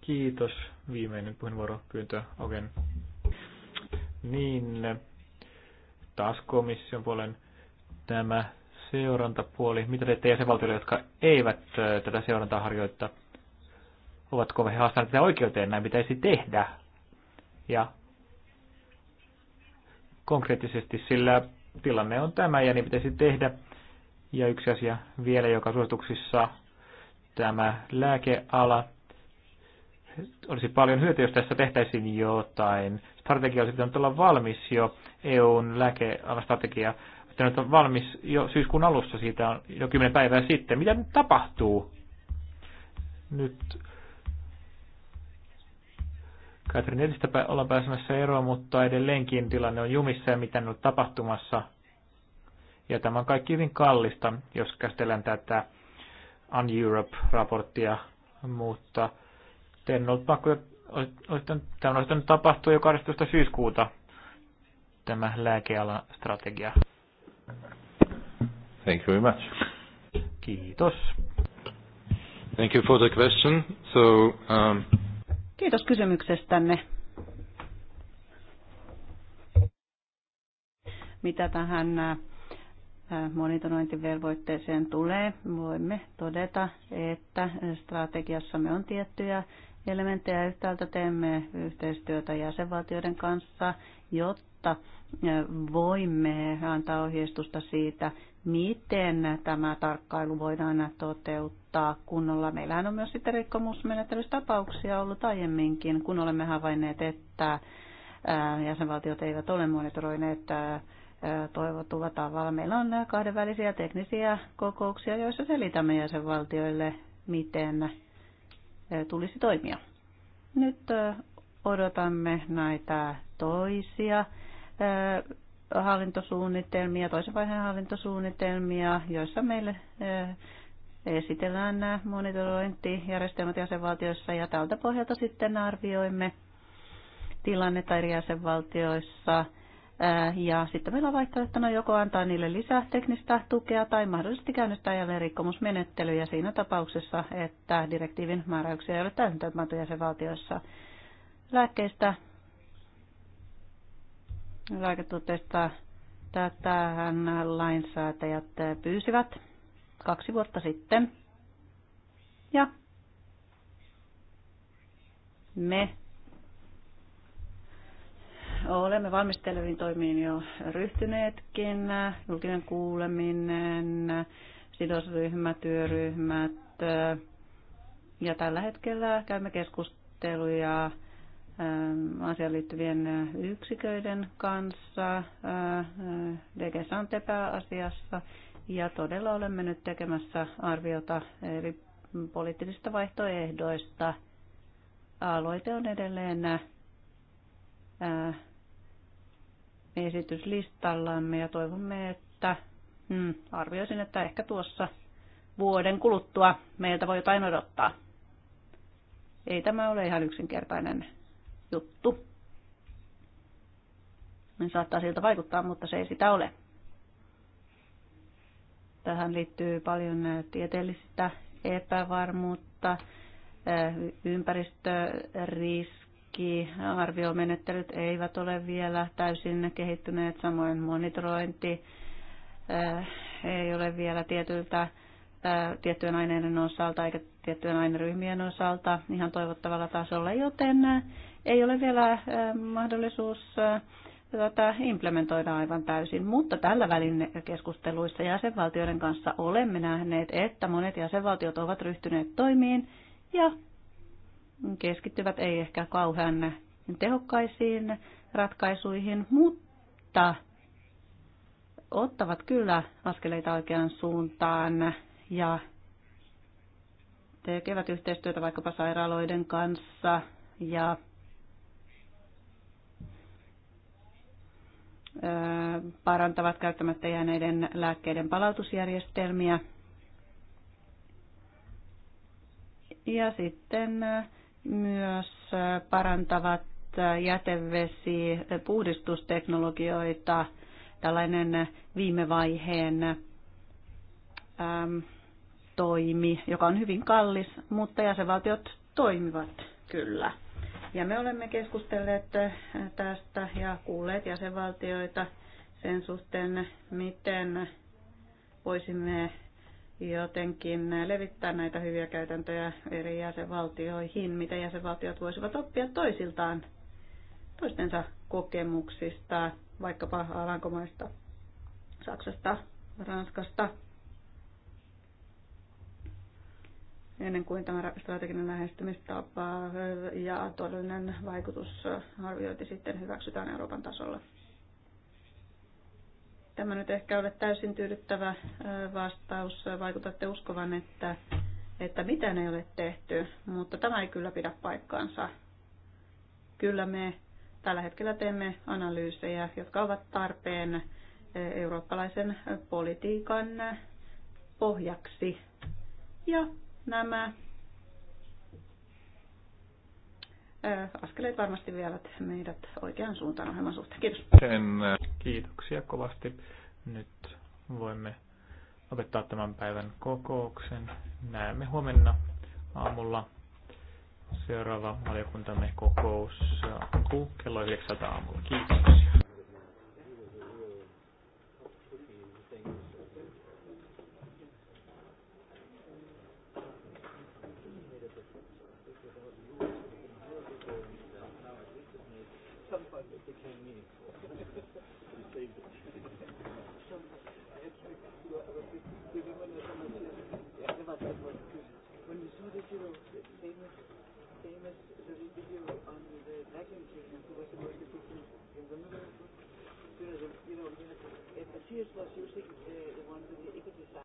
Kiitos. Viimeinen puheenvuoro pyyntö Okay. Niin, taas komission puolen tämä seurantapuoli. Mitä teette jäsenvaltioille, jotka eivät tätä seurantaa harjoittaa? Ovatko he haastaneet tätä oikeuteen? Näin pitäisi tehdä. Ja konkreettisesti, sillä tilanne on tämä ja niin pitäisi tehdä. Ja yksi asia vielä, joka suosituksissa tämä lääkeala. Olisi paljon hyötyä, jos tässä tehtäisiin jotain. Strategia olisi pitänyt olla valmis jo. EUn lääkealastrategia strategia että nyt on valmis jo syyskuun alussa, siitä on jo kymmenen päivää sitten. Mitä nyt tapahtuu? Nyt Katrin edistä ollaan pääsemässä eroon, mutta edelleenkin tilanne on jumissa ja mitä on tapahtumassa. Ja tämä on kaikki hyvin kallista, jos käsitellään tätä Un-Europe-raporttia, mutta tämä on pakko, tämä on jo 12. syyskuuta tämä lääkealan strategia. Thank you very much. Kiitos. Thank you for the question. So, um... Kiitos kysymyksestänne. Mitä tähän äh, äh, monitorointivelvoitteeseen tulee, voimme todeta, että strategiassamme on tiettyjä elementtejä. Yhtäältä teemme yhteistyötä jäsenvaltioiden kanssa, jotta mutta voimme antaa ohjeistusta siitä, miten tämä tarkkailu voidaan toteuttaa kunnolla. Meillähän on myös sitten rikkomusmenettelystapauksia ollut aiemminkin, kun olemme havainneet, että jäsenvaltiot eivät ole monitoroineet toivotulla tavalla. Meillä on kahdenvälisiä teknisiä kokouksia, joissa selitämme jäsenvaltioille, miten tulisi toimia. Nyt odotamme näitä toisia hallintosuunnitelmia, toisen vaiheen hallintosuunnitelmia, joissa meille esitellään nämä monitorointijärjestelmät jäsenvaltioissa ja tältä pohjalta sitten arvioimme tilannetta eri jäsenvaltioissa. Ja sitten meillä on vaihtoehtona joko antaa niille lisää teknistä tukea tai mahdollisesti käynnistää jälleen rikkomusmenettelyjä siinä tapauksessa, että direktiivin määräyksiä ei ole täysin jäsenvaltioissa. Lääkkeistä lääketuotteista tätähän lainsäätäjät pyysivät kaksi vuotta sitten. Ja me olemme valmisteleviin toimiin jo ryhtyneetkin. Julkinen kuuleminen, sidosryhmä, työryhmät. Ja tällä hetkellä käymme keskusteluja asiaan liittyvien yksiköiden kanssa Degesante pääasiassa ja todella olemme nyt tekemässä arviota eri poliittisista vaihtoehdoista. Aloite on edelleen esityslistallamme ja toivomme, että hmm, arvioisin, että ehkä tuossa vuoden kuluttua meiltä voi jotain odottaa. Ei tämä ole ihan yksinkertainen juttu. Niin saattaa siltä vaikuttaa, mutta se ei sitä ole. Tähän liittyy paljon tieteellistä epävarmuutta, ympäristöriski, arviomenettelyt eivät ole vielä täysin kehittyneet, samoin monitorointi ei ole vielä tietyltä tiettyjen aineiden osalta eikä tiettyjen aineryhmien osalta ihan toivottavalla tasolla, joten ei ole vielä mahdollisuus tota, implementoida aivan täysin, mutta tällä välin keskusteluissa jäsenvaltioiden kanssa olemme nähneet, että monet jäsenvaltiot ovat ryhtyneet toimiin ja keskittyvät ei ehkä kauhean tehokkaisiin ratkaisuihin, mutta ottavat kyllä askeleita oikeaan suuntaan ja tekevät yhteistyötä vaikkapa sairaaloiden kanssa ja parantavat käyttämättä jääneiden lääkkeiden palautusjärjestelmiä. Ja sitten myös parantavat jätevesi puhdistusteknologioita, tällainen viime vaiheen äm, toimi, joka on hyvin kallis, mutta jäsenvaltiot toimivat kyllä. Ja me olemme keskustelleet eh, tästä ja kuulleet jäsenvaltioita sen suhteen, miten voisimme jotenkin levittää näitä hyviä käytäntöjä eri jäsenvaltioihin, mitä jäsenvaltiot voisivat oppia toisiltaan, toistensa kokemuksista, vaikkapa Alankomaista, Saksasta, Ranskasta, ennen kuin tämä strateginen lähestymistapa ja todellinen vaikutusarviointi sitten hyväksytään Euroopan tasolla. Tämä nyt ehkä ole täysin tyydyttävä vastaus. Vaikutatte uskovan, että, että mitään ei ole tehty, mutta tämä ei kyllä pidä paikkaansa. Kyllä me tällä hetkellä teemme analyysejä, jotka ovat tarpeen eurooppalaisen politiikan pohjaksi. Ja nämä askeleet varmasti vievät meidät oikeaan suuntaan ohjelman suhteen. Kiitos. Sen, kiitoksia kovasti. Nyt voimme opettaa tämän päivän kokouksen. Näemme huomenna aamulla seuraava valiokuntamme kokous kello 900 aamulla. Kiitoksia. hero, the famous, famous the hero on the black inclusion who was supposed to put in, you remember? You know, the, you know, the, the Matthias was using uh, the, the one with the equity side.